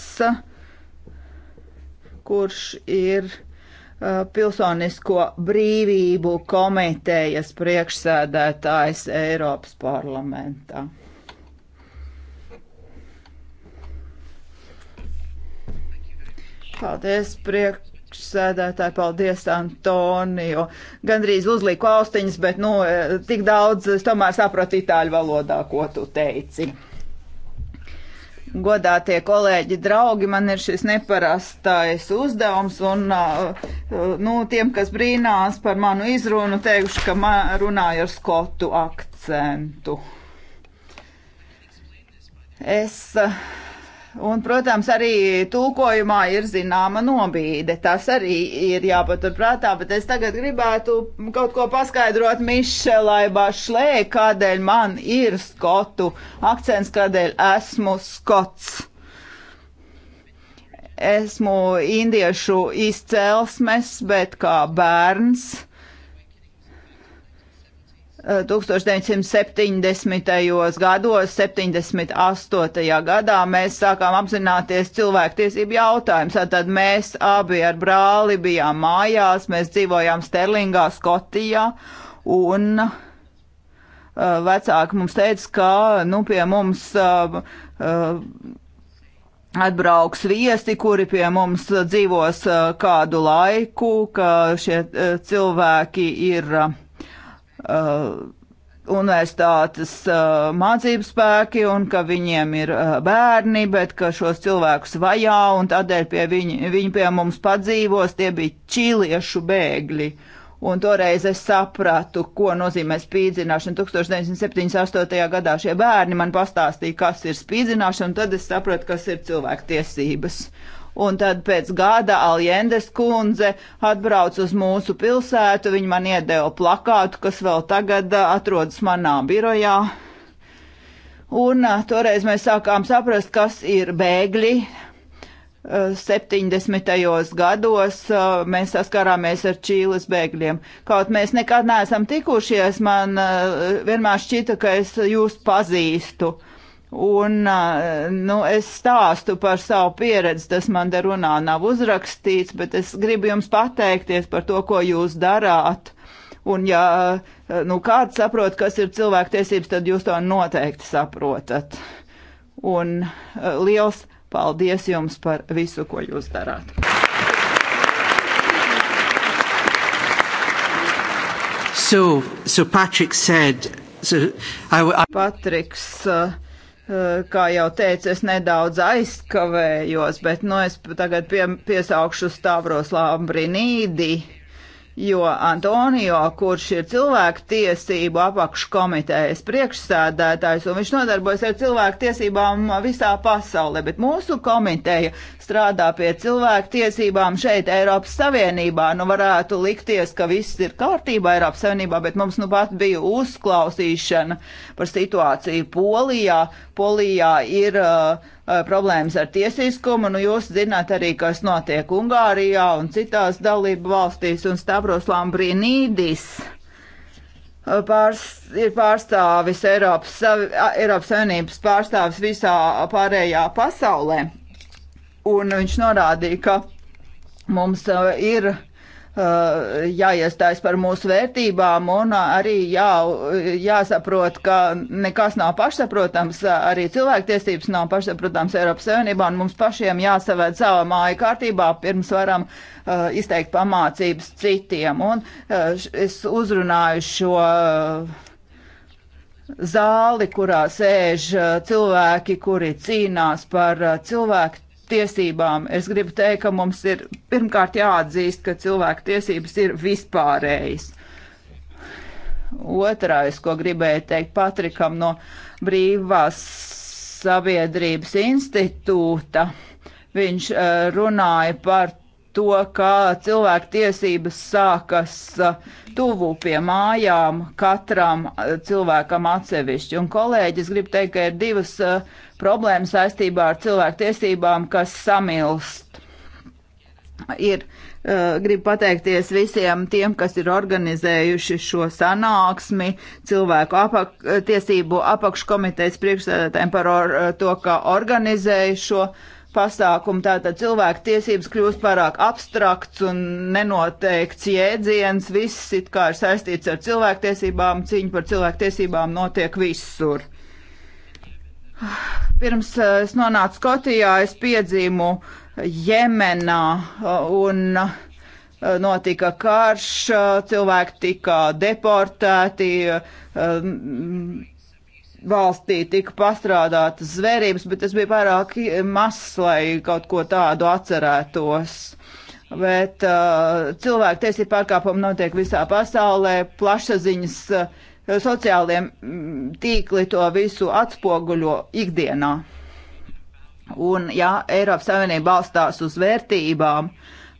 kurš ir uh, Pilsonisko brīvību komitejas priekšsēdētājs Eiropas parlamentā. Paldies, priekšsēdētāji, paldies, Antonio. Gandrīz uzliku austiņas, bet, nu, e, tik daudz es tomēr saprotu itāļu valodā, ko tu teici. Godātie kolēģi, draugi, man ir šis neparastais uzdevums, un nu, tiem, kas brīnās par manu izrunu, teikšu, ka man runāju ar skotu akcentu. Es uh, Un, protams, arī tulkojumā ir zināma nobīde. Tas arī ir jāpaturprātā, bet es tagad gribētu kaut ko paskaidrot Mišelai Bašlē, kādēļ man ir skotu akcents, kādēļ esmu skots. Esmu indiešu izcelsmes, bet kā bērns 1970. gados, 78. gadā mēs sākām apzināties cilvēktiesību jautājumus. Tad mēs abi ar brāli bijām mājās, mēs dzīvojām Sterlingā, Skotijā, un uh, vecāki mums teica, ka, nu, pie mums uh, uh, atbrauks viesti, kuri pie mums dzīvos uh, kādu laiku, ka šie uh, cilvēki ir uh, uh, universitātes uh, mācību spēki un ka viņiem ir uh, bērni, bet ka šos cilvēkus vajā un tādēļ pie viņi, viņi pie mums padzīvos, tie bija čīliešu bēgļi. Un toreiz es sapratu, ko nozīmē spīdzināšana. 1978. gadā šie bērni man pastāstīja, kas ir spīdzināšana, un tad es sapratu, kas ir cilvēktiesības. tiesības un tad pēc gada Aljendes kundze atbrauc uz mūsu pilsētu, viņa man iedeva plakātu, kas vēl tagad uh, atrodas manā birojā. Un uh, toreiz mēs sākām saprast, kas ir bēgļi, 70. Uh, gados mēs saskārāmies ar Čīles bēgļiem. Kaut mēs nekad neesam tikušies, man vienmēr šķita, ka es jūs pazīstu. Un, nu, es stāstu par savu pieredzi, tas man te runā nav uzrakstīts, bet es gribu jums pateikties par to, ko jūs darāt. Un, ja nu, kāds saprot, kas ir cilvēktiesības, tad jūs to noteikti saprotat. Un liels paldies jums par visu, ko jūs darāt. So, so Patrick said, so I, I... Patriks uh, Eh, kā jau teicu, es nedaudz aizkavējos, bet nu, es tagad pie, piesaukšu Stavros Lambrinīdi, jo Antonio, kurš ir cilvēku tiesību apakškomitejas priekšsēdētājs, un viņš nodarbojas ar cilvēku tiesībām visā pasaulē, bet mūsu komiteja strādā pie cilvēku tiesībām šeit Eiropas Savienībā. Nu varētu likties, ka viss ir kārtībā Eiropas Savienībā, bet mums nu pat bija uzklausīšana par situāciju Polijā. Polijā ir uh, uh problēmas ar tiesiskumu. Nu, jūs zināt arī, kas notiek Ungārijā un citās dalību valstīs, un Stavros Lambrinīdis uh, pārs, ir pārstāvis Eiropas, Eiropas Savienības pārstāvis visā pārējā pasaulē un viņš norādīja, ka mums uh, ir uh, jāiestājas par mūsu vērtībām un uh, arī jā, jāsaprot, ka nekas nav pašsaprotams, arī cilvēktiesības nav pašsaprotams Eiropas Savienībā un mums pašiem jāsavēd savā māja kārtībā pirms varam uh, izteikt pamācības citiem. Un uh, es uzrunāju šo. Uh, Zāli, kurā sēž cilvēki, kuri cīnās par cilvēku tiesībām. Es gribu teikt, ka mums ir pirmkārt jāatzīst, ka cilvēku tiesības ir vispārējas. Otrais, ko gribēju teikt Patrikam no Brīvās sabiedrības institūta, viņš eh, runāja par to, kā cilvēku tiesības sākas eh, tuvu pie mājām katram eh, cilvēkam atsevišķi. Un kolēģis grib teikt, ka ir divas uh, problēmu saistībā ar cilvēku tiesībām, kas samilst. Ir eh, gribu pateikties visiem tiem, kas ir organizējuši šo sanāksmi, cilvēku apak tiesību apakškomitejas priekšsēdētājiem par or, to, kā organizēju šo pasākumu. Tātad cilvēku tiesības kļūst pārāk abstrakts un nenoteikts jēdziens. Viss it kā ir saistīts ar cilvēku tiesībām, cīņa par cilvēku tiesībām notiek visur. Pirms eh, es nonācu Skotijā, es piedzīmu Jemenā eh, un eh, notika karš, cilvēki tika deportēti, mm, valstī tika pastrādātas zvērības, bet tas bija pārāk mazs, lai kaut ko tādu atcerētos. Bet uh, cilvēku tiesību pārkāpumi notiek visā pasaulē, plašsaziņas uh, sociāliem mm, tīkli to visu atspoguļo ikdienā. Un, ja Eiropas Savienība balstās uz vērtībām,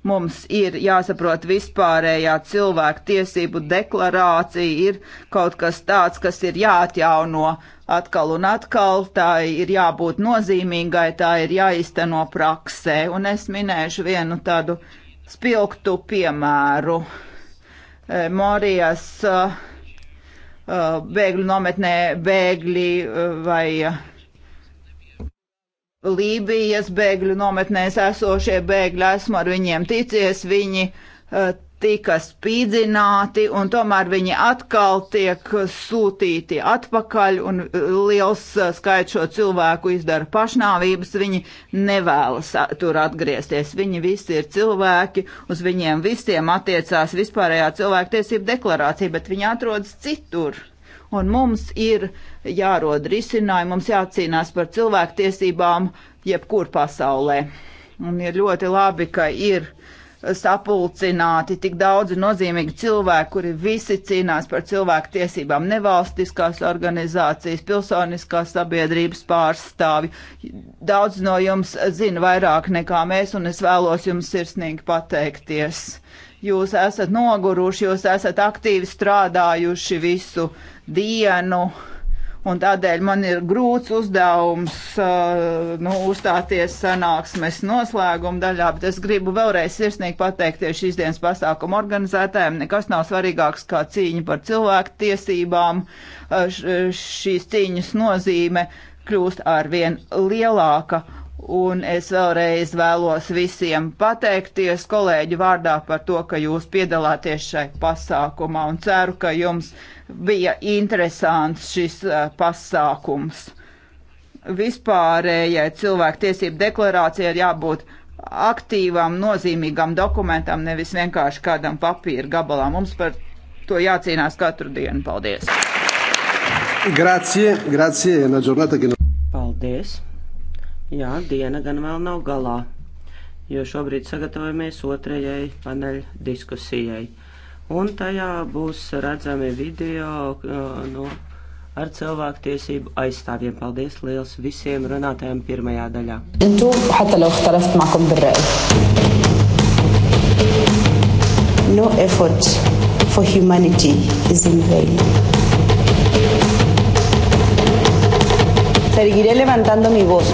mums ir jāsaprot vispārējā cilvēku tiesību deklarācija ir kaut kas tāds, kas ir jāatjauno atkal un atkal, tā ir jābūt nozīmīgai, tā ir jāizteno praksē. Un es minēšu vienu tādu spilgtu piemēru. Eh, Morijas uh, Uh, bēgļu nometnē bēgļi uh, vai uh, Lībijas bēgļu nometnēs esošie bēgļi. Esmu ar viņiem ticies, viņi tika spīdzināti, un tomēr viņi atkal tiek sūtīti atpakaļ, un uh, liels uh, skaits šo cilvēku izdara pašnāvības. Viņi nevēlas uh, tur atgriezties. Viņi visi ir cilvēki, uz viņiem visiem attiecās vispārējā cilvēktiesība deklarācija, bet viņi atrodas citur. Un mums ir jārod risinājumi, mums jācīnās par cilvēktiesībām jebkur pasaulē. Un ir ļoti labi, ka ir sapulcināti tik daudzi nozīmīgi cilvēki, kuri visi cīnās par cilvēku tiesībām, nevalstiskās organizācijas, pilsoniskās sabiedrības pārstāvi. Daudz no jums zina vairāk nekā mēs, un es vēlos jums sirsnīgi pateikties. Jūs esat noguruši, jūs esat aktīvi strādājuši visu dienu. Uh, Un tādēļ man ir grūts uzdevums uh, nu, uzstāties sanāksmes noslēguma daļā, bet es gribu vēlreiz sirsnīgi pateikties šīs dienas pasākumu organizētājiem. Nekas nav svarīgāks kā cīņa par cilvēku tiesībām. Uh, šīs cīņas nozīme kļūst arvien lielāka. Uh, Un es vēlreiz vēlos visiem pateikties kolēģu vārdā par to, ka jūs piedalāties šai pasākumā un ceru, ka jums bija interesants šis eh, pasākums. Vispārējai cilvēktiesību deklarācijai ir jābūt aktīvam, nozīmīgam dokumentam, nevis vienkārši kādam papīra gabalam. Mums par to jācīnās katru dienu. Paldies! Grazie, grazie, Paldies! Jā, diena gan vēl nav galā, jo šobrīd sagatavojamies otrajai paneļa diskusijai. Un tajā būs redzami video uh, nu, ar cilvēktiesību aizstāvjiem. Paldies liels visiem runātājiem pirmajā daļā. No effort for humanity is in vain. Seguiré levantando mi voz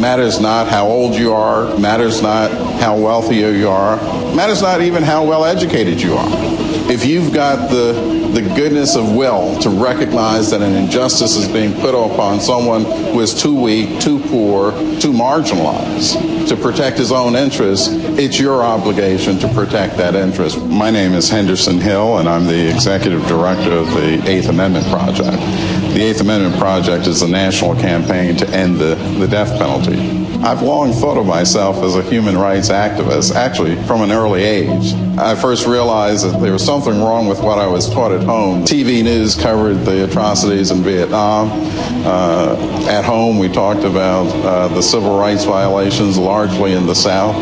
matters not how old you are, matters not how wealthy you are, matters not even how well educated you are. If you've got the, the goodness of will to recognize that an injustice is being put upon someone who is too weak, too poor, too marginalized to protect his own interests, it's your obligation to protect that interest. My name is Henderson Hill, and I'm the executive director of the Eighth Amendment Project. The Eighth Amendment Project is a national campaign to end the, the death penalty. I've long thought of myself as a human rights activist, actually from an early age. I first realized that there was something wrong with what I was taught at home. TV news covered the atrocities in Vietnam. Uh, at home, we talked about uh, the civil rights violations largely in the South.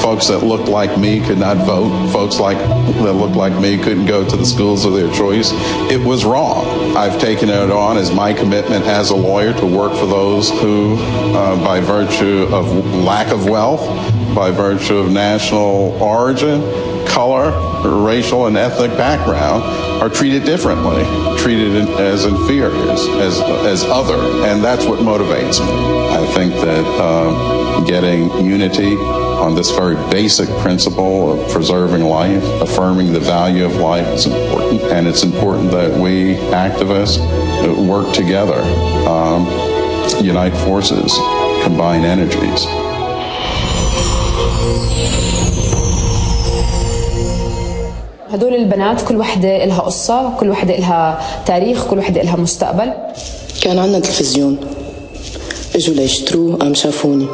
Folks that looked like me could not vote. Folks like that looked like me couldn't go to the schools of their choice. It was wrong. I've taken it on on is my commitment as a lawyer to work for those who, uh, by virtue of lack of wealth, by virtue of national origin, color, racial, and ethnic background, are treated differently, treated as inferiors, as, as other. And that's what motivates me. I think that uh, getting unity on this very basic principle of preserving life, affirming the value of life is important. And it's important that we activists work together, um, unite forces, combine energies. هدول البنات كل وحدة إلها قصة كل وحدة إلها تاريخ كل وحدة إلها مستقبل كان عندنا تلفزيون إجوا ليشتروه قام شافوني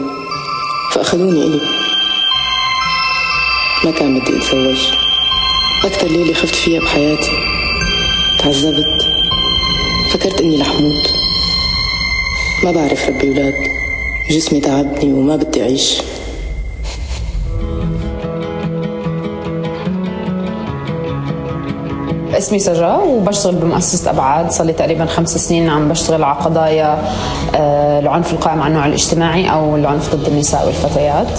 فأخذوني إلي ما كان بدي أتزوج أكثر ليلة خفت فيها بحياتي تعذبت فكرت إني رح موت ما بعرف ربي ولاد جسمي تعبني وما بدي أعيش اسمي سجا وبشتغل بمؤسسة أبعاد صار لي تقريبا خمس سنين عم بشتغل على قضايا العنف القائم على النوع الاجتماعي أو العنف ضد النساء والفتيات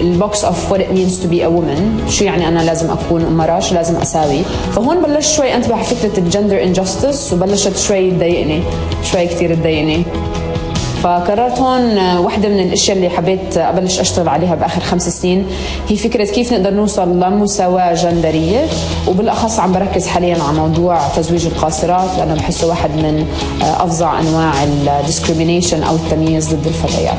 البوكس اوف وات ات مينز تو بي ا وومن شو يعني انا لازم اكون مراه شو لازم اساوي فهون بلشت شوي انتبه على فكره الجندر انجستس وبلشت شوي تضايقني شوي كثير تضايقني فقررت هون واحدة من الأشياء اللي حبيت أبلش أشتغل عليها بآخر خمس سنين هي فكرة كيف نقدر نوصل لمساواة جندرية وبالأخص عم بركز حاليا على موضوع تزويج القاصرات لأنه بحسه واحد من أفظع أنواع الديسكريمينيشن أو التمييز ضد الفتيات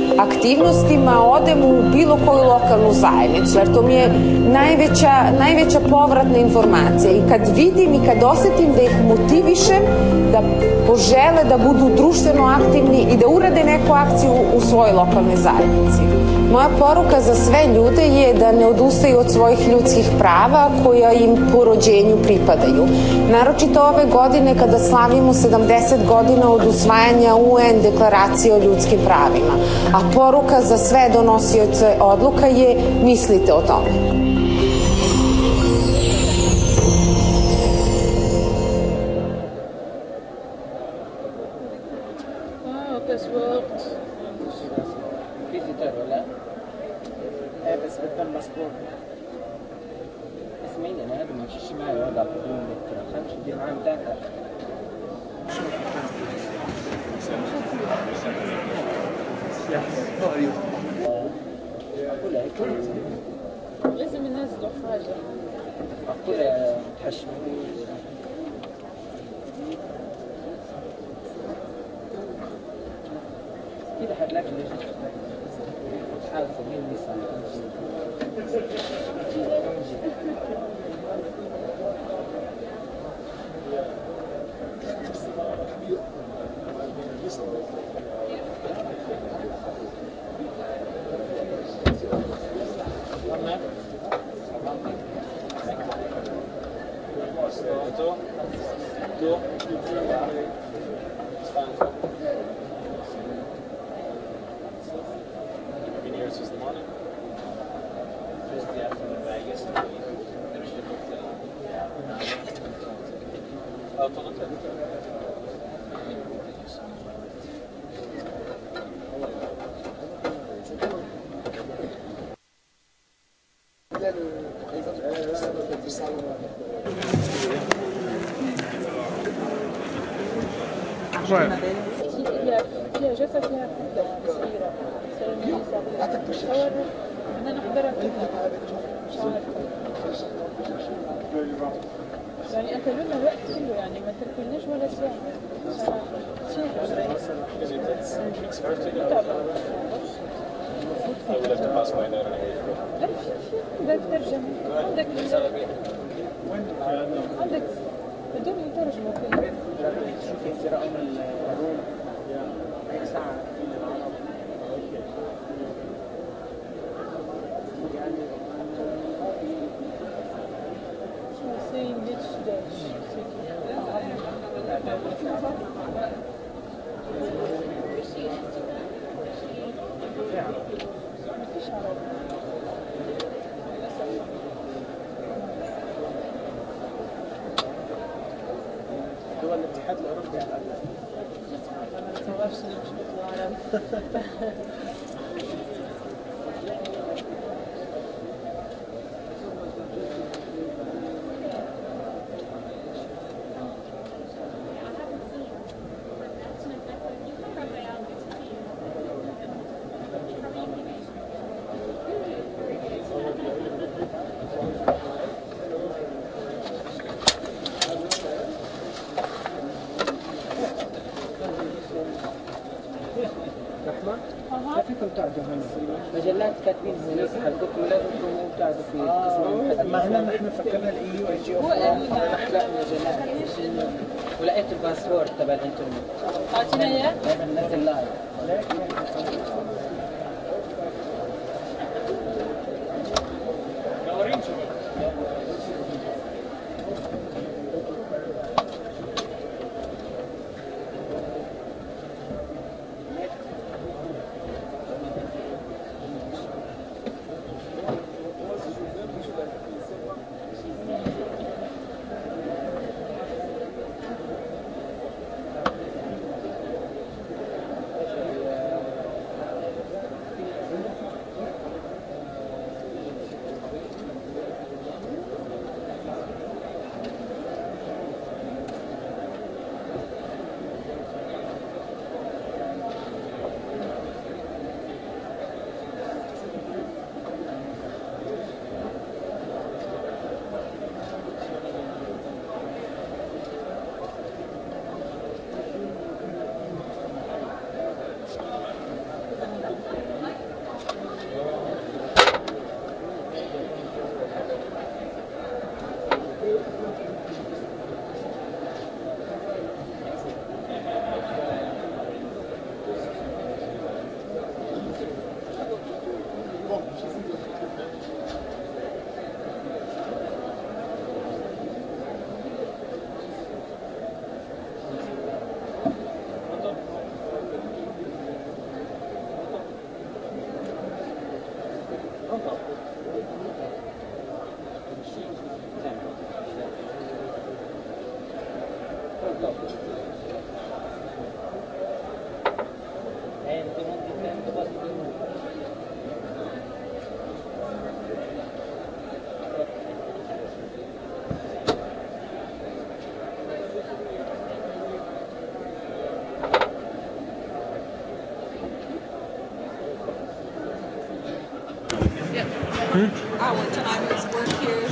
aktivnostima odem u bilo koju lokalnu zajednicu, jer to mi je najveća, najveća povratna informacija. I kad vidim i kad osetim da ih motivišem da požele da budu društveno aktivni i da urade neku akciju u svojoj lokalnoj zajednici. Moja poruka za sve ljude je da ne odustaju od svojih ljudskih prava koja im po rođenju pripadaju. Naročito ove godine kada slavimo 70 godina od usvajanja UN deklaracije o ljudskim pravima. A poruka za sve donosioce odluka je mislite o tome.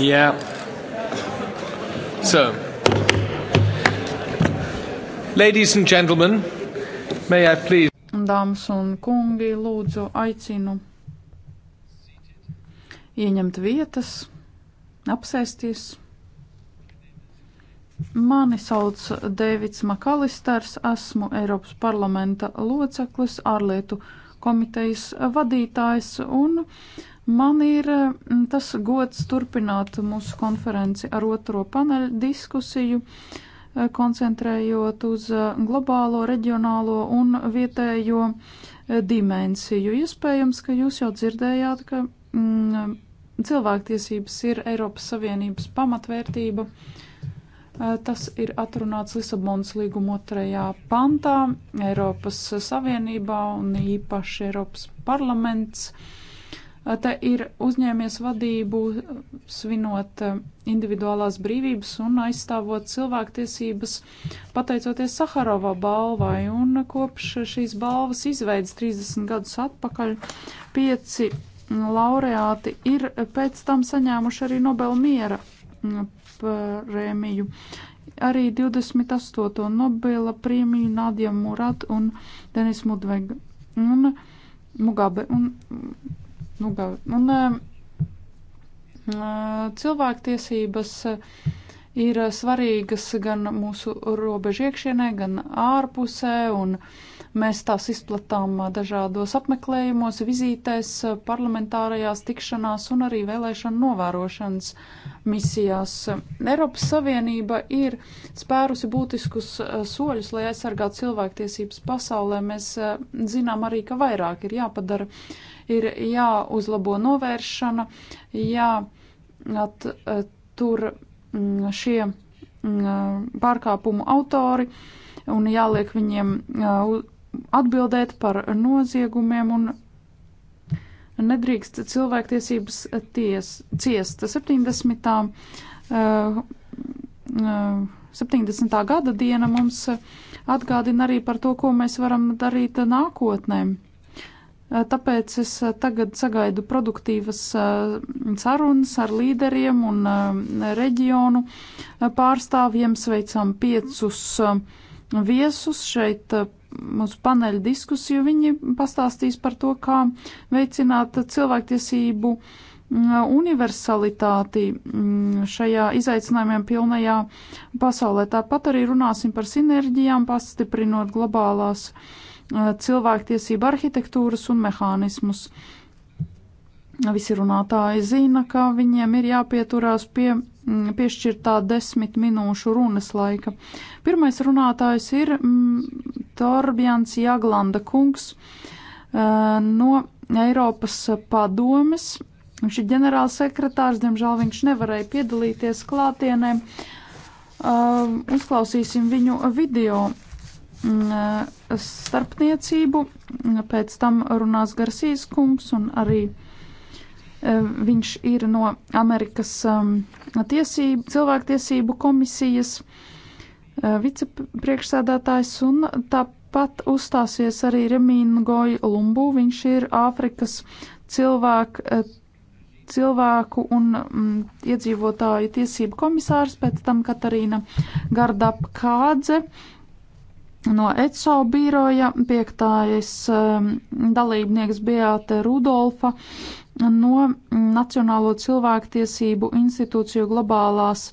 Yeah. So, ladies and gentlemen, may I please. Dāmas un kungi, lūdzu, aicinu ieņemt vietas, apsēsties. Mani sauc Dēvids Makalisters, esmu Eiropas parlamenta loceklis, ārlietu komitejas vadītājs, un man ir mm, tas gods turpināt mūsu konferenci ar otro paneļu diskusiju, eh, koncentrējot uz eh, globālo, reģionālo un vietējo eh, dimensiju. Iespējams, ka jūs jau dzirdējāt, ka mm, cilvēktiesības ir Eiropas Savienības pamatvērtība. Tas ir atrunāts Lisabonas līguma otrajā pantā Eiropas Savienībā un īpaši Eiropas parlaments. Uh, te ir uzņēmies vadību svinot eh, individuālās brīvības un aizstāvot cilvēktiesības, pateicoties Saharova balvai. Un kopš šīs balvas izveidas 30 gadus atpakaļ pieci laureāti ir pēc tam saņēmuši arī Nobel miera mm, prēmiju. Arī 28. Nobela prēmiju Nadja Murat un Denis Mudveg un Mugabe. Un nogaut. Nu, un eh, eh, cilvēktiesības eh, ir svarīgas gan mūsu robežu iekšienē, gan ārpusē. Un, uh, Mēs tās izplatām dažādos apmeklējumos, vizītēs, parlamentārajās tikšanās un arī vēlēšanu novērošanas misijās. Eiropas Savienība ir spērusi būtiskus soļus, lai aizsargātu cilvēktiesības pasaulē. Mēs zinām arī, ka vairāk ir jāpadara, ir jāuzlabo novēršana, jāattur mm, šie mm, pārkāpumu autori un jāliek viņiem atbildēt par noziegumiem un nedrīkst cilvēktiesības ties, ciest. 70. Uh, uh, 70. gada diena mums atgādina arī par to, ko mēs varam darīt nākotnē. Eh, tāpēc es tagad sagaidu produktīvas eh, sarunas ar līderiem un eh, reģionu pārstāvjiem. Sveicam piecus viesus šeit mūsu paneļa diskusiju, viņi pastāstīs par to, kā veicināt cilvēktiesību mm, universalitāti mm, šajā izaicinājumiem pilnajā pasaulē. Tāpat arī runāsim par sinerģijām, pastiprinot globālās mm, cilvēktiesību arhitektūras un mehānismus. Visi runātāji zina, ka viņiem ir jāpieturās pie Mm, piešķirtā desmit minūšu runas laika. Pirmais runātājs ir mm, Torbjans Jaglanda kungs eh, no Eiropas padomes. Viņš ir ģenerālsekretārs, diemžēl viņš nevarēja piedalīties klātienē. Eh, uzklausīsim viņu video mm, eh, starpniecību, pēc tam runās Garsīs kungs un arī. Eh, viņš ir no Amerikas ehm, tiesību, cilvēktiesību komisijas eh, vicepriekšsēdētājs un tāpat uzstāsies arī Remīngoja Lumbu. Viņš ir Āfrikas cilvēku, eh, cilvēku un mm, iedzīvotāju tiesību komisārs, pēc tam Katarīna Gardapkādze No ECO biroja piektais um, dalībnieks Beate Rudolfa no Nacionālo cilvēktiesību institūciju globālās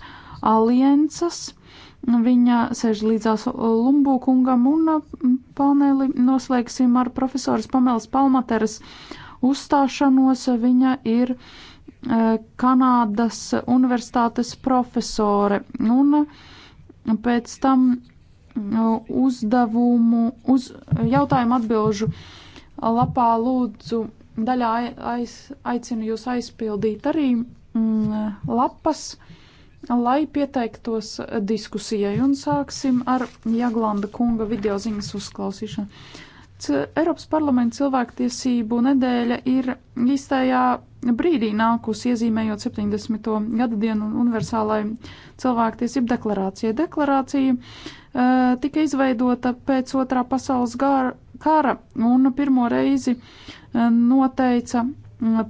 alianses. Viņa sēž līdzās Lumbūkungam un uh, paneli noslēgsim ar profesoras Pamelas Palmateras uzstāšanos. Viņa ir uh, Kanādas universitātes profesore un uh, pēc tam uzdevumu, uz jautājumu atbilžu lapā lūdzu daļā aiz, aicinu jūs aizpildīt arī mm, lapas, lai pieteiktos diskusijai. Un sāksim ar Jaglanda kunga video ziņas uzklausīšanu. Eh, Eiropas parlamenta cilvēktiesību nedēļa ir īstajā brīdī nākusi iezīmējot 70. gada dienu universālai cilvēktiesību deklarācijai. Deklarācija uh, tika izveidota pēc otrā pasaules gāra, kara un pirmo reizi uh, noteica uh,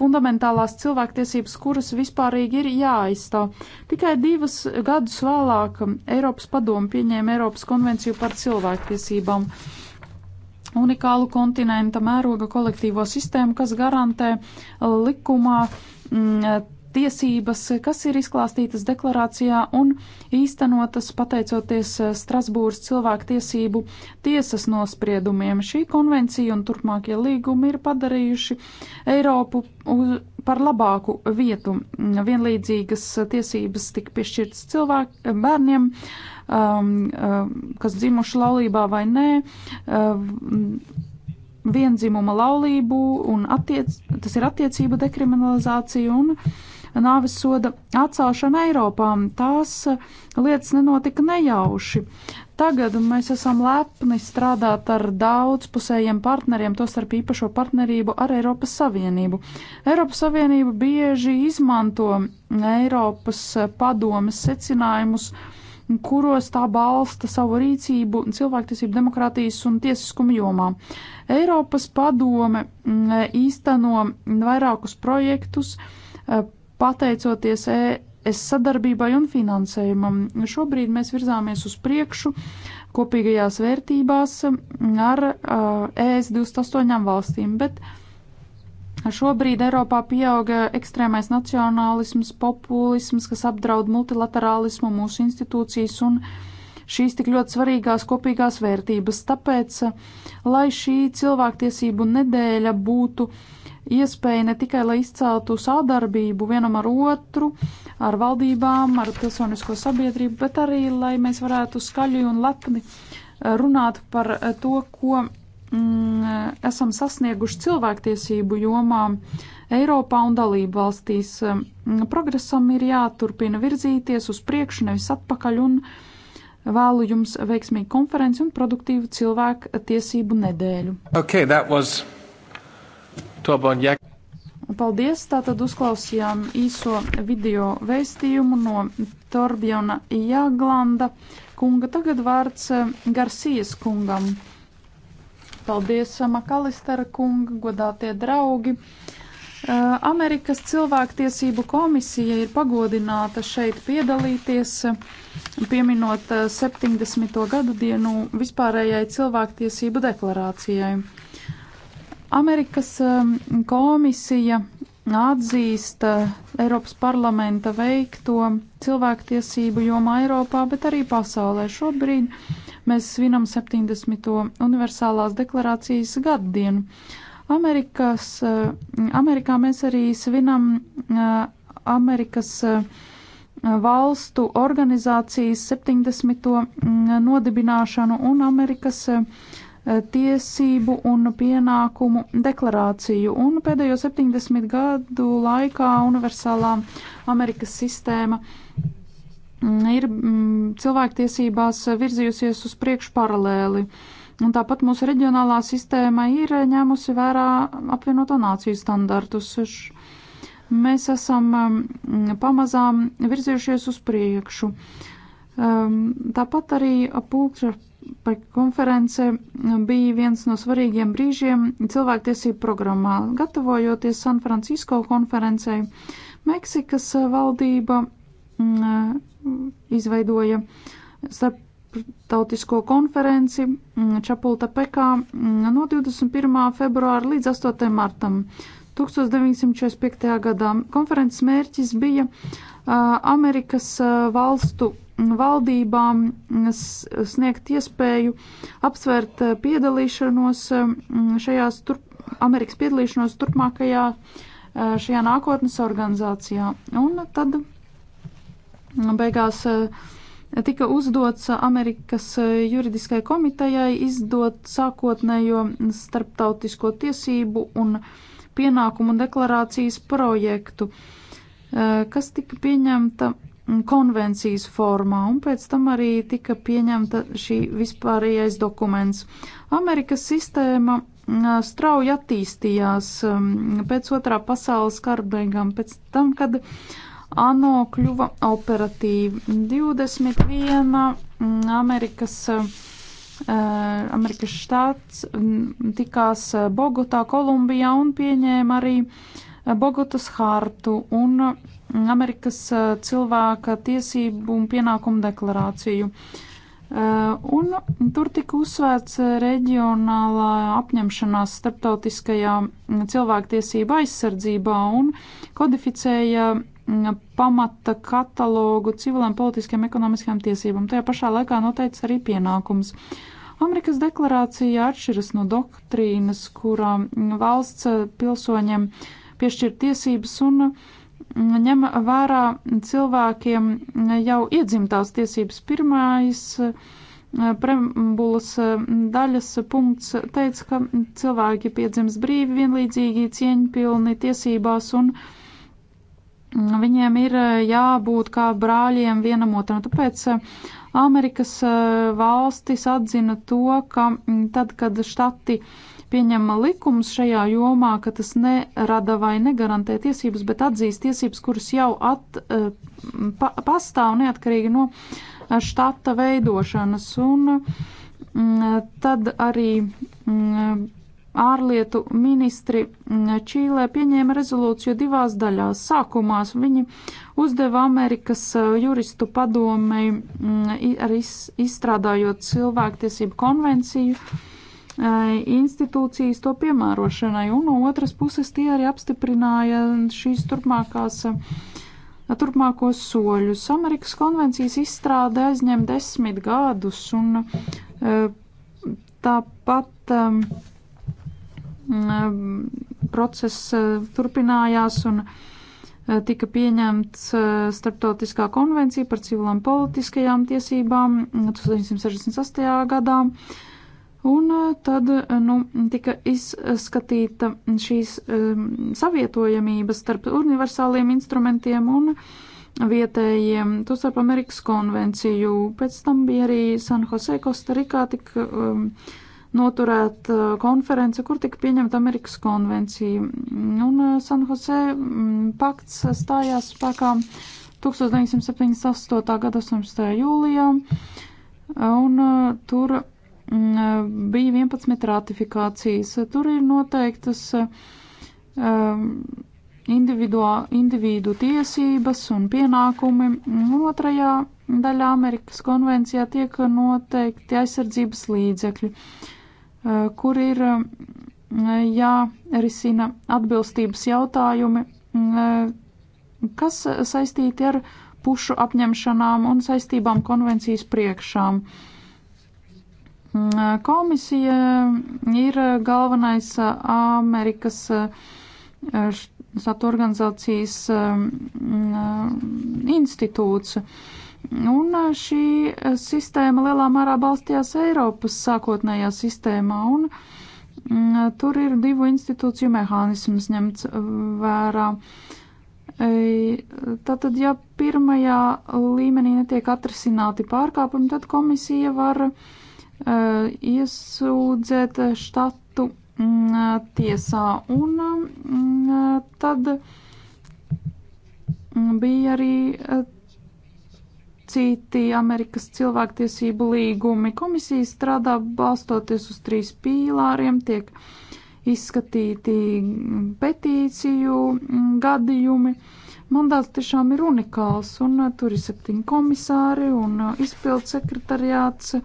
fundamentālās cilvēktiesības, kuras vispārīgi ir jāaizstāv. Tikai divas gadus vēlāk Eiropas padomu pieņēma Eiropas konvenciju par cilvēktiesībām. Uh, unikālu kontinenta mēroga kolektīvo sistēmu, kas garantē likumā m, mm, tiesības, kas ir izklāstītas deklarācijā un īstenotas pateicoties Strasbūras cilvēktiesību tiesas nospriedumiem. Šī konvencija un turpmākie līgumi ir padarījuši Eiropu uz, par labāku vietu. Vienlīdzīgas tiesības tika piešķirtas cilvēku bērniem. Uh, um, um, kas dzimuši laulībā vai nē, um, vienzimuma laulību un attiec, tas ir attiecība dekriminalizācija un nāves soda atcelšana Eiropā. Tās lietas nenotika nejauši. Tagad mēs esam lepni strādāt ar daudzpusējiem partneriem, tostarp īpašo partnerību ar Eiropas Savienību. Eiropas Savienība bieži izmanto Eiropas padomes secinājumus uh, kuros tā balsta savu rīcību cilvēktiesību, demokrātijas un tiesiskuma jomā. Eiropas padome mm, īsteno vairākus projektus eh, pateicoties ES sadarbībai un finansējumam. Šobrīd mēs virzāmies uz priekšu kopīgajās vērtībās ar ES eh, e 28 valstīm, bet Šobrīd Eiropā pieauga ekstrēmais nacionālisms, populisms, kas apdraud multilaterālismu, mūsu institūcijas un šīs tik ļoti svarīgās kopīgās vērtības. Tāpēc, lai šī cilvēktiesību nedēļa būtu iespēja ne tikai, lai izceltu sādarbību vienam ar otru, ar valdībām, ar pilsonisko sabiedrību, bet arī, lai mēs varētu skaļi un lepni runāt par to, ko Mm, esam sasnieguši cilvēktiesību jomā Eiropā un dalību valstīs. Mm, progresam ir jāturpina virzīties uz priekšu, nevis atpakaļ, un vēlu jums veiksmīgu konferenci un produktīvu cilvēku tiesību nedēļu. Okay, was... Paldies! Tātad uzklausījām īso video veistījumu no Torbjona Jāglanda kunga. Tagad vārds eh, Garcijas kungam. Paldies, Makalistara kunga, godātie draugi! Uh, Amerikas cilvēktiesību komisija ir pagodināta šeit piedalīties, pieminot 70. Uh, gadu dienu vispārējai cilvēktiesību deklarācijai. Amerikas um, komisija atzīst uh, Eiropas parlamenta veikto cilvēktiesību jomā Eiropā, bet arī pasaulē šobrīd mēs svinam 70. universālās deklarācijas gaddienu. Amerikas, eh, Amerikā mēs arī svinam eh, Amerikas eh, valstu organizācijas 70. Mm, nodibināšanu un Amerikas tiesību un pienākumu deklarāciju. Un pēdējo 70 gadu laikā universālā Amerikas sistēma uh, ir mm, cilvēktiesībās virzījusies uz priekšu paralēli. Un tāpat mūsu reģionālā sistēma ir ņēmusi vērā apvienoto nāciju standartus. Mēs esam mm, pamazām virzījušies uz priekšu. Ehm, tāpat arī pulkšņa konference bija viens no svarīgiem brīžiem cilvēktiesību programmā. Gatavojoties San Francisko konferencei, Meksikas valdība mm, Mm, izveidoja starptautisko konferenci mm, Čapulta Pekā mm, no 21. februāra līdz 8. martam 1945. gadā. Konferences mērķis bija Amerikas valstu valdībām sniegt iespēju apsvērt piedalīšanos šajās tur, Amerikas piedalīšanos turpmākajā šajā nākotnes organizācijā. Un tad beigās eh, tika uzdots Amerikas eh, juridiskai komitejai izdot sākotnējo starptautisko tiesību un pienākumu deklarācijas projektu, eh, kas tika pieņemta konvencijas formā, un pēc tam arī tika pieņemta šī vispārējais dokuments. Amerikas sistēma strauji attīstījās pēc otrā pasaules kara beigām, pēc tam, kad uh, ANO kļuva operatīva. 21 mm, Amerikas, eh, Amerikas štāts mm, tikās eh, Bogotā, Kolumbijā un pieņēma arī eh, Bogotas hartu un mm, Amerikas cilvēka tiesību un pienākumu deklarāciju. Un tur tika uzsvērts reģionālā apņemšanās starptautiskajā cilvēktiesība aizsardzībā un kodificēja pamata katalogu civilām, politiskajām, ekonomiskajām tiesībām. Tajā pašā laikā noteicis arī pienākums. Amerikas deklarācija atšķiras no doktrīnas, kurā valsts pilsoņiem piešķir tiesības un ņem vērā cilvēkiem jau iedzimtās tiesības. Pirmais eh, prembulas eh, daļas punkts teica, ka cilvēki piedzims brīvi, vienlīdzīgi, cieņpilni tiesībās un uh, Viņiem ir eh, jābūt kā brāļiem vienam otram. Tāpēc eh, Amerikas eh, valstis atzina to, ka mm, tad, kad štati pieņem likums šajā jomā, ka tas nerada vai negarantē tiesības, bet atzīst tiesības, kuras jau at, pa, pastāv neatkarīgi no štata veidošanas. Un mm, tad arī mm, ārlietu ministri mm, Čīlē pieņēma rezolūciju divās daļās. Sākumās viņi uzdeva Amerikas eh, juristu padomei, mm, arī izstrādājot cilvēktiesību konvenciju, eh, institūcijas to piemērošanai, un no otras puses tie arī apstiprināja šīs turpmākās eh, turpmākos soļus. Amerikas konvencijas izstrāde aizņem desmit gadus, un tāpat mm, Mm, eh, process eh, turpinājās un eh, tika pieņemts starptautiskā konvencija par civilām politiskajām tiesībām 1968. Mm, gadā. Un tad nu, tika izskatīta šīs um, savietojamības starp universāliem instrumentiem un vietējiem, tostarp Amerikas konvenciju. Pēc tam bija arī San Jose, Kostarikā tika um, noturēt uh, konferenci, kur tika pieņemta Amerikas konvencija. Un uh, San Jose mm, pakts stājās spēkā 1978. gada 18. jūlijā, un uh, tur mm, bija 11 ratifikācijas. Tur ir noteiktas um, individu tiesības un pienākumi. Otrajā daļā Amerikas konvencijā tiek noteikti aizsardzības līdzekļi. Uh, Eh, kur ir mm, eh, jārisina atbilstības jautājumi, mm, eh, kas saistīti ar pušu apņemšanām un saistībām konvencijas priekšām. Mm, komisija ir galvenais Amerikas satorganizācijas institūts. Uh, Un eh, šī eh, sistēma lielā mērā balstījās Eiropas sākotnējā sistēmā, un mm, tur ir divu institūciju mehānisms ņemts eh, vērā. Tātad, ja pirmajā līmenī netiek atrisināti pārkāpumi, tad komisija var uh, iesūdzēt štatu mm, tiesā. Un mm, tad mm, bija arī citi Amerikas cilvēktiesību līgumi. Komisija strādā balstoties uz trīs pīlāriem, tiek izskatīti petīciju gadījumi. Mandāts tiešām ir unikāls, un uh, tur ir septiņi komisāri un uh, izpildu sekretariāts uh,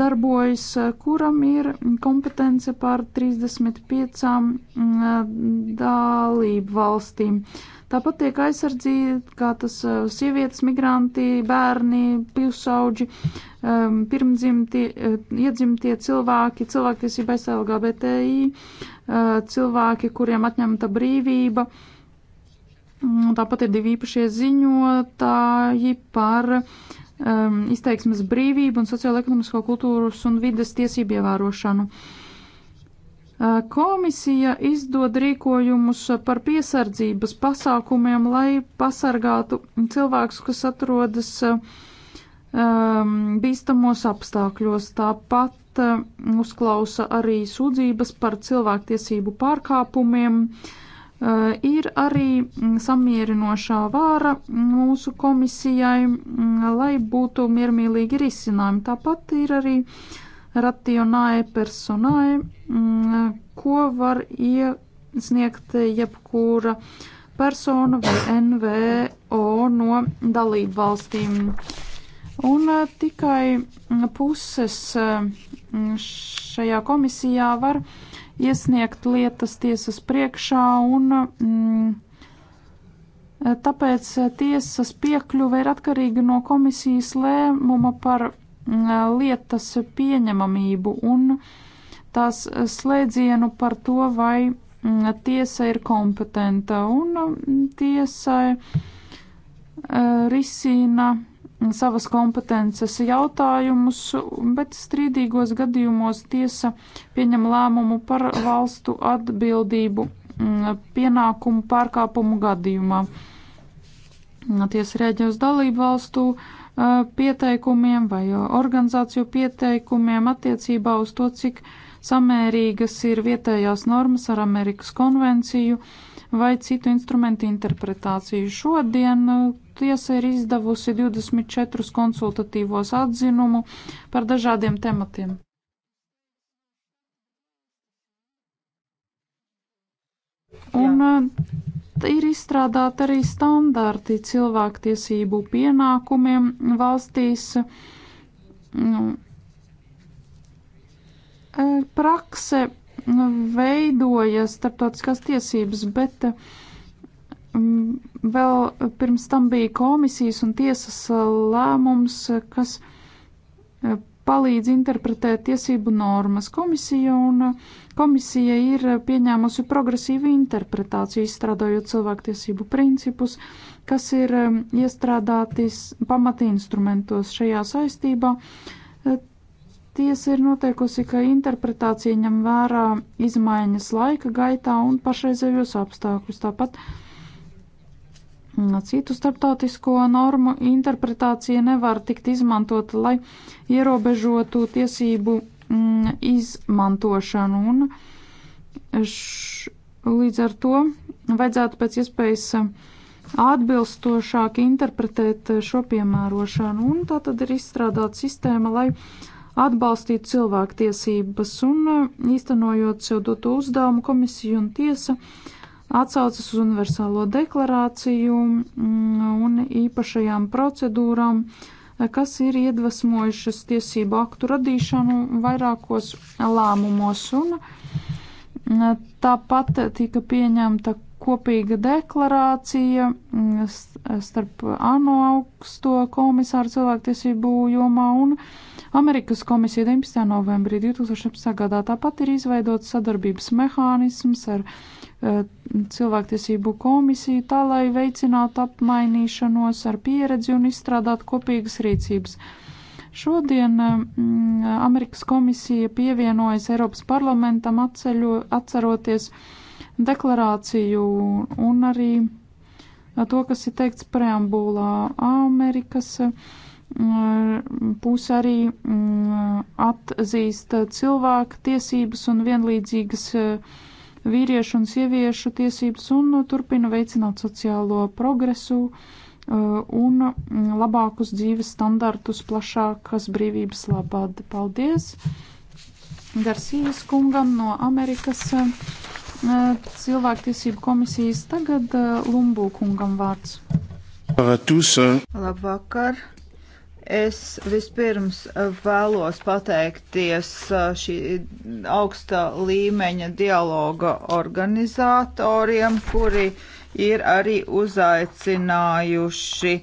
darbojas, kuram ir kompetence pār 35 mm, dalību valstīm. Uh, Tāpat tiek aizsargātas eh, sievietes, migranti, bērni, pilsauģi, ehm, pirmdzimti, eh, iedzimtie cilvēki, cilvēktiesība SLGBTI, eh, cilvēki, kuriem atņemta brīvība. Mm, tāpat ir divi īpašie ziņotāji par um, izteiksmes brīvību un sociālo ekonomisko kultūras un vides tiesību ievērošanu. Uh, Komisija izdod rīkojumus par piesardzības pasākumiem, lai pasargātu cilvēkus, kas atrodas um, bīstamos apstākļos. Tāpat uh, uzklausa arī sūdzības par cilvēktiesību pārkāpumiem. Uh, ir arī samierinošā vāra mūsu komisijai, lai būtu miermīlīgi risinājumi. Tāpat ir arī uh, rationāe personāe, mm, ko var iesniegt jebkura persona vai NVO no dalību valstīm. Un eh, tikai mm, puses mm, šajā komisijā var iesniegt lietas tiesas priekšā un mm, eh, Tāpēc tiesas piekļuve ir atkarīga no komisijas lēmuma par lietas pieņemamību un tās slēdzienu par to, vai tiesa ir kompetenta un tiesai risina savas kompetences jautājumus, bet strīdīgos gadījumos tiesa pieņem lēmumu par valstu atbildību pienākumu pārkāpumu gadījumā. Tiesa rēģē uz dalību valstu uh, pieteikumiem vai organizāciju pieteikumiem attiecībā uz to, cik samērīgas ir vietējās normas ar Amerikas konvenciju vai citu instrumentu interpretāciju. Šodien tiesa ir izdevusi 24 konsultatīvos atzinumu par dažādiem tematiem. Un ir izstrādāti arī standarti cilvēktiesību pienākumiem valstīs. Nu, e, prakse veidoja starptautiskās tiesības, bet vēl pirms tam bija komisijas un tiesas lēmums, kas e, palīdz interpretēt tiesību normas. Komisija un uh, Komisija ir pieņēmusi progresīvu interpretāciju, izstrādājot cilvēktiesību principus, kas ir um, iestrādāti pamatinstrumentos šajā saistībā. Uh, tiesa ir noteikusi, ka interpretācija ņem vērā izmaiņas laika gaitā un pašreizējos apstākļus. Tāpat mm, citu starptautisko normu interpretācija nevar tikt izmantota, lai ierobežotu tiesību Mm, izmantošanu. Un š, līdz ar to vajadzētu pēc iespējas atbilstošāk interpretēt šo piemērošanu. Un tā tad ir izstrādāta sistēma, lai atbalstītu cilvēktiesības un e, īstenojot sev doto uzdevumu komisiju un tiesa atsaucas uz universālo deklarāciju mm, un īpašajām procedūrām uh, kas ir iedvesmojušas tiesību aktu radīšanu vairākos lēmumos. Un mm, tāpat tika pieņemta kopīga deklarācija mm, starp ANO augsto komisāru cilvēktiesību jomā un Amerikas komisija 19. novembrī 2017. gadā. Tāpat ir izveidots sadarbības mehānisms ar Eh, cilvēktiesību komisiju tā, lai veicinātu apmainīšanos ar pieredzi un izstrādāt kopīgas rīcības. Šodien eh, mm, Amerikas komisija pievienojas Eiropas parlamentam atceļu, atceroties deklarāciju un arī to, kas ir teikts preambulā Amerikas eh, puse arī mm, atzīst cilvēku tiesības un vienlīdzīgas uh, vīriešu un sieviešu tiesības un turpina veicināt sociālo progresu uh, un labākus dzīves standartus plašākas brīvības labad. Paldies Garcijas kungam no Amerikas uh, cilvēktiesību komisijas tagad uh, Lumbū kungam vārds. Labvakar! Es vispirms vēlos pateikties šī augsta līmeņa dialoga organizatoriem, kuri ir arī uzaicinājuši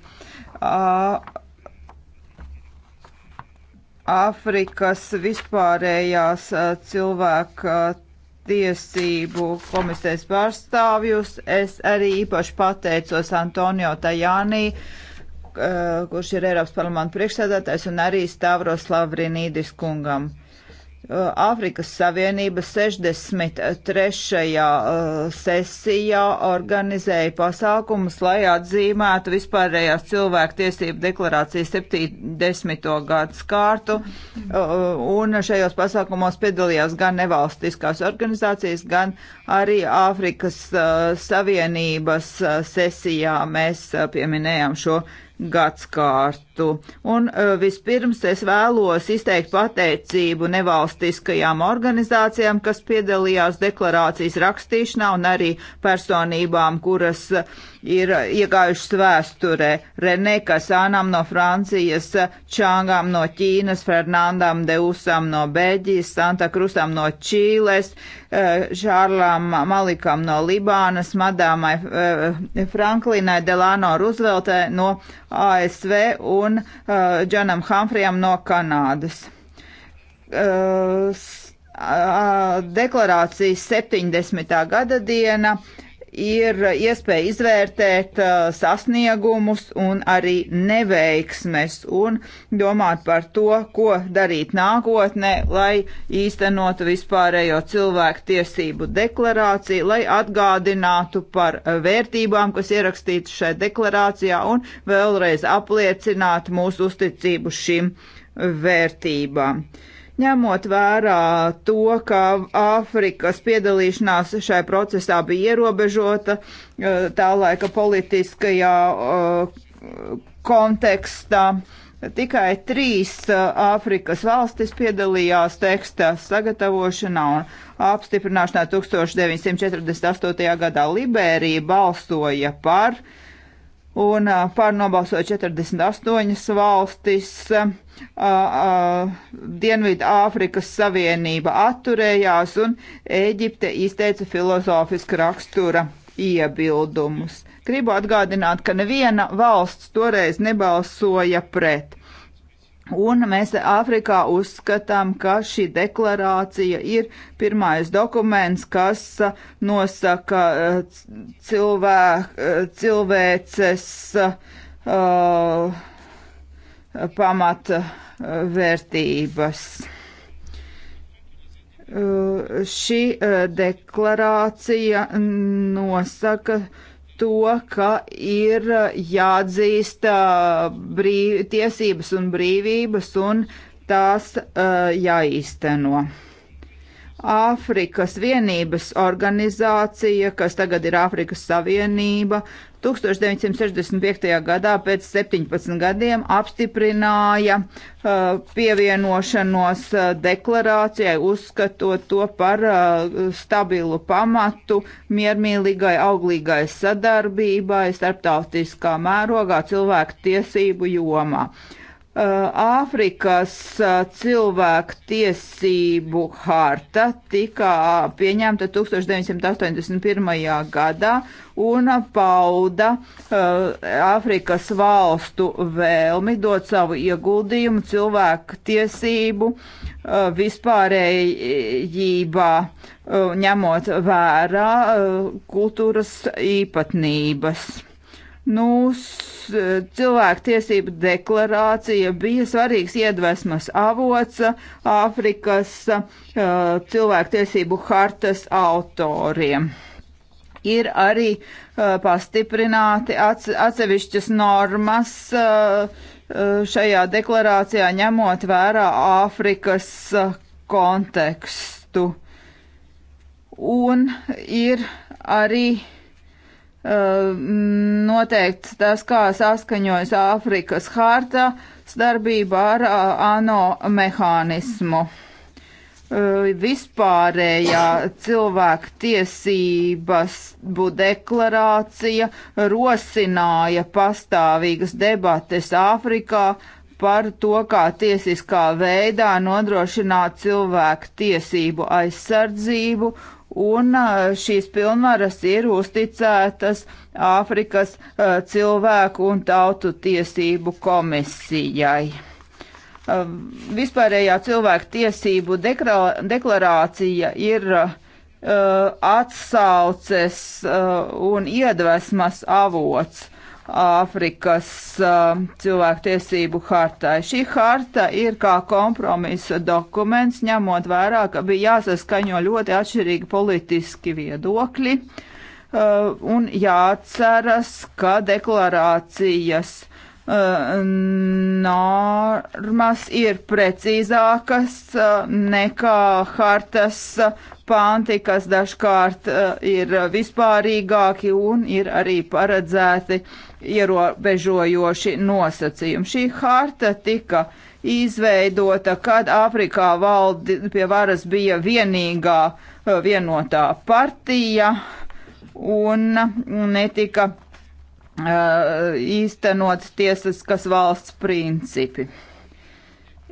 Āfrikas vispārējās cilvēka tiesību komisijas pārstāvjus. Es arī īpaši pateicos Antonio Tajānī Eh, kurš ir Eiropas parlamenta priekšsēdētājs, un arī Stavros Lavrinīdis kungam. Eh, Āfrikas Savienības 63. Eh, sesijā organizēja pasākumus, lai atzīmētu vispārējās cilvēktiesību deklarācijas 70. gads kārtu, un šajos pasākumos piedalījās gan nevalstiskās organizācijas, gan arī Āfrikas Savienības sesijā mēs pieminējām šo gadskārtu. Un e, vispirms es vēlos izteikt pateicību nevalstiskajām organizācijām, kas piedalījās deklarācijas rakstīšanā un arī personībām, kuras ir iegājušas vēsturē. Renē Kasānam no Francijas, Čāngam no Ķīnas, Fernandam Deusam no Beļģijas, Santa Krusam no Čīles, uh, Eh, Žārlām Malikam no Libānas, Madāmai eh, Franklinai, Delano Rooseveltai no ASV un eh, Džanam Hamfrijam no Kanādas deklarācijas 70. gada diena ir iespēja izvērtēt uh, sasniegumus un arī neveiksmes un domāt par to, ko darīt nākotnē, lai īstenotu vispārējo cilvēku tiesību deklarāciju, lai atgādinātu par vērtībām, kas ierakstītas šai deklarācijā un vēlreiz apliecinātu mūsu uzticību šīm vērtībām. Uh, Ņemot vērā to, ka Āfrikas piedalīšanās šai procesā bija ierobežota eh, tā laika politiskajā eh, kontekstā, tikai trīs eh, Āfrikas valstis piedalījās teksta sagatavošanā un apstiprināšanā 1948. gadā Liberija balsoja par uh, un par nobalsoja 48 valstis. Dienvidu Āfrikas Savienība atturējās un Eģipte izteica filozofiska rakstura iebildumus. Gribu atgādināt, ka neviena valsts toreiz nebalsoja pret. Un mēs Āfrikā uzskatām, ka šī deklarācija ir pirmais dokuments, kas nosaka eh, cilvē, eh, cilvēces uh, eh, pamatvērtības. Uh, šī deklarācija nosaka uh, to, ka ir uh, jāatzīst uh, brīv, tiesības un brīvības un tās uh, jāīsteno. Āfrikas vienības organizācija, kas tagad ir Āfrikas Savienība, 1965. gadā pēc 17 gadiem apstiprināja uh, pievienošanos uh, deklarācijai, uzskatot to par uh, stabilu pamatu miermīlīgai, auglīgai sadarbībai starptautiskā mērogā cilvēku tiesību jomā. Eh, Āfrikas eh, cilvēku tiesību harta tika eh, pieņemta 1981. gadā un pauda Āfrikas uh, valstu vēlmi dot savu ieguldījumu cilvēku tiesību uh, vispārējībā, uh, ņemot vērā kultūras īpatnības. Nu, e, cilvēktiesību deklarācija bija svarīgs iedvesmas avots Āfrikas e, cilvēktiesību hartas autoriem. Ir arī e, pastiprināti atsevišķas normas šajā deklarācijā ņemot vērā Āfrikas kontekstu. Un ir arī uh, Ehm, noteikts tas, kā saskaņojas Āfrikas harta darbība ar ANO mehānismu. Ehm, vispārējā cilvēka tiesības deklarācija rosināja pastāvīgas debates Āfrikā par to, kā tiesiskā veidā nodrošināt cilvēku tiesību aizsardzību un šīs pilnvaras ir uzticētas Āfrikas cilvēku un tautu tiesību komisijai. Vispārējā cilvēku tiesību deklarācija ir atsauces un iedvesmas avots Āfrikas uh, cilvēktiesību hartai. Šī harta ir kā kompromisa dokuments, ņemot vērā, ka bija jāsaskaņo ļoti atšķirīgi politiski viedokļi uh, un jāceras, ka deklarācijas uh, normas ir precīzākas uh, nekā hartas panti, kas dažkārt uh, ir vispārīgāki un ir arī paredzēti uh, ierobežojoši nosacījumi. Šī harta tika izveidota, kad Āfrikā valdi pie varas bija vienīgā eh, vienotā partija un netika uh, īstenots tiesiskas valsts principi.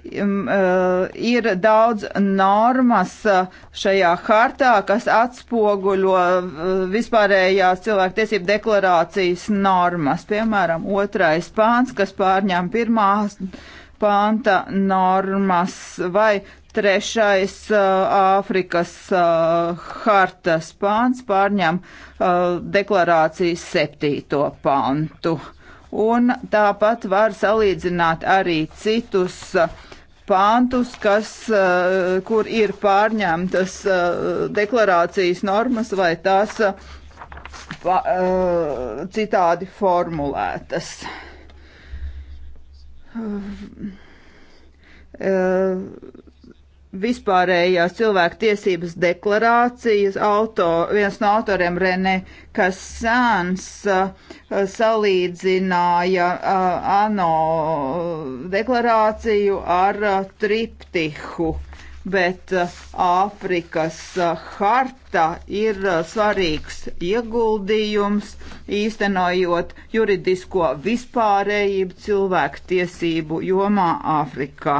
Eh, ir daudz normas eh, šajā hartā, kas atspoguļo eh, vispārējās cilvēktiesību deklarācijas normas. Piemēram, otrais pāns, kas pārņem pirmās panta normas vai trešais Āfrikas hartas pāns pārņem deklarācijas septīto pantu. Un tāpat var salīdzināt arī citus uh, pāntus, kas, eh, kur ir pārņemtas eh, deklarācijas normas vai tās eh, pa, citādi formulētas. Uh, vispārējās cilvēku tiesības deklarācijas auto, viens no autoriem Rene Kasans uh, salīdzināja uh, ANO deklarāciju ar uh, triptihu, bet Āfrikas harta ir svarīgs ieguldījums īstenojot juridisko vispārējību cilvēku tiesību jomā Āfrikā.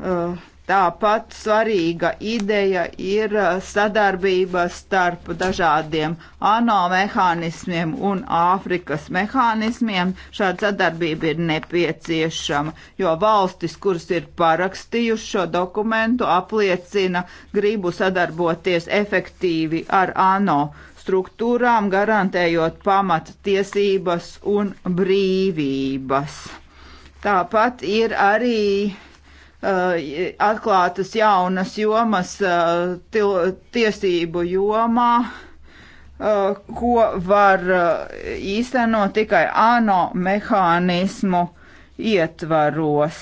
Uh, Tāpat svarīga ideja ir uh, sadarbība starp dažādiem ANO mehānismiem un Āfrikas mehānismiem. Šāda sadarbība ir nepieciešama, jo valstis, kuras ir parakstījuši šo dokumentu, apliecina gribu sadarboties efektīvi ar ANO struktūrām, garantējot pamat tiesības un brīvības. Tāpat ir arī Uh, atklātas jaunas jomas uh, til, tiesību jomā, uh, ko var īstenot tikai ANO mehānismu ietvaros.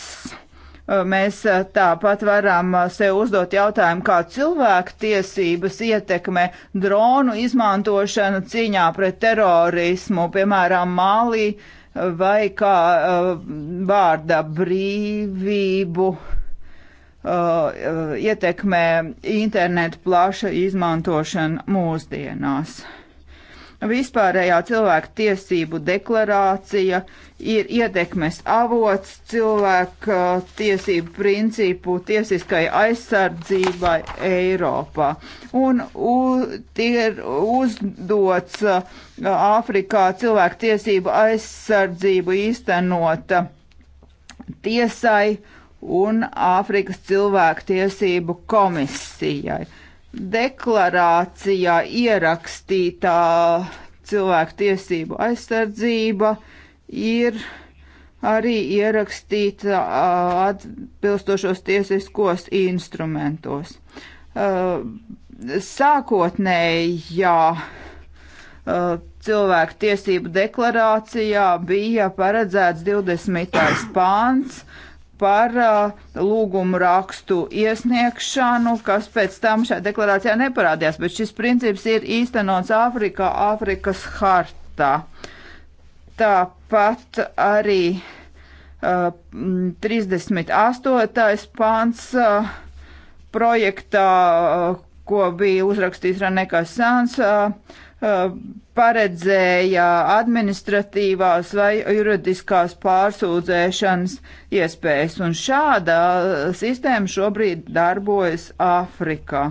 Mēs tāpat varam sev uzdot jautājumu, kā cilvēku tiesības ietekmē dronu izmantošanu cīņā pret terorismu, piemēram, Mālī, uh, vai kā eh, vārda brīvību eh, ietekmē internetu plaša izmantošana mūsdienās. Vispārējā cilvēku tiesību deklarācija ir ietekmes avots cilvēku uh, tiesību principu tiesiskai aizsardzībai Eiropā. Un u, ir uzdots uh, Āfrikā cilvēku tiesību aizsardzību īstenota uh, tiesai un Āfrikas cilvēku tiesību komisijai deklarācijā ierakstītā cilvēku tiesību aizsardzība ir arī ierakstīta atbilstošos tiesiskos instrumentos. Sākotnējā cilvēku tiesību deklarācijā bija paredzēts 20. pāns par uh, lūgumu rakstu iesniegšanu, kas pēc tam šajā deklarācijā neparādījās, bet šis princips ir īstenots Āfrikā, Āfrikas hartā. Tāpat arī uh, 38. pāns uh, projektā, uh, ko bija uzrakstījis Renekas Sāns, uh, Uh, paredzēja administratīvās vai juridiskās pārsūdzēšanas iespējas, un šāda sistēma šobrīd darbojas Āfrikā.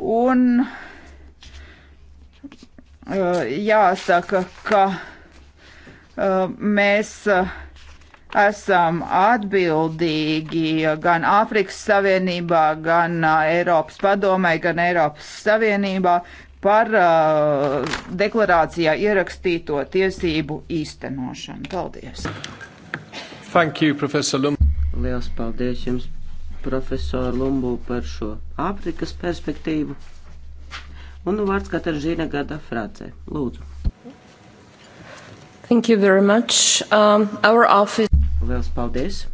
Un uh, jāsaka, ka uh, mēs esam atbildīgi gan Āfrikas Savienībā, gan Eiropas padomē, gan Eiropas Savienībā par uh, deklarācijā ierakstīto tiesību īstenošanu. Paldies! Thank you, Professor Lum. Liels paldies jums, profesor Lumbu, par šo Āfrikas perspektīvu. Un nu vārds Kataržīna Gada Frācē. Lūdzu. Thank you very much. Um, our office. Liels paldies.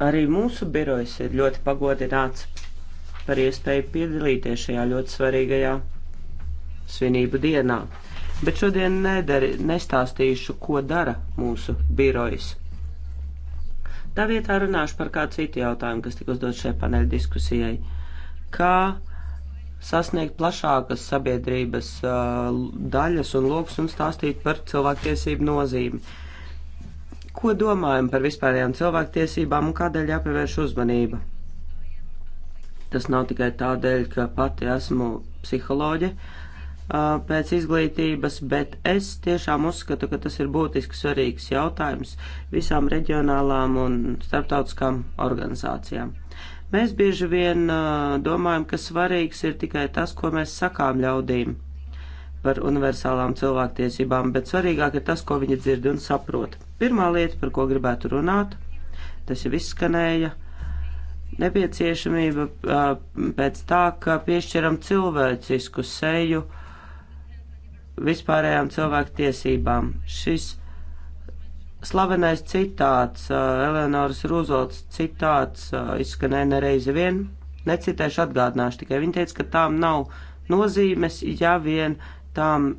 Arī mūsu birojs ir ļoti pagodināts par iespēju piedalīties šajā ļoti svarīgajā svinību dienā. Bet šodien nedari, nestāstīšu, ko dara mūsu birojs. Tā vietā runāšu par kādu citu jautājumu, kas tika uzdot šai paneļa diskusijai. Kā sasniegt plašākas sabiedrības uh, daļas un lokus un stāstīt par cilvēktiesību nozīmi? Ko domājam par vispārējām cilvēktiesībām un kādēļ jāpievērš uzmanība? Tas nav tikai tādēļ, ka pati esmu psiholoģe pēc izglītības, bet es tiešām uzskatu, ka tas ir būtiski svarīgs jautājums visām reģionālām un starptautiskām organizācijām. Mēs bieži vien domājam, ka svarīgs ir tikai tas, ko mēs sakām ļaudīm par universālām cilvēktiesībām, bet svarīgāk ir tas, ko viņi dzird un saprot. Pirmā lieta, par ko gribētu runāt, tas jau izskanēja. Uh, nepieciešamība pēc tā, ka piešķiram cilvēcisku seju vispārējām cilvēku tiesībām. Šis slavenais citāts, Eleonoras Rūzolts citāts, izskanēja nereizi vien, necitēšu atgādināšu, tikai viņa teica, ka tām nav nozīmes, ja vien tām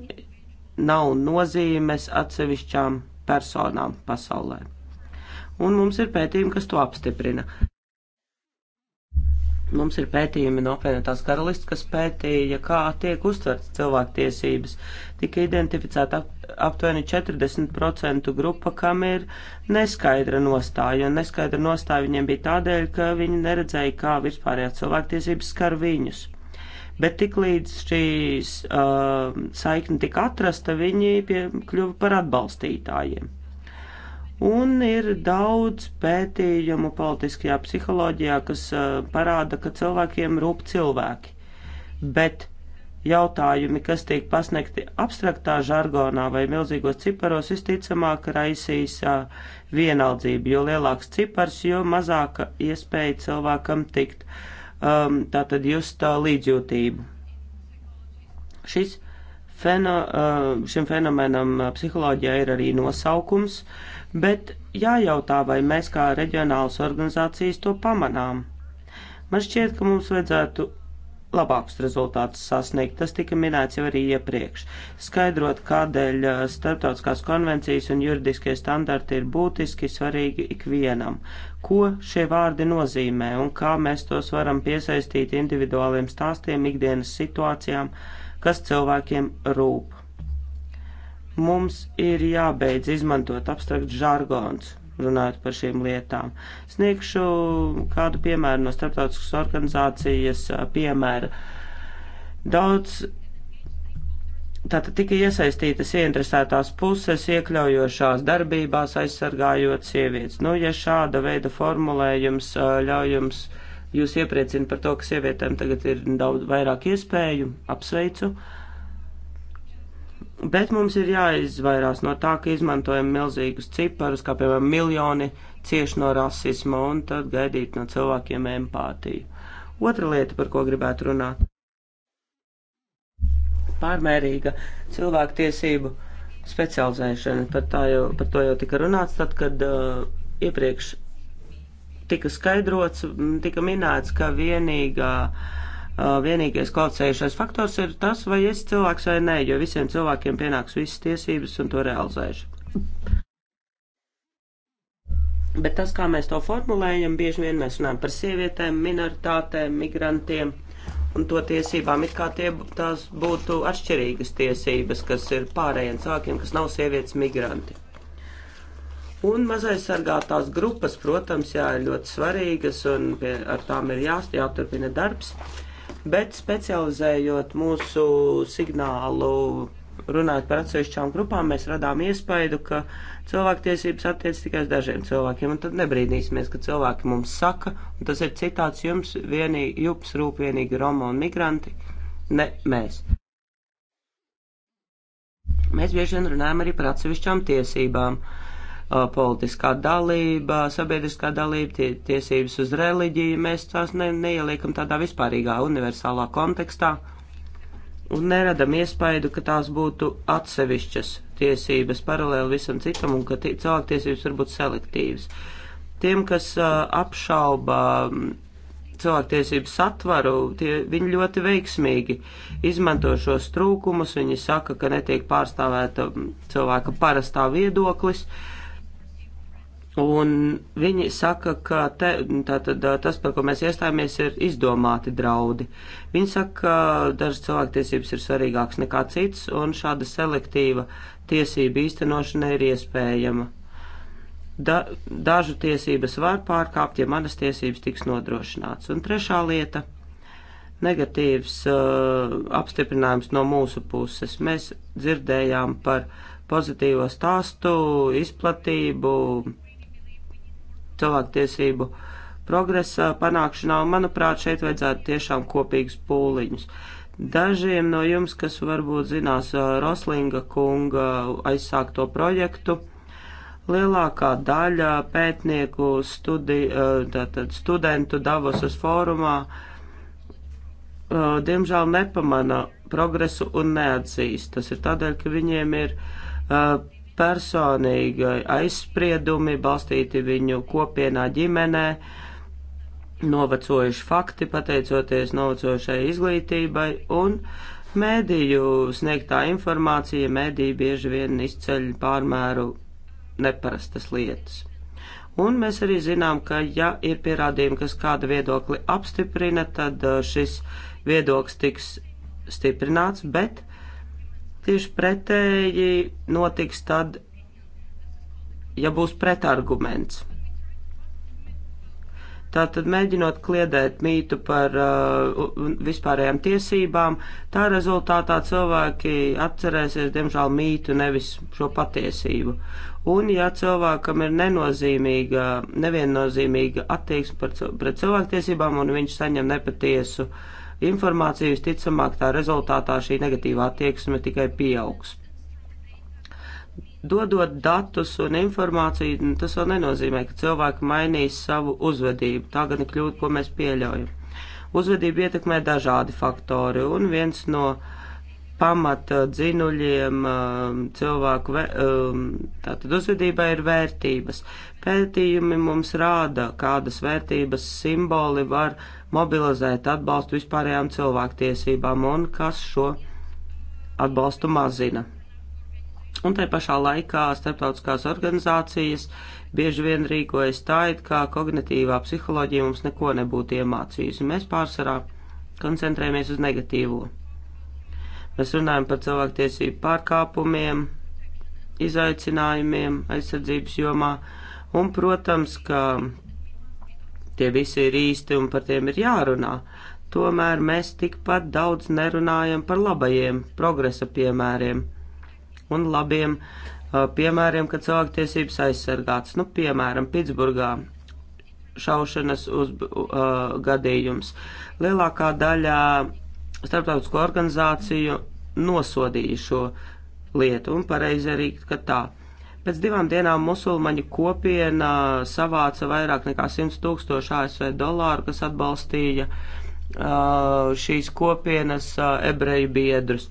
nav nozīmes atsevišķām personām pasaulē. Un mums ir pētījumi, kas to apstiprina. Mums ir pētījumi no apvienotās karalists, kas pētīja, kā tiek uztverts cilvēktiesības. Tika identificēta ap, aptuveni 40% grupa, kam ir neskaidra nostāja, un neskaidra nostāja viņiem bija tādēļ, ka viņi neredzēja, kā vispārējās cilvēktiesības skar viņus. Bet tik līdz šīs uh, saikni tika atrasta, viņi pie, kļuva par atbalstītājiem. Un ir daudz pētījumu politiskajā psiholoģijā, kas uh, parāda, ka cilvēkiem rūp cilvēki. Bet jautājumi, kas tiek pasniegti abstraktā žargonā vai milzīgos ciparos, visticamāk raisīs uh, vienaldzību, jo lielāks cipars, jo mazāka iespēja cilvēkam tikt, um, tātad just uh, līdzjūtību. Šis feno, šim fenomenam psiholoģijā ir arī nosaukums. Uh, bet jājautā, vai mēs kā reģionālas organizācijas to pamanām. Man šķiet, ka mums vajadzētu labākus rezultātus sasniegt. Tas tika minēts jau arī iepriekš. Skaidrot, kādēļ eh, starptautiskās konvencijas un juridiskie standarti ir būtiski svarīgi ikvienam, ko šie vārdi nozīmē un kā mēs tos varam piesaistīt individuāliem stāstiem, ikdienas situācijām, kas cilvēkiem rūp. Mums ir jābeidz izmantot abstrakts žargons, runājot par šīm lietām. Sniegšu kādu piemēru no starptautiskas organizācijas piemēra. Daudz Tātad tika iesaistītas ieinteresētās puses iekļaujošās darbībās, aizsargājot sievietes. Nu, ja šāda veida formulējums ļauj jums, jūs iepriecina par to, ka sievietēm tagad ir daudz vairāk iespēju, apsveicu. Uh, Bet mums ir jāizvairās no tā, ka izmantojam milzīgus ciparus, kā piemēram miljoni cieši no rasisma un tad gaidīt no cilvēkiem empātiju. Otra lieta, par ko gribētu runāt - pārmērīga cilvēktiesību specializēšana. Par, jau, par to jau tika runāts tad, kad uh, iepriekš tika skaidrots, tika minēts, ka vienīgā uh, vienīgais kvalificējušais faktors ir tas, vai esi cilvēks vai nē, jo visiem cilvēkiem pienāks visas tiesības un to realizēšu. Bet tas, kā mēs to formulējam, bieži vien mēs runājam par sievietēm, minoritātēm, migrantiem un to tiesībām, it kā tie, tās būtu atšķirīgas tiesības, kas ir pārējiem cilvēkiem, kas nav sievietes migranti. Un mazais sargātās grupas, protams, jā, ir ļoti svarīgas un pie, ar tām ir jā, jāturpina darbs. Uh, bet specializējot mūsu signālu, runājot par atsevišķām grupām, mēs radām iespaidu, ka cilvēktiesības attiec tikai uz dažiem cilvēkiem, un tad nebrīdīsimies, ka cilvēki mums saka, un tas ir citāts jums, vienīgi, jups rūp vienīgi Roma un migranti, ne mēs. Mēs bieži vien runājam arī par atsevišķām tiesībām. Uh, politiskā dalība, sabiedriskā dalība, tie, tiesības uz reliģiju, mēs tās ne, neieliekam tādā vispārīgā universālā kontekstā un neradam iespaidu, ka tās būtu atsevišķas tiesības paralēli visam citam un ka cilvēktiesības var būt selektīvas. Tiem, kas uh, apšauba cilvēktiesību satvaru, tie, viņi ļoti veiksmīgi izmanto šos trūkumus, viņi saka, ka netiek pārstāvēta cilvēka parastā viedoklis, uh, Un viņi saka, ka te, tātad, tas, par ko mēs iestājāmies, ir izdomāti draudi. Viņi saka, ka dažas cilvēktiesības ir svarīgākas nekā cits, un šāda selektīva tiesība īstenošana ir iespējama. Da, dažu tiesības var pārkāpt, ja manas tiesības tiks nodrošināts. Un trešā lieta - negatīvs uh, apstiprinājums no mūsu puses. Mēs dzirdējām par pozitīvo stāstu, izplatību cilvēktiesību progresa panākšanā, un manuprāt, šeit vajadzētu tiešām kopīgus pūliņus. Dažiem no jums, kas varbūt zinās Roslinga kunga aizsākto projektu, lielākā daļa pētnieku studi, tātad studentu Davosas fórumā, diemžēl nepamana progresu un neatzīst. Tas ir tādēļ, ka viņiem ir uh, personīgai aizspriedumi, balstīti viņu kopienā ģimenē, novecojuši fakti, pateicoties novecojušai izglītībai un mēdīju sniegtā informācija, mēdīja bieži vien izceļ pārmēru neparastas lietas. Un mēs arī zinām, ka ja ir pierādījumi, kas kādu viedokli apstiprina, tad uh, šis viedoklis tiks stiprināts, bet Tieši pretēji notiks tad, ja būs pretarguments. Tātad, mēģinot kliedēt mītu par uh, vispārējām tiesībām, tā rezultātā cilvēki atcerēsies, diemžēl, mītu nevis šo patiesību. Un, ja cilvēkam ir nenozīmīga, neviennozīmīga attieksme par, pret cilvēktiesībām un viņš saņem nepatiesu uh, informāciju, visticamāk tā rezultātā šī negatīvā attieksme tikai pieaugs. Dodot datus un informāciju, tas vēl nenozīmē, ka cilvēki mainīs savu uzvedību. Tā gan ir kļūda, ko mēs pieļaujam. Uzvedību ietekmē dažādi faktori, un viens no uh, pamata dzinuļiem um, cilvēku um, tātad uzvedībā ir vērtības. Pētījumi mums rāda, kādas vērtības simboli var mobilizēt atbalstu vispārējām cilvēktiesībām un kas šo atbalstu mazina. Un tai pašā laikā starptautiskās organizācijas bieži vien rīkojas tā, it kā kognitīvā psiholoģija mums neko nebūtu iemācījusi. Mēs pārsvarā koncentrējamies uz negatīvo. Mēs runājam par cilvēktiesību pārkāpumiem, izaicinājumiem aizsardzības jomā, un, protams, ka tie visi ir īsti un par tiem ir jārunā. Tomēr mēs tikpat daudz nerunājam par labajiem progresa piemēriem un labiem uh, piemēriem, ka cilvēktiesības aizsargāts. Nu, piemēram, Pitsburgā šaušanas uz, uh, gadījums. Lielākā daļā starptautisko organizāciju nosodīja šo lietu, un pareizi arī, ka tā. Pēc divām dienām musulmaņu kopiena savāca vairāk nekā 100 tūkstošu ASV dolāru, kas atbalstīja uh, šīs kopienas uh, ebreju biedrus.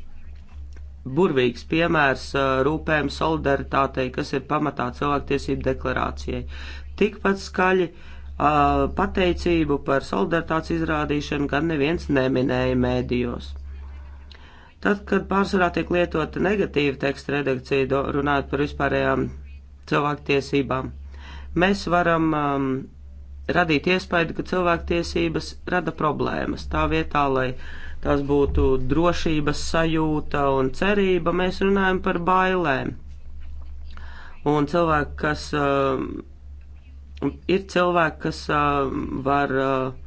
Burvīgs piemērs uh, rūpēm solidaritātei, kas ir pamatā cilvēktiesību deklarācijai. Tikpat skaļi uh, pateicību par solidaritātes izrādīšanu gan neviens neminēja mēdījos. Tad, kad pārsvarā tiek lietota negatīva teksta redakcija, runājot par vispārējām cilvēktiesībām, mēs varam um, radīt iespēju, ka cilvēktiesības rada problēmas. Tā vietā, lai tās būtu drošības sajūta un cerība, mēs runājam par bailēm. Un cilvēki, kas uh, um, ir cilvēki, kas uh, um, var. Uh,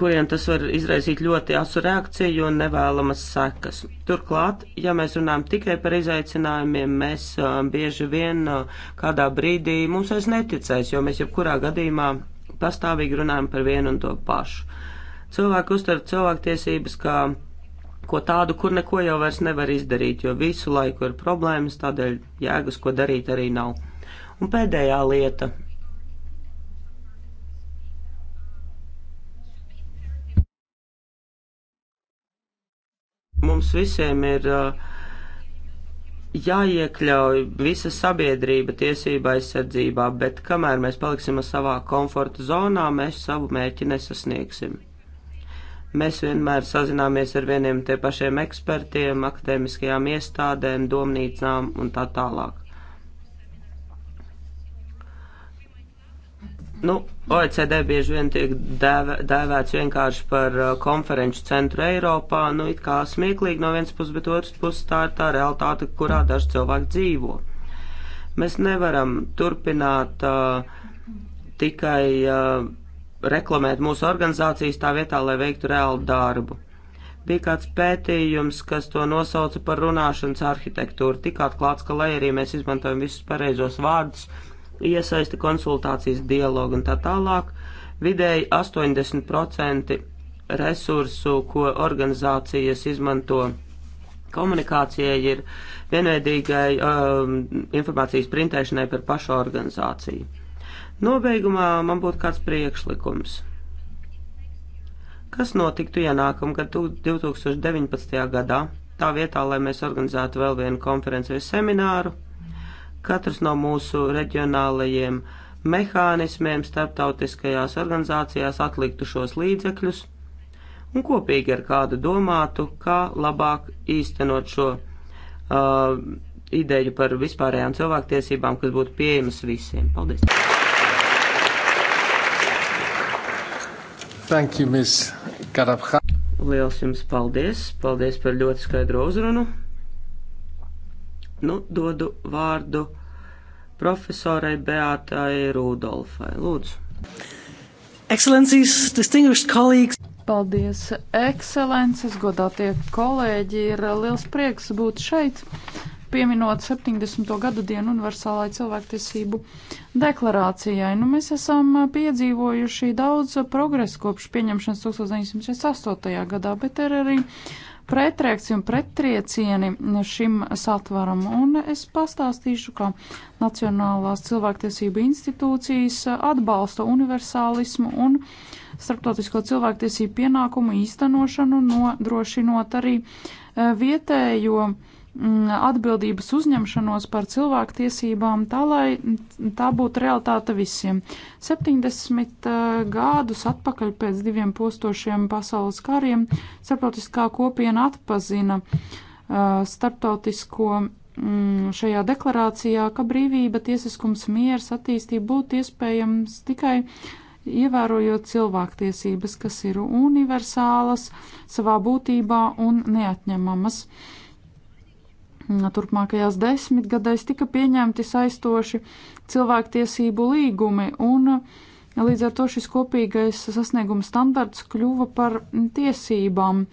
kuriem tas var izraisīt ļoti asu reakciju un nevēlamas sekas. Turklāt, ja mēs runājam tikai par izaicinājumiem, mēs uh, bieži vien uh, kādā brīdī mums vairs neticēs, jo mēs jebkurā gadījumā pastāvīgi runājam par vienu un to pašu. Cilvēki uztver cilvēktiesības kā ko tādu, kur neko jau vairs nevar izdarīt, jo visu laiku ir problēmas, tādēļ jēgas, ko darīt, arī nav. Un pēdējā lieta mums visiem ir uh, jāiekļauj visa sabiedrība tiesība aizsardzībā, bet kamēr mēs paliksim savā komforta zonā, mēs savu mērķi nesasniegsim. Mēs vienmēr sazināmies ar vieniem tie pašiem ekspertiem, akadēmiskajām iestādēm, domnīcām un tā tālāk. Nu, OECD bieži vien tiek dēvē, dēvēts vienkārši par uh, konferenču centru Eiropā, nu it kā smieklīgi no vienas puses, bet otras puses tā ir tā realitāte, kurā daži cilvēki dzīvo. Mēs nevaram turpināt uh, tikai uh, reklamēt mūsu organizācijas tā vietā, lai veiktu reālu darbu. Bija kāds pētījums, kas to nosauca par runāšanas arhitektūru. Tik atklāts, ka lai arī mēs izmantojam visus pareizos vārdus, iesaisti konsultācijas dialogu un tā tālāk. Vidēji 80% resursu, ko organizācijas izmanto komunikācijai, ir vienveidīgai um, informācijas printēšanai par pašu organizāciju. Nobeigumā man būtu kāds priekšlikums. Kas notiktu, ja nākamgad 2019. gadā tā vietā, lai mēs organizētu vēl vienu konferenci vai semināru, Katrs no mūsu reģionālajiem mehānismiem starptautiskajās organizācijās atliktu šos līdzekļus un kopīgi ar kādu domātu, kā labāk īstenot šo uh, ideju par vispārējām cilvēktiesībām, kas būtu pieejamas visiem. Paldies! Thank you, Ms. Karabha. Liels jums paldies! Paldies par ļoti skaidro uzrunu! nu dodu vārdu profesorai Beātai Rūdolfai. Lūdzu. Excellencies, distinguished colleagues. Paldies, ekscelences, godātie kolēģi. Ir uh, liels prieks būt šeit, pieminot 70. gada dienu universālai cilvēktiesību deklarācijai. Nu, mēs esam uh, piedzīvojuši daudz uh, progresu kopš pieņemšanas 1968. gadā, bet ir arī pretreakciju un prettriecieni šim satvaram. Un es pastāstīšu, ka Nacionālās cilvēktiesība institūcijas atbalsta universālismu un starptautisko cilvēktiesību pienākumu īstenošanu, nodrošinot arī eh, vietējo uh, Mm, atbildības uzņemšanos par cilvēktiesībām, tā lai tā būtu realitāte visiem. 70 eh, gadus atpakaļ pēc diviem postošiem pasaules kariem starptautiskā kopiena atpazina eh, starptautisko mm, šajā deklarācijā, ka brīvība, tiesiskums, miers, attīstība būtu iespējams tikai ievērojot cilvēktiesības, kas ir universālas savā būtībā un neatņemamas. Uh, turpmākajās desmitgadēs tika pieņemti saistoši cilvēktiesību līgumi, un līdz ar to šis kopīgais sasnieguma standarts kļuva par tiesībām.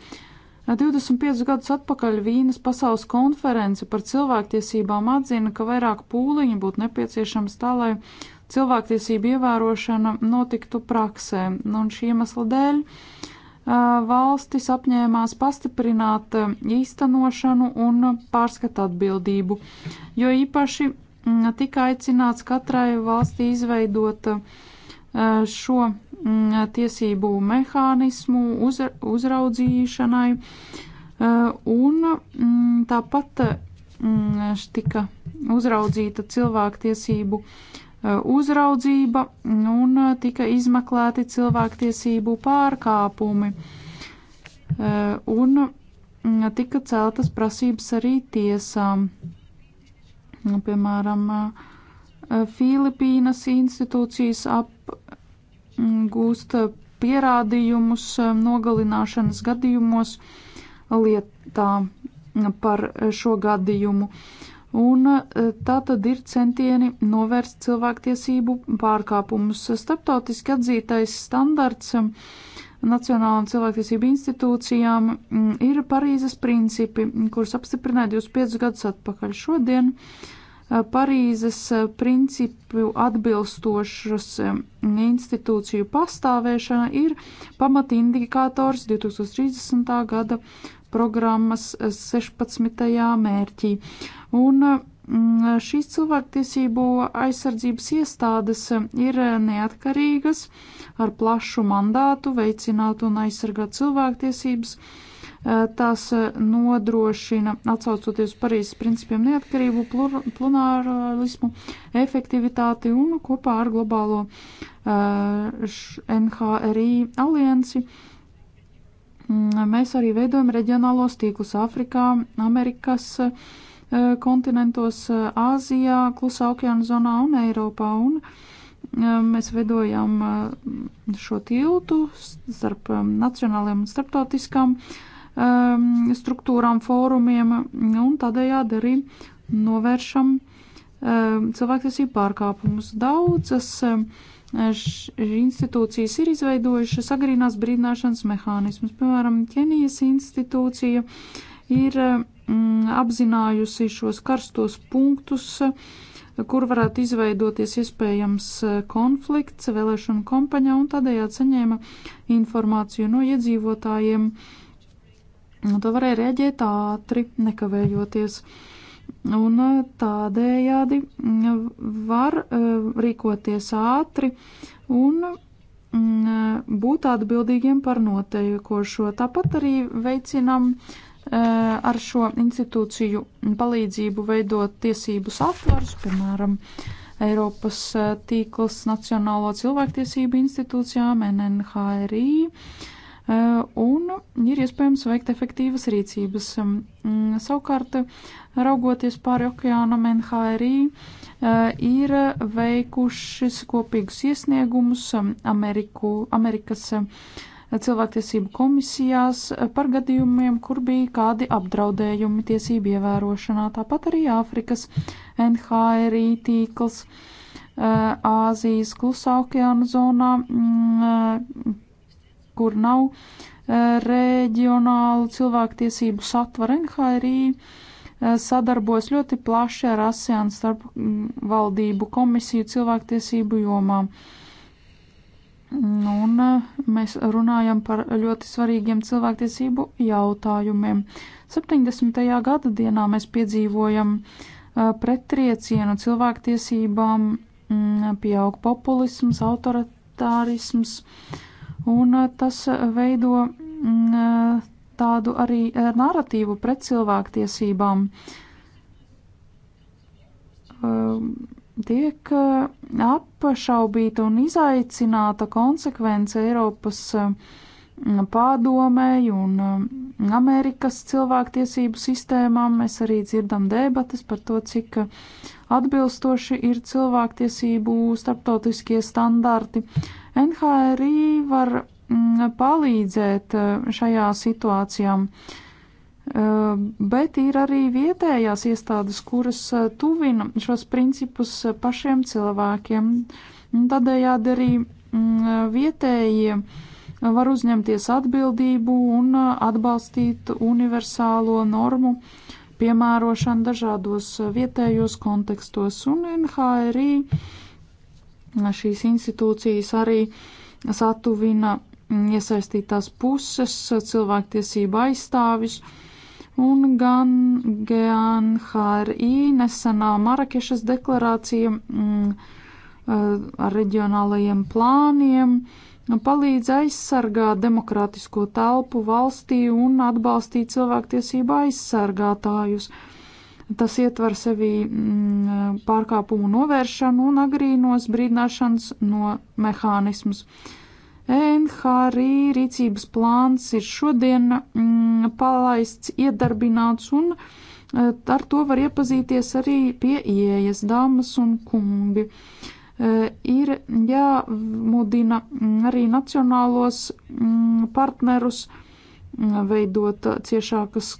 25 gadus atpakaļ Vīnas pasaules konference par cilvēktiesībām atzina, ka vairāk pūliņu būtu nepieciešams tā, lai cilvēktiesību ievērošana notiktu praksē, un šī iemesla dēļ Uh, valstis apņēmās pastiprināt uh, īstenošanu un pārskata atbildību, jo īpaši mm, tika aicināts katrai valstī izveidot uh, šo mm, tiesību mehānismu uz, uzraudzīšanai, un mm, tāpat tika uzraudzīta cilvēktiesību tiesību uzraudzība un tika izmeklēti cilvēktiesību pārkāpumi. Eh, un tika celtas prasības arī tiesām. Nu, piemēram, eh, Filipīnas institūcijas apgūst pierādījumus nogalināšanas gadījumos lietā par šo gadījumu. Uh, Un eh, tā tad ir centieni novērst cilvēktiesību pārkāpumus. Starptautiski atzītais standarts eh, Nacionālām cilvēktiesību institūcijām mm, ir Parīzes principi, kurus apstiprināja 25 gadus atpakaļ šodien. Uh, Eh, Parīzes eh, principu atbilstošas eh, institūciju pastāvēšana ir pamatindikators 2030. gada programmas 16. mērķī. Un mm, šīs cilvēktiesību aizsardzības iestādes ir neatkarīgas ar plašu mandātu veicināt un aizsargāt cilvēktiesības. tiesības Eh, tās eh, nodrošina, atsaucoties Parīzes principiem neatkarību, plurālismu, efektivitāti un kopā ar globālo uh, eh, NHRI aliansi. Mm, mēs arī veidojam reģionālos tīklus Āfrikā, Amerikas uh, kontinentos, Āzijā, Klusā okeāna zonā un Eiropā. Un, uh, mēs veidojam šo tiltu starp nacionālajām un starptautiskām uh, um, struktūrām, fórumiem, un tādējādi arī novēršam um, cilvēktiesību pārkāpumus. Daudzas um, institūcijas ir izveidojušas agrīnās brīdināšanas mehānismus. Piemēram, Ķenijas institūcija ir mm, apzinājusi šos karstos punktus, kur varētu izveidoties iespējams uh, konflikts vēlēšanu kompaņā un tādējādi saņēma informāciju no iedzīvotājiem. Uh, Nu, to varēja rēģēt ātri, nekavējoties. Un eh, tādējādi mm, var eh, rīkoties ātri un mm, eh, būt atbildīgiem par noteikošo. Tāpat arī veicinam ar šo institūciju palīdzību veidot tiesību satvarus, piemēram, Eiropas tīkls Nacionālo cilvēktiesību institūcijām, NNHRI, Eh, un ir iespējams veikt efektīvas rīcības. Mm, savukārt, raugoties pāri okeānam, NHRI eh, ir veikušas kopīgus iesniegumus mm, Ameriku, Amerikas eh, cilvēktiesību komisijās par gadījumiem, kur bija kādi apdraudējumi tiesību ievērošanā, tāpat arī Āfrikas NHRI tīkls. Āzijas klusā okeāna zonā mm, kur nav eh, reģionālu cilvēktiesību satvara. NHRI eh, sadarbojas ļoti plaši ar ASEAN starp valdību komisiju cilvēktiesību jomā. Nu, un eh, mēs runājam par ļoti svarīgiem cilvēktiesību jautājumiem. 70. gada dienā mēs piedzīvojam pretriecienu cilvēktiesībām, mm, pieaug populisms, autoritārisms. Uh, Un eh, tas eh, veido mm, eh, tādu arī narratīvu pret cilvēktiesībām. Tiek apšaubīta un izaicināta konsekvence Eiropas pārdomēju un Amerikas cilvēktiesību sistēmām. Mēs arī dzirdam debatas par to, cik atbilstoši ir cilvēktiesību starptautiskie standarti. Uh, NHRI var mm, palīdzēt eh, šajā situācijā, eh, bet ir arī vietējās iestādes, kuras eh, tuvina šos principus pašiem cilvēkiem. Tādējādi arī mm, vietējie var uzņemties atbildību un atbalstīt universālo normu piemērošanu dažādos vietējos kontekstos un NHRI Šīs institūcijas arī satuvina iesaistītās puses, cilvēktiesību aizstāvis, un gan GNHRI nesenā Marakešas deklarācija mm, eh, ar reģionālajiem plāniem palīdz aizsargāt demokrātisko telpu valstī un atbalstīt cilvēktiesību aizsargātājus. Uh, Tas ietver sevī mm, pārkāpumu novēršanu un agrīnos brīdināšanas no mehānismus. NHRI rīcības plāns ir šodien mm, palaists, iedarbināts, un eh, ar to var iepazīties arī pie ieejas dāmas un kumbi. Eh, ir jāmudina mm, arī nacionālos mm, partnerus veidot ciešākas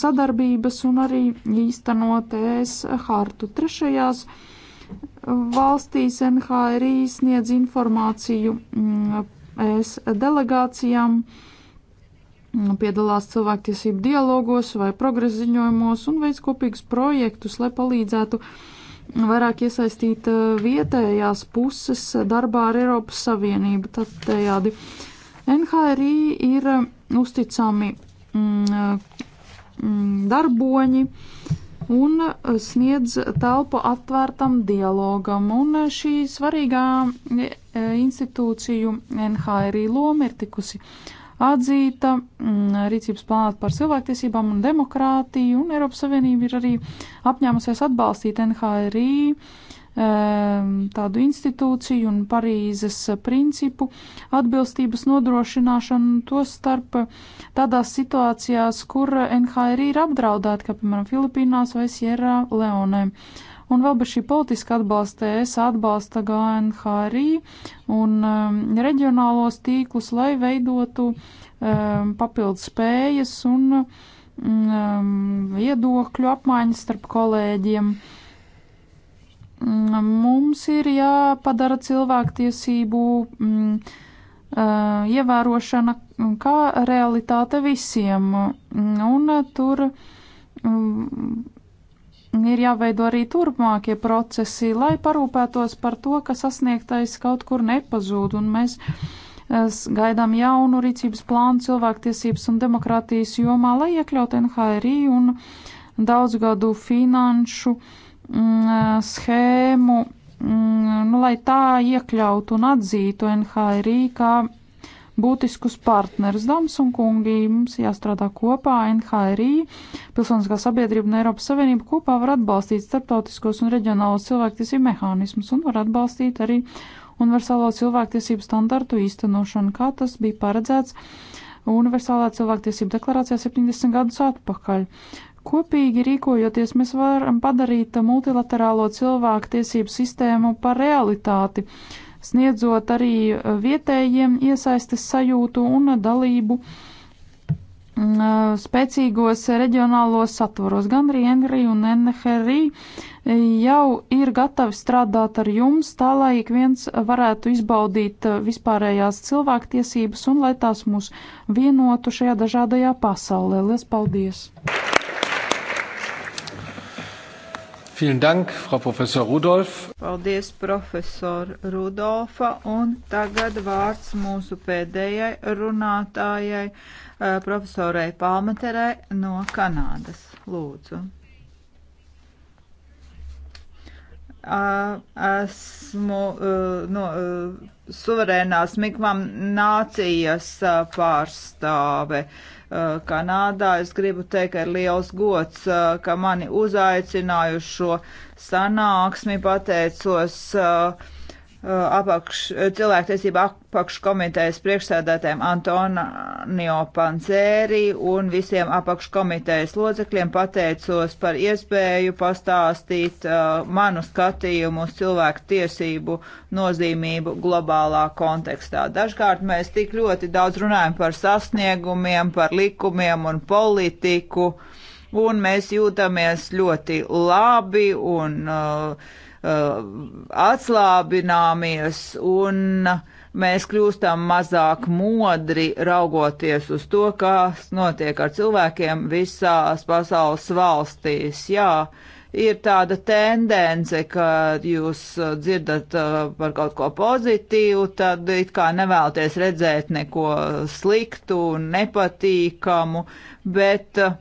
sadarbības un arī īstenot ES hartu. Trešajās valstīs NHRI sniedz informāciju mm, ES delegācijām, mm, piedalās cilvēktiesību dialogos vai progresa ziņojumos un veids kopīgus projektus, lai palīdzētu vairāk iesaistīt e, vietējās puses darbā ar Eiropas Savienību. Tad tējādi NHRI ir uzticami mm, Mm, darboņi un sniedz telpu atvērtam dialogam. Un šī svarīgā e, e, institūciju NHRI loma ir tikusi atzīta mm, rīcības plānā par cilvēktiesībām un demokrātiju, un Eiropas Savienība ir arī apņēmusies atbalstīt NHRI Um, tādu institūciju un Parīzes principu atbilstības nodrošināšanu to starp tādās situācijās, kur NHR ir apdraudēta, kā piemēram Filipīnās vai Sierra Leonē. Un vēl bez šī politiska atbalsta es atbalsta GNHRI un um, reģionālos tīklus, lai veidotu um, papildus spējas un um, viedokļu apmaiņas starp kolēģiem. Uh, Mm, mums ir jāpadara cilvēktiesību mm, eh, ievērošana mm, kā realitāte visiem, un eh, tur ir jāveido arī turpmākie procesi, lai parūpētos par to, ka sasniegtais kaut kur nepazūd, un mēs eh, gaidām jaunu rīcības plānu cilvēktiesības un demokrātijas jomā, lai iekļaut NHRI un daudzgadu finanšu uh, Mm, schēmu, mm, nu, lai tā iekļautu un atzītu NHRI kā būtiskus partnerus. Dāmas un kungi, mums jāstrādā kopā, NHRI, pilsoniskā sabiedrība un Eiropas Savienība kopā var atbalstīt starptautiskos un reģionālos cilvēktiesību mehānismus un var atbalstīt arī universālo cilvēktiesību standartu īstenošanu, kā tas bija paredzēts universālā cilvēktiesība deklarācijā 70 gadus atpakaļ. Kopīgi rīkojoties, mēs varam padarīt multilaterālo cilvēku tiesību sistēmu par realitāti, sniedzot arī vietējiem iesaistes sajūtu un dalību mm, spēcīgos reģionālos satvaros. Gan Rienri un Enherī jau ir gatavi strādāt ar jums, tā lai ik viens varētu izbaudīt vispārējās cilvēktiesības un lai tās mūs vienotu šajā dažādajā pasaulē. Lies paldies! Vielen Dank, Frau Professor Rudolf. Paldies, profesor Rudolfa. Un tagad vārds mūsu pēdējai runātājai, eh, profesorai Palmaterai no Kanādas. Lūdzu. Esmu eh, no eh, suverēnās mikvam nācijas pārstāve. Eh, Kanādā. Es gribu teikt, ka ir liels gods, eh, ka mani uzaicinājušo sanāksmi pateicos uh, Uh, apakš, uh, cilvēktiesība apakškomitejas priekšsēdētājiem Antonio Pancēri un visiem apakškomitejas locekļiem pateicos par iespēju pastāstīt uh, manu skatījumu uz cilvēku tiesību nozīmību globālā kontekstā. Dažkārt mēs tik ļoti daudz runājam par sasniegumiem, par likumiem un politiku, un mēs jūtamies ļoti labi un uh, Uh, atslābināmies un mēs kļūstam mazāk modri raugoties uz to, kas notiek ar cilvēkiem visās pasaules valstīs. Jā, ir tāda tendence, ka jūs dzirdat uh, par kaut ko pozitīvu, tad it kā nevēlaties redzēt neko sliktu un nepatīkamu, bet uh,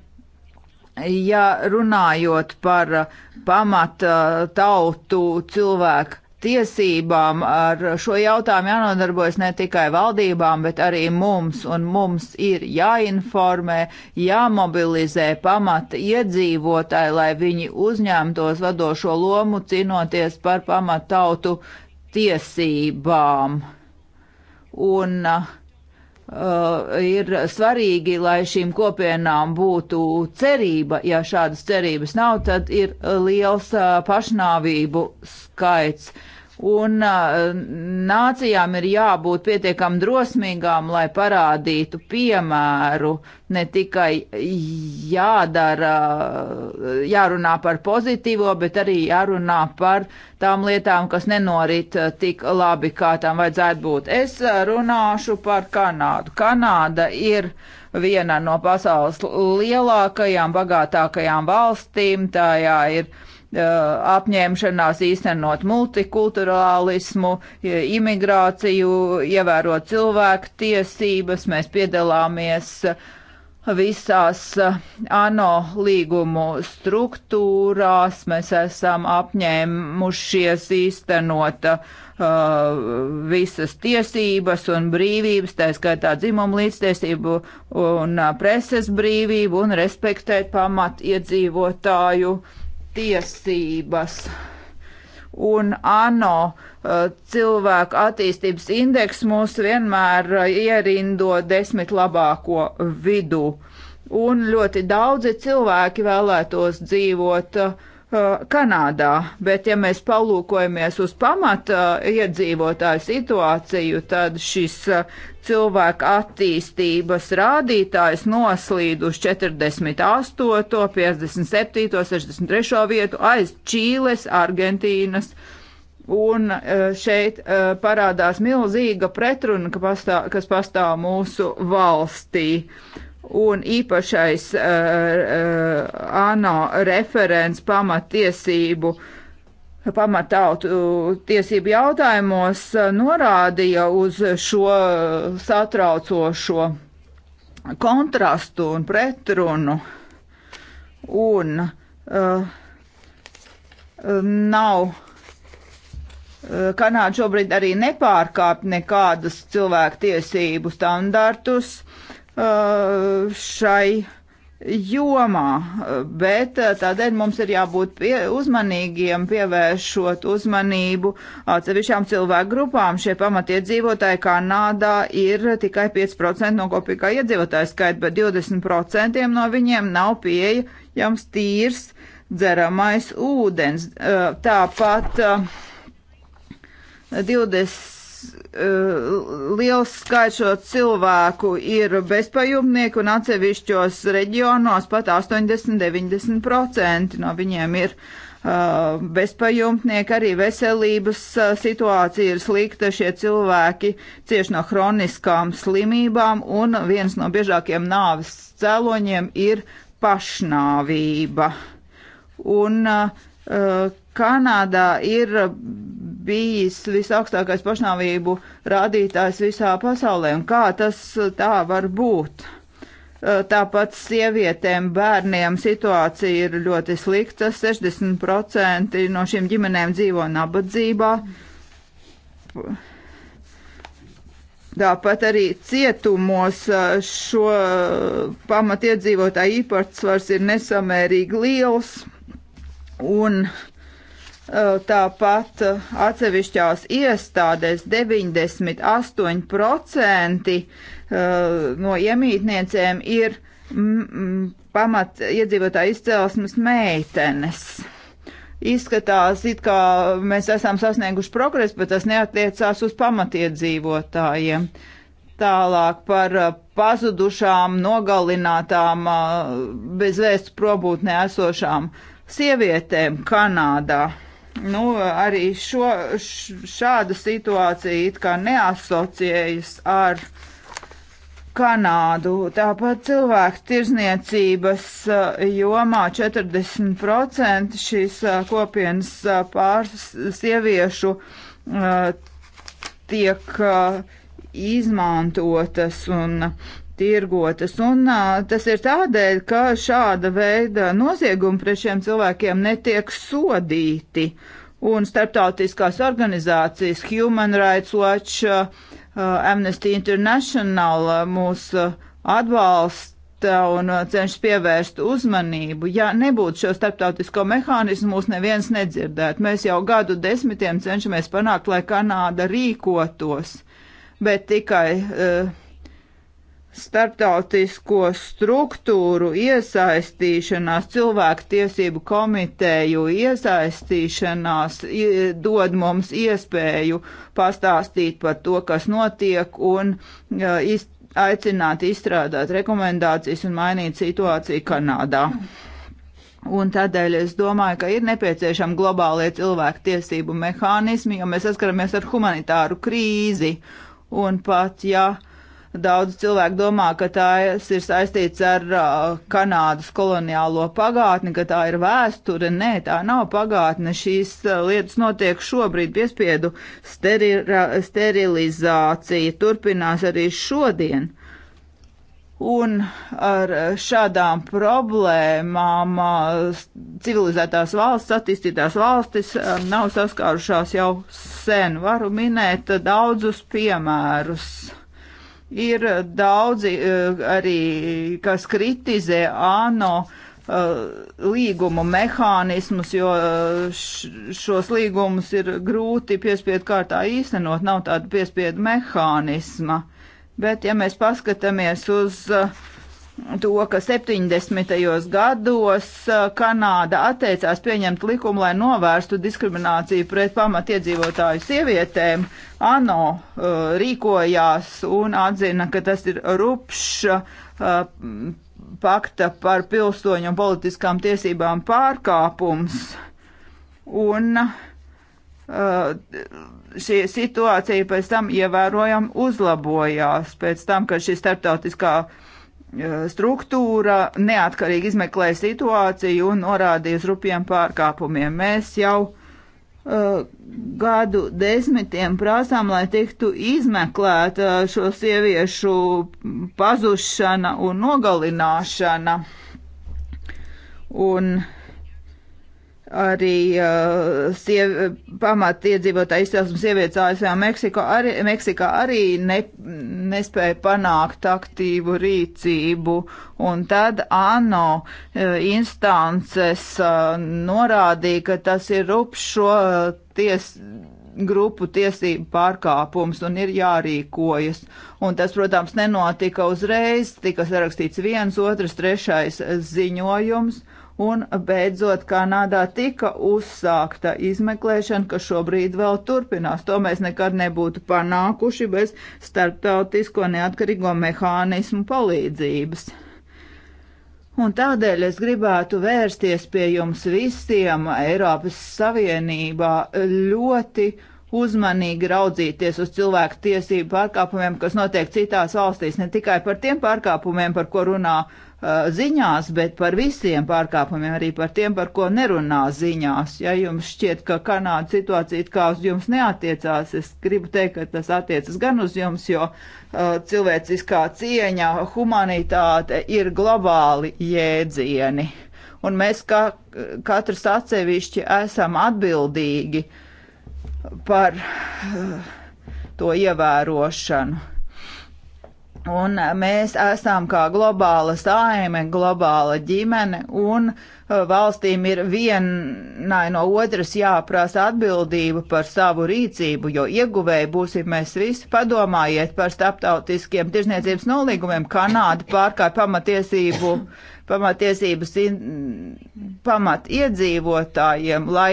ja runājot par uh, pamata uh, tautu cilvēku tiesībām, ar šo jautājumu jānodarbojas ne tikai valdībām, bet arī mums, un mums ir jāinformē, jāmobilizē pamata iedzīvotāji, lai viņi uzņemtos vadošo lomu cīnoties par pamata tautu tiesībām. Un uh, Uh, ir svarīgi, lai šīm kopienām būtu cerība. Ja šādas cerības nav, tad ir liels uh, pašnāvību skaits. Uh, Un nācijām ir jābūt pietiekam drosmīgām, lai parādītu piemēru, ne tikai jādara, jārunā par pozitīvo, bet arī jārunā par tām lietām, kas nenorit tik labi, kā tām vajadzētu būt. Es runāšu par Kanādu. Kanāda ir viena no pasaules lielākajām, bagātākajām valstīm. Tajā ir apņēmšanās īstenot multikulturālismu, imigrāciju, ievērot cilvēku tiesības. Mēs piedalāmies visās ANO līgumu struktūrās, mēs esam apņēmušies īstenot uh, visas tiesības un brīvības, tā skaitā dzimumu līdztiesību un preses brīvību un respektēt pamat iedzīvotāju uh, tiesības. Un ANO uh, cilvēku attīstības indeks mūs vienmēr uh, ierindo desmit labāko vidu. Un ļoti daudzi cilvēki vēlētos dzīvot uh, Kanādā, bet ja mēs palūkojamies uz pamata uh, iedzīvotāju situāciju, tad šis cilvēka attīstības rādītājs noslīd uz 48, 57, 63 vietu aiz Čīles, Argentīnas. Un e, šeit e, parādās milzīga pretruna, kas pastāv mūsu valstī. Un īpašais e, ANO referents pamatiesību uh, pamatautu tiesību jautājumos eh, norādīja uz šo satraucošo kontrastu un pretrunu. Un uh, nav. Eh, Kanāda šobrīd arī nepārkāp nekādas cilvēku tiesību standartus uh, šai jomā, bet eh, tādēļ mums ir jābūt pie, uzmanīgiem, pievēršot uzmanību atsevišķām cilvēku grupām. Šie pamatiedzīvotāji Kanādā ir tikai 5% no kopīgā iedzīvotāja skaita, bet 20% no viņiem nav pieejams tīrs dzeramais ūdens. Eh, tāpat 20 eh, Eh, liels skaits šo cilvēku ir bezpajumtnieki un atsevišķos reģionos pat 80-90% no viņiem ir uh, bezpajumtnieki. Arī veselības uh, situācija ir slikta. Šie cilvēki cieš no hroniskām slimībām un viens no biežākiem nāves cēloņiem ir pašnāvība. Un uh, Eh, Kanādā ir bijis visaugstākais pašnāvību rādītājs visā pasaulē, un kā tas eh, tā var būt? Eh, Tāpat sievietēm, bērniem situācija ir ļoti slikta. 60% no šīm ģimenēm dzīvo nabadzībā. Tāpat arī cietumos šo pamatiedzīvotāju īpatsvars ir nesamērīgi liels. Un eh, tāpat eh, atsevišķās iestādēs 98% eh, no iemītniecēm ir pamat iedzīvotāju izcelsmes meitenes. Izskatās, it kā mēs esam sasnieguši progresu, bet tas neatiecās uz pamatiedzīvotājiem. Tālāk par pazudušām, nogalinātām, bezvēsts probūtnē esošām uh, sievietēm Kanādā. Nu, arī šo, šāda situācija it kā neasociējas ar Kanādu. Tāpat cilvēku tirzniecības jomā 40% šīs kopienas pāris sieviešu tiek izmantotas un tirgotas. Un uh, tas ir tādēļ, ka šāda veida noziegumi pret šiem cilvēkiem netiek sodīti. Un starptautiskās organizācijas Human Rights Watch, uh, Amnesty International uh, mūs uh, atbalsta un cenšas pievērst uzmanību. Ja nebūtu šo starptautisko mehānismu, mūs neviens nedzirdētu. Mēs jau gadu desmitiem cenšamies panākt, lai Kanāda rīkotos, bet tikai uh, starptautisko struktūru iesaistīšanās, cilvēku tiesību komiteju iesaistīšanās dod mums iespēju pastāstīt par to, kas notiek un uh, aicināt izstrādāt rekomendācijas un mainīt situāciju Kanādā. Un tādēļ es domāju, ka ir nepieciešami globālie cilvēku tiesību mehānismi, jo mēs saskaramies ar humanitāru krīzi. Un pat, ja uh, Daudz cilvēku domā, ka tās ir saistīts ar uh, Kanādas koloniālo pagātni, ka tā ir vēsture. Nē, tā nav pagātne. Šīs uh, lietas notiek šobrīd piespiedu steri sterilizācija. Turpinās arī šodien. Un ar šādām problēmām uh, civilizētās valsts, attīstītās valstis uh, nav saskārušās jau sen. Varu minēt uh, daudzus piemērus. Ir daudzi eh, arī, kas kritizē ANO eh, līgumu mehānismus, jo eh, šos līgumus ir grūti piespiedu kārtā īstenot, nav tāda piespiedu mehānisma. Bet, ja mēs paskatāmies uz uh, to, ka 70. gados Kanāda atteicās pieņemt likumu, lai novērstu diskrimināciju pret pamatiedzīvotāju sievietēm. ANO uh, rīkojās un atzina, ka tas ir rupšs uh, pakta par pilsoņu un politiskām tiesībām pārkāpums. Un uh, šī situācija pēc tam ievērojami uzlabojās, pēc tam, ka šī starptautiskā uh, Eh, struktūra neatkarīgi izmeklē situāciju un norādīja uz rupjiem pārkāpumiem. Mēs jau uh, gadu desmitiem prasām, lai tiktu izmeklēta uh, šo sieviešu pazušana un nogalināšana. Un uh, arī uh, siev, pamat iedzīvotāji izcelsmes sievietes ASV un Meksikā arī, Meksikā arī ne, nespēja panākt aktīvu rīcību. Un tad ANO uh, instances uh, norādīja, ka tas ir rupšo uh, ties, grupu tiesību pārkāpums un ir jārīkojas. Un tas, protams, nenotika uzreiz, tika sarakstīts viens, otrs, trešais ziņojums. Uh, Un beidzot, Kanādā tika uzsākta izmeklēšana, kas šobrīd vēl turpinās. To mēs nekad nebūtu panākuši bez starptautisko neatkarīgo mehānismu palīdzības. Un tādēļ es gribētu vērsties pie jums visiem Eiropas Savienībā ļoti uzmanīgi raudzīties uz cilvēku tiesību pārkāpumiem, kas notiek citās valstīs, ne tikai par tiem pārkāpumiem, par ko runā uh, Uh, ziņās, bet par visiem pārkāpumiem, arī par tiem, par ko nerunā ziņās. Ja jums šķiet, ka Kanāda situācija kā uz jums neatiecās, es gribu teikt, ka tas attiecas gan uz jums, jo uh, cilvēciskā cieņa, humanitāte ir globāli jēdzieni. Un mēs kā, katrs atsevišķi esam atbildīgi par uh, to ievērošanu Un mēs esam kā globāla saime, globāla ģimene, un e, valstīm ir vienai no otras jāprasa atbildība par savu rīcību, jo ieguvēji būsim mēs visi. Padomājiet par starptautiskiem tirzniecības nolīgumiem. Kanāda pārkāja pamatiesību, pamatiesības in, pamat iedzīvotājiem, lai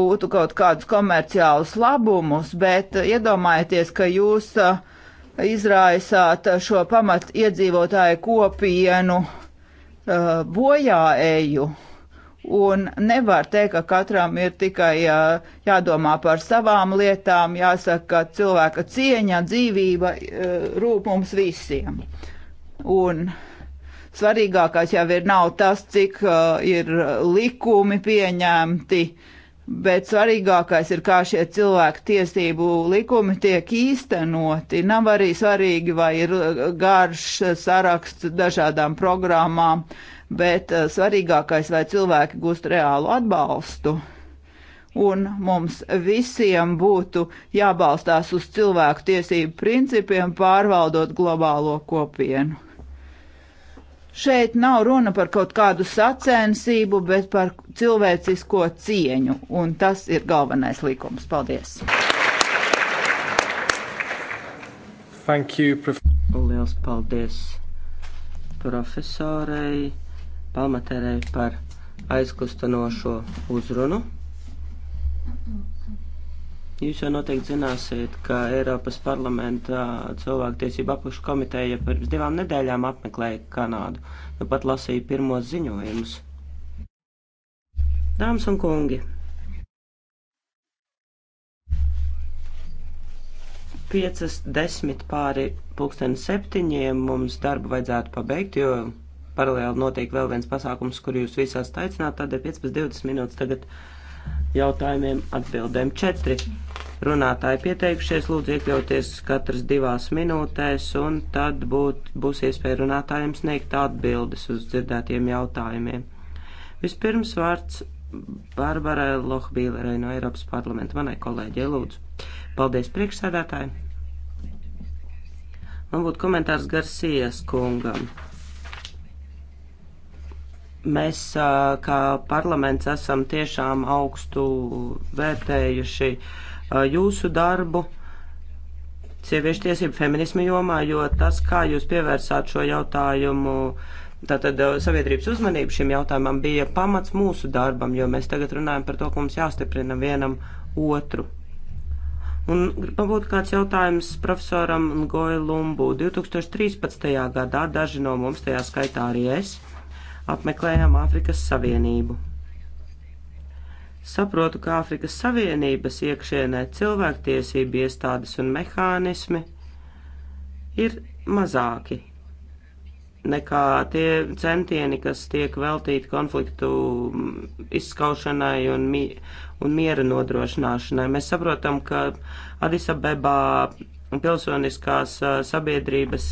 gūtu kaut kādus komerciālus labumus, bet iedomājieties, ka jūs uh, izraisāt šo pamat iedzīvotāju kopienu uh, bojāēju. Un nevar teikt, ka katram ir tikai uh, jādomā par savām lietām, jāsaka, ka cilvēka cieņa, dzīvība uh, rūp mums visiem. Un svarīgākais jau ir nav tas, cik uh, ir likumi pieņemti, uh, bet svarīgākais ir, kā šie cilvēku tiesību likumi tiek īstenoti. Nav arī svarīgi, vai ir uh, garš saraksts dažādām programmām, bet uh, svarīgākais, vai cilvēki gūst reālu atbalstu. Un mums visiem būtu jābalstās uz cilvēku tiesību principiem, pārvaldot globālo kopienu. Šeit nav runa par kaut kādu sacensību, bet par cilvēcisko cieņu, un tas ir galvenais likums. Paldies! Thank you, prof... Liels paldies profesorei Palmaterei par aizkustinošo uzrunu. Jūs jau noteikti zināsiet, ka Eiropas parlamenta cilvēktiesība apakškomiteja pirms divām nedēļām apmeklēja Kanādu. Nu pat lasīja pirmos ziņojumus Dāmas un kungi! Piecas desmit pāri pulksteni septiņiem mums darbu vajadzētu pabeigt, jo paralēli notiek vēl viens pasākums, kur jūs visās taicināt, tādēļ 15-20 minūtes tagad jautājumiem atbildēm četri. Runātāji pieteikušies, lūdzu iekļauties katras divās minūtēs, un tad būt, būs iespēja runātājiem sniegt atbildes uz dzirdētiem jautājumiem. Vispirms vārds Barbarai Lohbīlerei no Eiropas parlamenta, manai kolēģei lūdzu. Paldies priekšsēdētāji. Man būtu komentārs Garcijas kungam. Mēs kā parlaments esam tiešām augstu vērtējuši jūsu darbu sieviešu tiesību feminismu jomā, jo tas, kā jūs pievērsāt šo jautājumu uh, Tātad eh, sabiedrības uzmanība šim jautājumam bija pamats mūsu darbam, jo mēs tagad runājam par to, ka mums jāstiprina vienam otru. Un varbūt kāds jautājums profesoram Goja Lumbu. 2013. gadā daži no mums, tajā skaitā arī es, apmeklējām Āfrikas Savienību. Saprotu, ka Āfrikas Savienības iekšienē cilvēktiesība iestādes un mehānismi ir mazāki nekā tie centieni, kas tiek veltīti konfliktu izskaušanai un, mi un miera nodrošināšanai. Mēs saprotam, ka Adisabebā pilsoniskās sabiedrības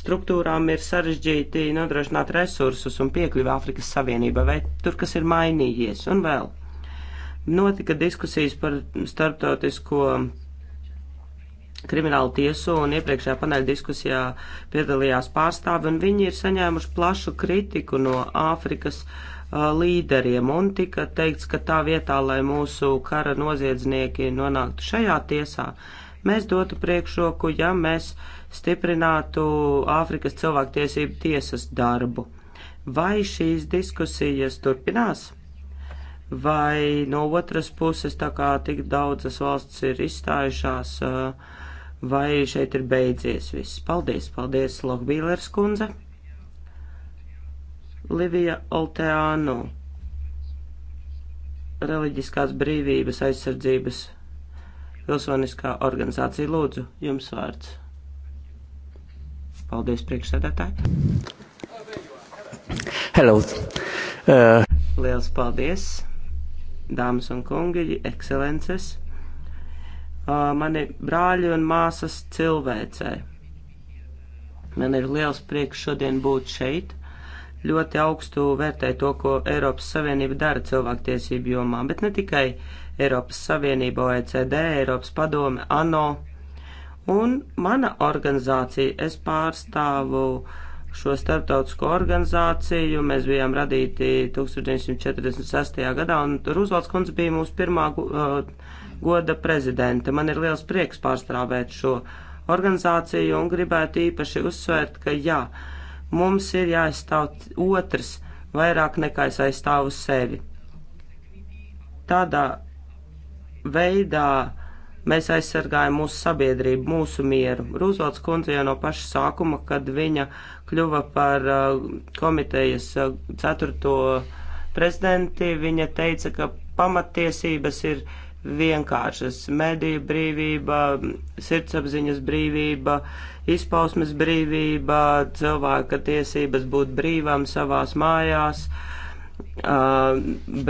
struktūrām ir sarežģīti nodrošināt resursus un piekļuvi Āfrikas Savienībai, vai tur kas ir mainījies un vēl. Notika diskusijas par starptautisko kriminālu tiesu un iepriekšējā paneļa diskusijā piedalījās pārstāvi, un viņi ir saņēmuši plašu kritiku no Āfrikas uh, līderiem, un tika teikts, ka tā vietā, lai mūsu kara noziedznieki nonāktu šajā tiesā, mēs dotu priekšroku, ja mēs stiprinātu Āfrikas cilvēktiesību tiesas darbu. Vai šīs diskusijas turpinās? Vai no otras puses, tā kā tik daudzas valsts ir izstājušās, uh, vai šeit ir beidzies viss. Paldies, paldies, Lokbīlers kundze. Livija Olteānu, reliģiskās brīvības aizsardzības pilsoniskā organizācija lūdzu, jums vārds. Paldies, priekšsēdētāji. Hello. Uh. Liels paldies, dāmas un kungi, ekscelences. Uh, mani brāļi un māsas cilvēcē. Man ir liels prieks šodien būt šeit. Ļoti augstu vērtēju to, ko Eiropas Savienība dara cilvēktiesību jomā, bet ne tikai Eiropas Savienība, OECD, Eiropas Padome, ANO. Un mana organizācija, es pārstāvu šo starptautisko organizāciju, mēs bijām radīti 1946. gadā, un Rūzvalds kundze bija mūsu pirmā uh, goda prezidenta. Man ir liels prieks pārstāvēt šo organizāciju un gribētu īpaši uzsvērt, ka jā, mums ir jāizstāv otrs vairāk nekā es aizstāvu sevi. Tādā veidā mēs aizsargājam mūsu sabiedrību, mūsu mieru. Rūzvalds kundze jau no paša sākuma, kad viņa kļuva par uh, komitejas uh, ceturto prezidenti, viņa teica, ka pamatiesības ir vienkāršas. Mediju brīvība, sirdsapziņas brīvība, izpausmes brīvība, cilvēka tiesības būt brīvam savās mājās,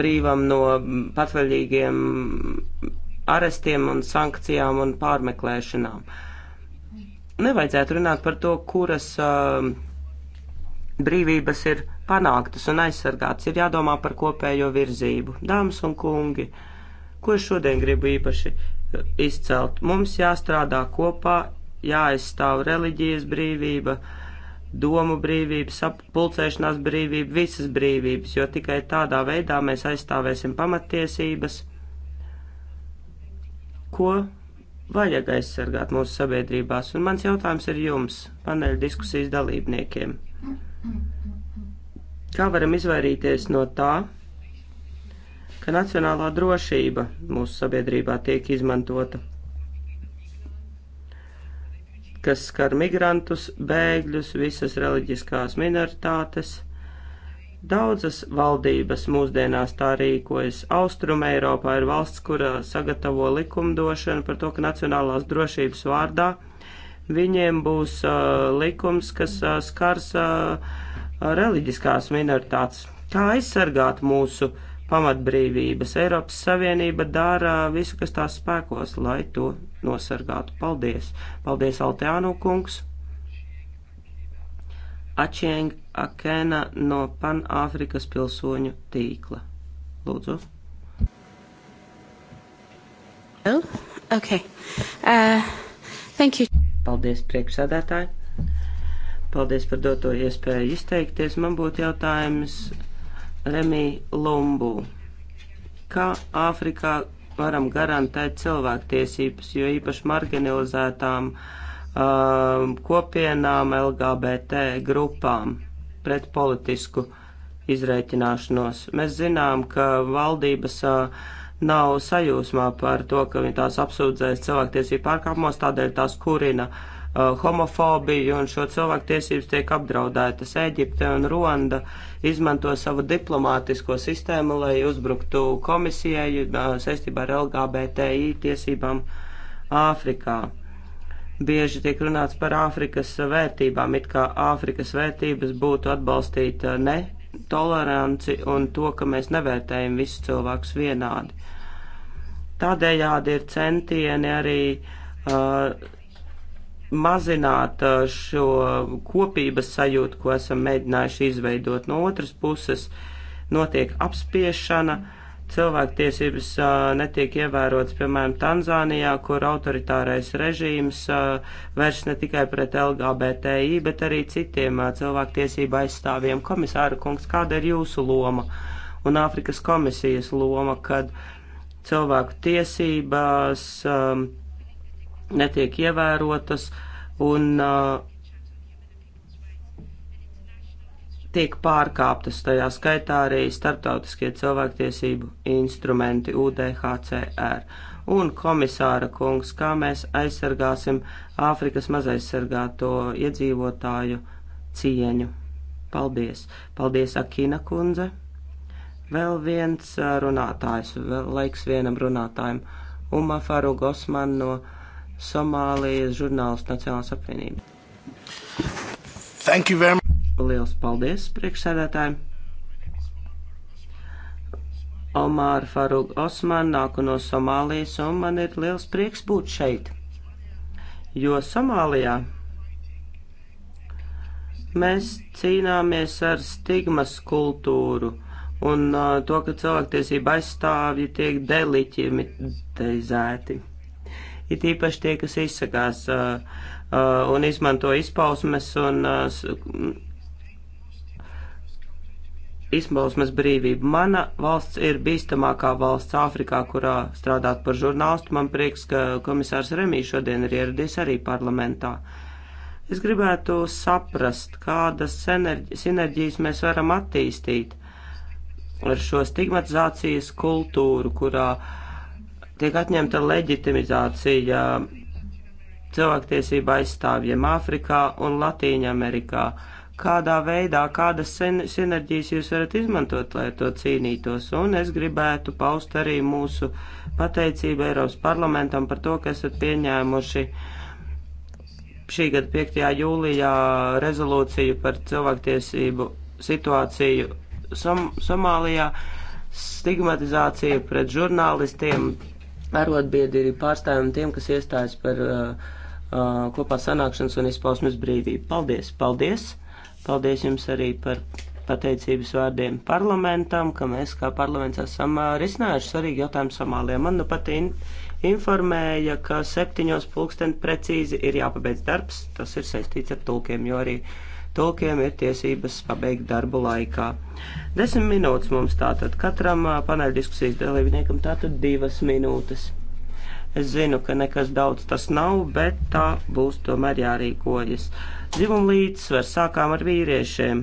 brīvam no patvaļīgiem arestiem un sankcijām un pārmeklēšanām. Nevajadzētu runāt par to, kuras uh, brīvības ir panāktas un aizsargātas, ir jādomā par kopējo virzību. Dāmas un kungi! Uh, Ko es šodien gribu īpaši izcelt? Mums jāstrādā kopā, jāaizstāv reliģijas brīvība, domu brīvība, sapulcēšanās brīvība, visas brīvības, jo tikai tādā veidā mēs aizstāvēsim pamatiesības, ko vajag aizsargāt mūsu sabiedrībās. Un mans jautājums ir jums, paneļa diskusijas dalībniekiem. Kā varam izvairīties no tā, ka nacionālā drošība mūsu sabiedrībā tiek izmantota, kas skar migrantus, bēgļus, visas reliģiskās minoritātes. Daudzas valdības mūsdienās tā rīkojas. Austruma Eiropā ir valsts, kura sagatavo likumdošanu par to, ka nacionālās drošības vārdā viņiem būs uh, likums, kas uh, skars uh, reliģiskās minoritātes. Kā aizsargāt mūsu uh, pamatbrīvības. Eiropas Savienība dara visu, kas tās spēkos, lai to nosargātu. Paldies! Paldies, Alteānu kungs! Ačieng Akena no Panāfrikas pilsoņu tīkla. Lūdzu! Oh, okay. Uh, thank you. Paldies, priekšsādātāji. Paldies par doto iespēju izteikties. Man būtu jautājums Remī Lumbū, ka Āfrikā varam garantēt cilvēktiesības, jo īpaši marginalizētām um, kopienām LGBT grupām pret politisku izreikināšanos. Mēs zinām, ka valdības uh, nav sajūsmā par to, ka viņi tās apsūdzēs cilvēktiesību pārkāpumos, tādēļ tās kurina uh, Uh, homofobiju un šo cilvēku tiesības tiek apdraudētas. Eģipte un Ruanda izmanto savu diplomātisko sistēmu, lai uzbruktu komisijai uh, saistībā ar LGBTI tiesībām Āfrikā. Bieži tiek runāts par Āfrikas vērtībām, it kā Āfrikas vērtības būtu atbalstīt uh, ne toleranci un to, ka mēs nevērtējam visus cilvēkus vienādi. Tādējādi ir centieni arī uh, mazināt uh, šo kopības sajūtu, ko esam mēģinājuši izveidot. No otras puses, notiek apspiešana, cilvēktiesības uh, netiek ievērotas, piemēram, Tanzānijā, kur autoritārais režīms uh, vērš ne tikai pret LGBTI, bet arī citiem cilvēktiesība aizstāvjiem. Komisāra kungs, kāda ir jūsu loma un Āfrikas komisijas loma, kad cilvēku tiesībās um, netiek ievērotas un uh, tiek pārkāptas tajā skaitā arī starptautiskie cilvēktiesību instrumenti UDHCR. Un komisāra kungs, kā mēs aizsargāsim Āfrikas mazaizsargāto iedzīvotāju cieņu. Paldies! Paldies, Akina kundze! Vēl viens uh, runātājs, vēl laiks vienam runātājam. Uma Faru Gosman no. Somālijas žurnālistu Nacionālās apvienība. Thank you very much. Liels paldies priekšsēdētājiem. Omāra Farug Osman nāku no Somālijas un man ir liels prieks būt šeit, jo Somālijā mēs cīnāmies ar stigmas kultūru un uh, to, ka cilvēktiesība aizstāvji tiek deliķimitizēti it īpaši tie, kas izsakās uh, uh, un izmanto izpausmes un uh, mm, izpausmes brīvību. Mana valsts ir bīstamākā valsts Āfrikā, kurā strādāt par žurnālistu. Man prieks, ka komisārs Remijs šodien ir ieradies arī parlamentā. Es gribētu saprast, kādas sinerģijas mēs varam attīstīt ar šo stigmatizācijas kultūru, kurā uh, Tiek atņemta leģitimizācija cilvēktiesība aizstāvjiem Āfrikā un Latīņa Amerikā. Kādā veidā, kādas sinerģijas jūs varat izmantot, lai to cīnītos? Un es gribētu paust arī mūsu pateicību Eiropas parlamentam par to, ka esat pieņēmuši šī gada 5. jūlijā rezolūciju par cilvēktiesību situāciju Som Somālijā, stigmatizāciju pret žurnālistiem, arotbiedri ir pārstāvjumi tiem, kas iestājas par uh, uh, kopā sanākšanas un izpausmes brīvību. Paldies! Paldies! Paldies jums arī par pateicības vārdiem parlamentam, ka mēs kā parlaments esam uh, risinājuši svarīgi jautājumu Somālijā. Man nu pat in informēja, ka septiņos pulksteni precīzi ir jāpabeidz darbs. Tas ir saistīts ar tulkiem, jo arī tulkiem ir tiesības pabeigt darbu laikā. Desmit minūtes mums tātad katram paneļdiskusijas dalībniekam tātad divas minūtes. Es zinu, ka nekas daudz tas nav, bet tā būs tomēr jārīkojas. Dzimuma līdzsvers sākām ar vīriešiem.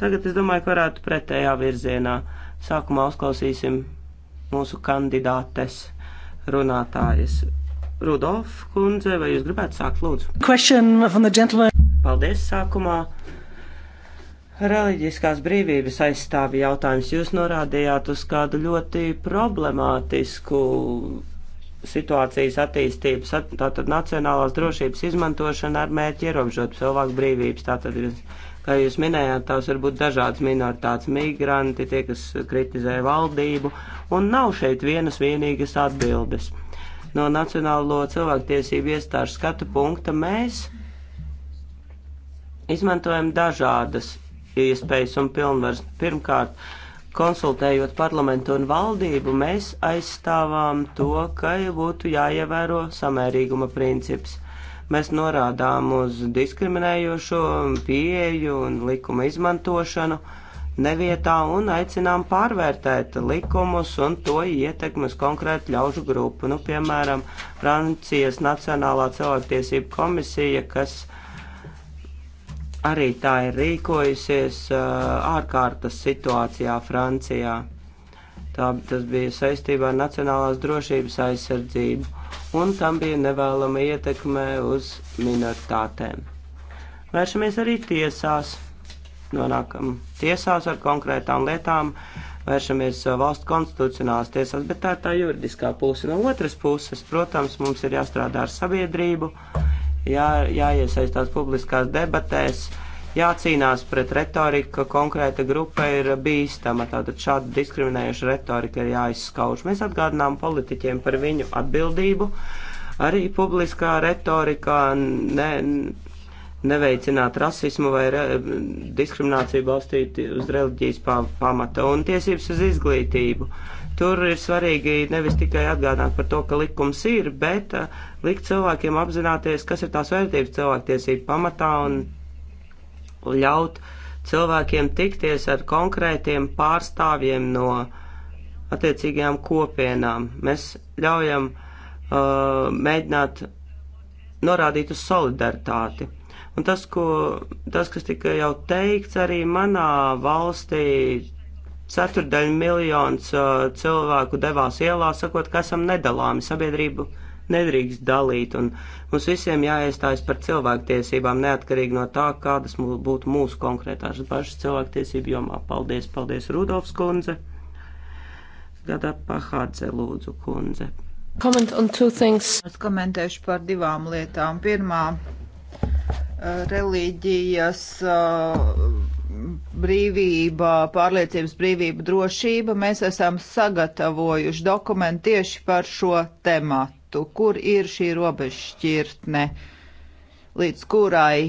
Tagad es domāju, ka varētu pretējā virzienā. Sākumā uzklausīsim mūsu kandidātes runātājas. Rudolf kundze, vai jūs gribētu sākt lūdzu? Question from the gentleman. Paldies sākumā. Reliģiskās brīvības aizstāvi jautājums. Jūs norādījāt uz kādu ļoti problemātisku situācijas attīstības, at, tātad nacionālās drošības izmantošana ar mērķi ierobežot cilvēku brīvības. Tātad, kā jūs minējāt, tās var būt dažādas minoritātes migranti, tie, kas kritizē valdību, un nav šeit vienas vienīgas atbildes. No Nacionālo cilvēktiesību iestāžu skatu punkta mēs Izmantojam dažādas iespējas un pilnvaras. Pirmkārt, konsultējot parlamentu un valdību, mēs aizstāvām to, ka būtu jāievēro samērīguma princips. Mēs norādām uz diskriminējošo pieeju un likuma izmantošanu nevietā un aicinām pārvērtēt likumus un to ietekmes konkrētu ļaužu grupu. Nu, piemēram, Francijas Nacionālā cilvēktiesība komisija, kas arī tā ir rīkojusies uh, ārkārtas situācijā Francijā. Tā, tas bija saistībā ar nacionālās drošības aizsardzību, un tam bija nevēlama ietekme uz minoritātēm. Vēršamies arī tiesās, nonākam tiesās ar konkrētām lietām, vēršamies uh, valsts konstitucionālās tiesās, bet tā ir tā juridiskā puse. No otras puses, protams, mums ir jāstrādā ar sabiedrību, jā, jāiesaistās publiskās debatēs, jācīnās pret retoriku, ka konkrēta grupa ir bīstama. Tātad šāda diskriminējoša retorika ir jāizskauž. Mēs atgādinām politiķiem par viņu atbildību. Arī publiskā retorika ne, neveicināt rasismu vai re, diskrimināciju balstīt uz reliģijas pamata un tiesības uz izglītību. Uh, Tur ir svarīgi nevis tikai atgādināt par to, ka likums ir, bet uh, likt cilvēkiem apzināties, kas ir tās vērtības cilvēktiesību pamatā un ļaut cilvēkiem tikties ar konkrētiem pārstāvjiem no attiecīgajām kopienām. Mēs ļaujam uh, mēģināt norādīt uz solidaritāti. Un tas, ko, tas, kas tika jau teikts arī manā valstī, ceturdaļu miljons uh, cilvēku devās ielā, sakot, ka esam nedalāmi, sabiedrību nedrīkst dalīt, un mums visiem jāiestājas par cilvēktiesībām, neatkarīgi no tā, kādas mūs, būtu mūsu konkrētās bažas cilvēktiesību jomā. Paldies, paldies, Rudolfs kundze. Gadā pahādze, lūdzu, kundze. Comment on two things. Es komentēšu par divām lietām. Pirmā, uh, reliģijas. Uh, brīvība, pārliecības brīvība, drošība, mēs esam sagatavojuši dokumentu tieši par šo tematu, kur ir šī robežšķirtne, līdz kurai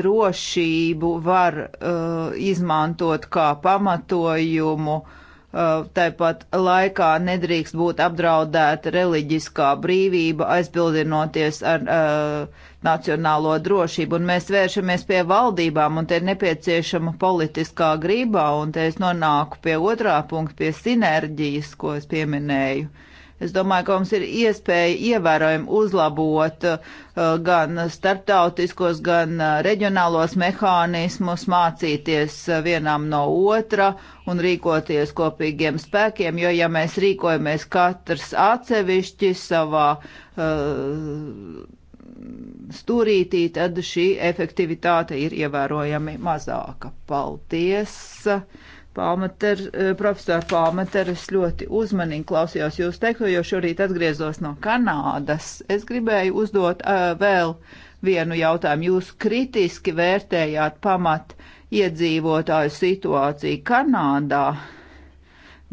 drošību var uh, izmantot kā pamatojumu uh, Uh, tāpat laikā nedrīkst būt apdraudēta reliģiskā brīvība, aizbildinoties ar uh, nacionālo drošību. Un mēs vēršamies pie valdībām, un te ir nepieciešama politiskā grība, un te es nonāku pie otrā punkta, pie sinerģijas, ko es pieminēju. Uh, Es domāju, ka mums ir iespēja ievērojami uzlabot uh, gan starptautiskos, gan uh, reģionālos mehānismus, mācīties uh, vienam no otra un rīkoties kopīgiem spēkiem, jo ja mēs rīkojamies katrs atsevišķi savā uh, stūrītī, tad šī efektivitāte ir ievērojami mazāka. Paldies! Palmeter, eh, profesor Palmeter, es ļoti uzmanīgi klausījos jūs teikto, jo šorīt atgriezos no Kanādas. Es gribēju uzdot uh, vēl vienu jautājumu. Jūs kritiski vērtējāt pamat iedzīvotāju situāciju Kanādā.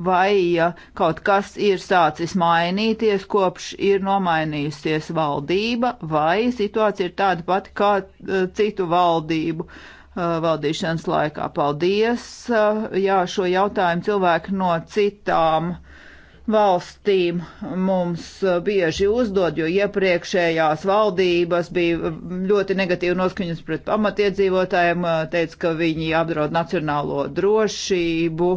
Vai ja kaut kas ir sācis mainīties, kopš ir nomainījusies valdība, vai situācija ir tāda pati kā uh, citu valdību uh, Uh, valdīšanas laikā. Paldies! Uh, jā, šo jautājumu cilvēki no citām valstīm mums uh, bieži uzdod, jo iepriekšējās valdības bija ļoti negatīvi noskaņas pret pamatiedzīvotājiem, teica, ka viņi apdraud nacionālo drošību.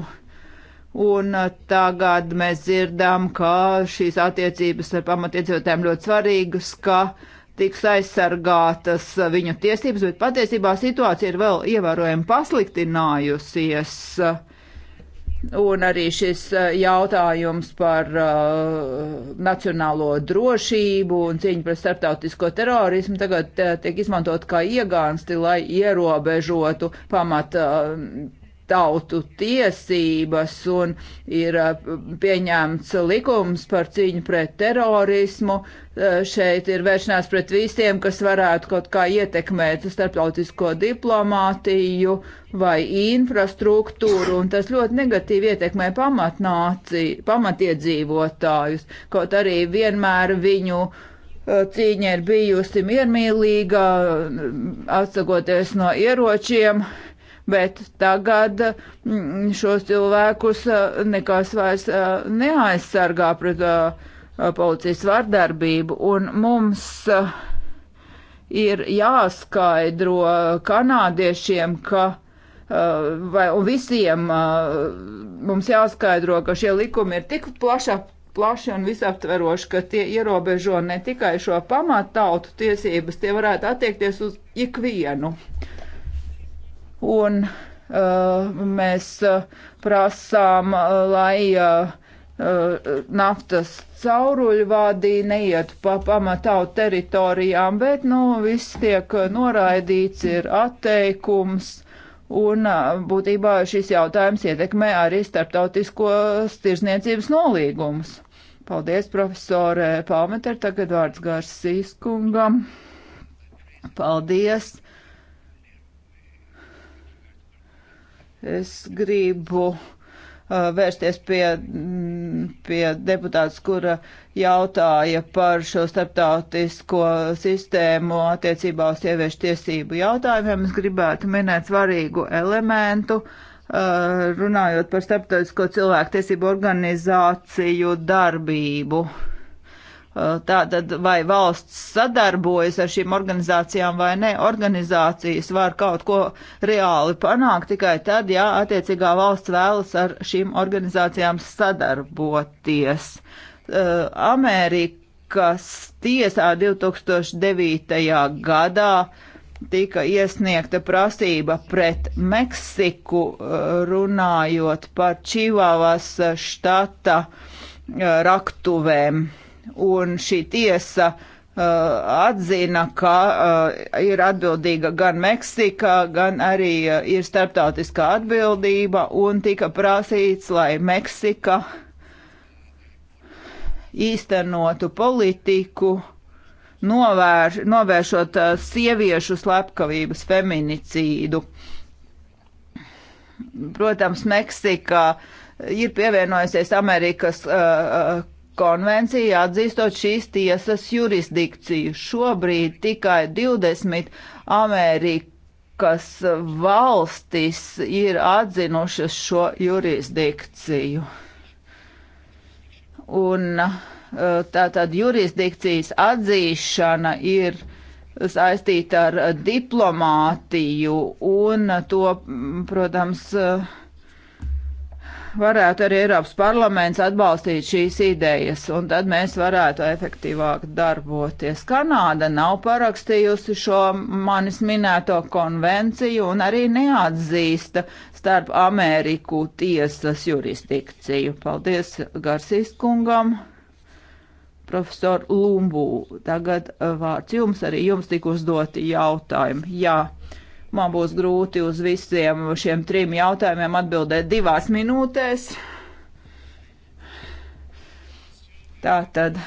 Un tagad mēs dzirdam, ka šīs attiecības ar pamatiedzīvotājiem ļoti svarīgas, ka uh, tiks aizsargātas uh, viņu tiesības, bet patiesībā situācija ir vēl ievērojami pasliktinājusies. Un arī šis uh, jautājums par uh, nacionālo drošību un cīņu pret starptautisko terorismu tagad uh, tiek izmantot kā iegānsti, lai ierobežotu pamata uh, tautu tiesības un ir uh, pieņemts likums par cīņu pret terorismu. Uh, šeit ir vēršanās pret visiem, kas varētu kaut kā ietekmēt starptautisko diplomātiju vai infrastruktūru, un tas ļoti negatīvi ietekmē pamatnāciju, pamatiedzīvotājus, kaut arī vienmēr viņu uh, cīņa ir bijusi miermīlīga, atsakoties no ieročiem bet tagad mm, šos cilvēkus nekas vairs neaizsargā pret policijas vardarbību, un mums ir jāskaidro kanādiešiem, ka vai visiem mums jāskaidro, ka šie likumi ir tik plaši, plaši un visaptveroši, ka tie ierobežo ne tikai šo pamattautu tiesības, tie varētu attiekties uz ikvienu. Uh, un uh, mēs uh, prasām, uh, lai uh, uh naftas cauruļvādī neiet pa pamatau teritorijām, bet, nu, viss tiek noraidīts, ir atteikums, un uh, būtībā šis jautājums ietekmē arī starptautisko tirzniecības nolīgumus. Paldies, profesore Palmeter, tagad vārds Garsīs kungam. Paldies! Es gribu uh, vērsties pie, mm, pie deputāts, kura jautāja par šo starptautisko sistēmu attiecībā uz sieviešu tiesību jautājumiem. Es gribētu minēt svarīgu elementu, uh, runājot par starptautisko cilvēku tiesību organizāciju darbību. Uh, tātad vai valsts sadarbojas ar šīm organizācijām vai ne, organizācijas var kaut ko reāli panākt tikai tad, ja attiecīgā valsts vēlas ar šīm organizācijām sadarboties. Uh, Amerikas tiesā 2009. gadā tika iesniegta prasība pret Meksiku uh, runājot par Čivavas štata raktuvēm un šī tiesa uh, atzina, ka uh, ir atbildīga gan Meksika, gan arī uh, ir starptautiskā atbildība, un tika prasīts, lai Meksika īstenotu politiku, novērš, novēršot uh, sieviešu slepkavības feminicīdu. Protams, Meksikā ir pievienojusies Amerikas uh, uh konvencija atzīstot šīs tiesas jurisdikciju. Šobrīd tikai 20 Amerikas valstis ir atzinušas šo jurisdikciju. Un eh, tātad jurisdikcijas atzīšana ir saistīta ar diplomātiju un to, protams, uh, varētu arī Eiropas parlaments atbalstīt šīs idejas, un tad mēs varētu efektīvāk darboties. Kanāda nav parakstījusi šo manis minēto konvenciju un arī neatzīsta starp Ameriku tiesas jurisdikciju. Paldies Garsīs kungam, profesor Lumbū. Tagad vārds jums, arī jums tik uzdoti jautājumi. Jā. Man būs grūti uz visiem šiem trim jautājumiem atbildēt divās minūtēs. Tā tad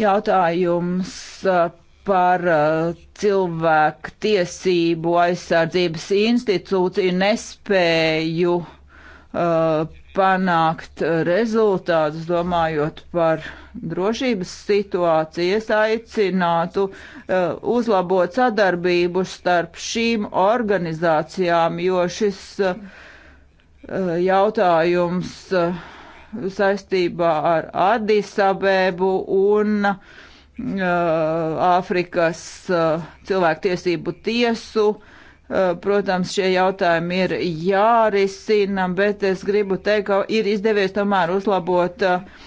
jautājums uh, par uh, cilvēku tiesību aizsardzības institūciju nespēju uh, panākt uh, rezultātus, domājot par drošības situāciju, es aicinātu uh, uzlabot sadarbību starp šīm organizācijām, jo šis uh, uh jautājums uh, saistībā ar Adisabēbu un uh, Āfrikas cilvēktiesību tiesu uh, Eh, protams, šie jautājumi ir jārisina, bet es gribu teikt, ka ir izdevies tomēr uzlabot eh,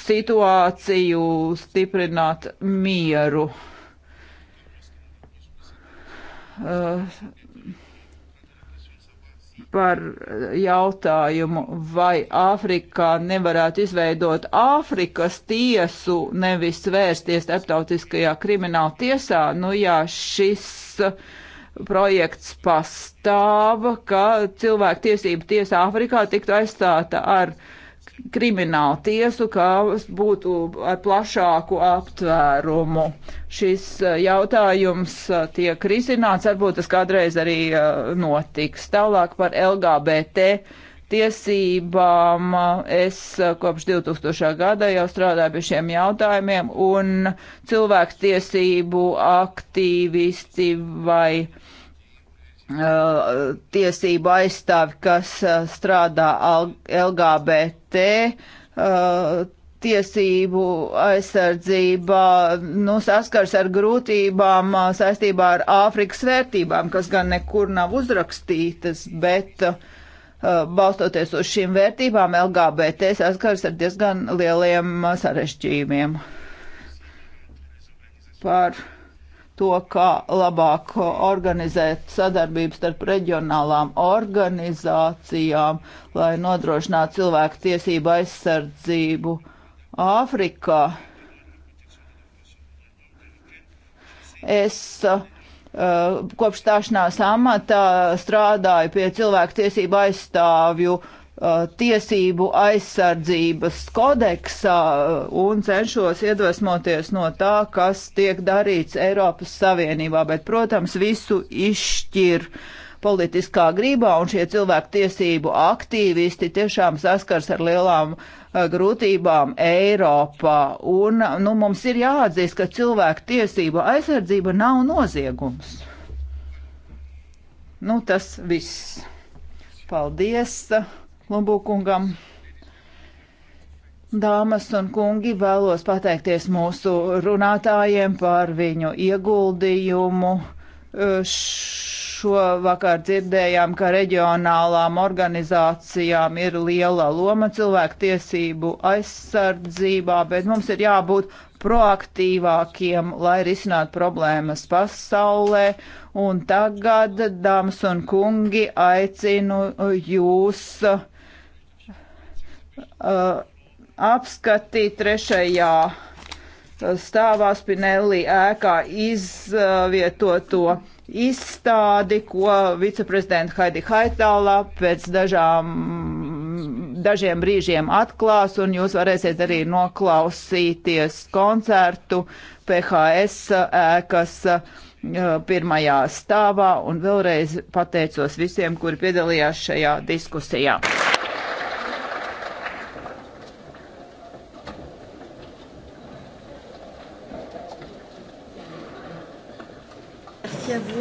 situāciju, stiprināt mieru. Eh, par jautājumu, vai Āfrikā nevarētu izveidot Āfrikas tiesu, nevis vērsties starptautiskajā krimināla tiesā, nu jā, šis uh, projekts pastāv, ka cilvēku tiesību tiesa Āfrikā tiktu aizstāta ar kriminālu tiesu, kas būtu ar plašāku aptvērumu. Šis eh, jautājums eh, tiek risināts, varbūt tas kādreiz arī eh, notiks. Tālāk par LGBT tiesībām. Es kopš 2000. gada jau strādāju pie šiem jautājumiem, un cilvēktiesību aktīvisti vai Uh, tiesību aizstāvi, kas uh, strādā LGBT uh, tiesību aizsardzībā, nu, saskars ar grūtībām saistībā ar Āfrikas vērtībām, kas gan nekur nav uzrakstītas, bet balstoties uz šīm vērtībām, LGBT saskars ar diezgan lieliem sarežģījumiem. Par to, kā labāk organizēt sadarbību starp reģionālām organizācijām, lai nodrošinātu cilvēku tiesību aizsardzību Āfrikā. Es uh, kopš stāšanās amatā strādāju pie cilvēku tiesību aizstāvju uh, Uh, tiesību aizsardzības kodeksā uh, un cenšos iedvesmoties no tā, kas tiek darīts Eiropas Savienībā, bet, protams, visu izšķir politiskā grībā un šie cilvēku tiesību aktīvisti tiešām saskars ar lielām uh, grūtībām Eiropā. Un, nu, mums ir jāatzīst, ka cilvēku tiesību aizsardzība nav noziegums. Nu, tas viss. Paldies! Lumbūkungam. Dāmas un kungi, vēlos pateikties mūsu runātājiem par viņu ieguldījumu. Šovakar dzirdējām, ka reģionālām organizācijām ir liela loma cilvēktiesību aizsardzībā, bet mums ir jābūt proaktīvākiem, lai risinātu problēmas pasaulē. Un tagad, dāmas un kungi, aicinu jūs uh, uh, apskatīt trešajā uh, stāvā Spinelli ēkā izvietoto izstādi, ko viceprezidenta Haidi Haitālā pēc dažām, dažiem brīžiem atklās, un jūs varēsiet arī noklausīties koncertu PHS ēkas uh, pirmajā stāvā, un vēlreiz pateicos visiem, kuri piedalījās šajā diskusijā. qui a voulu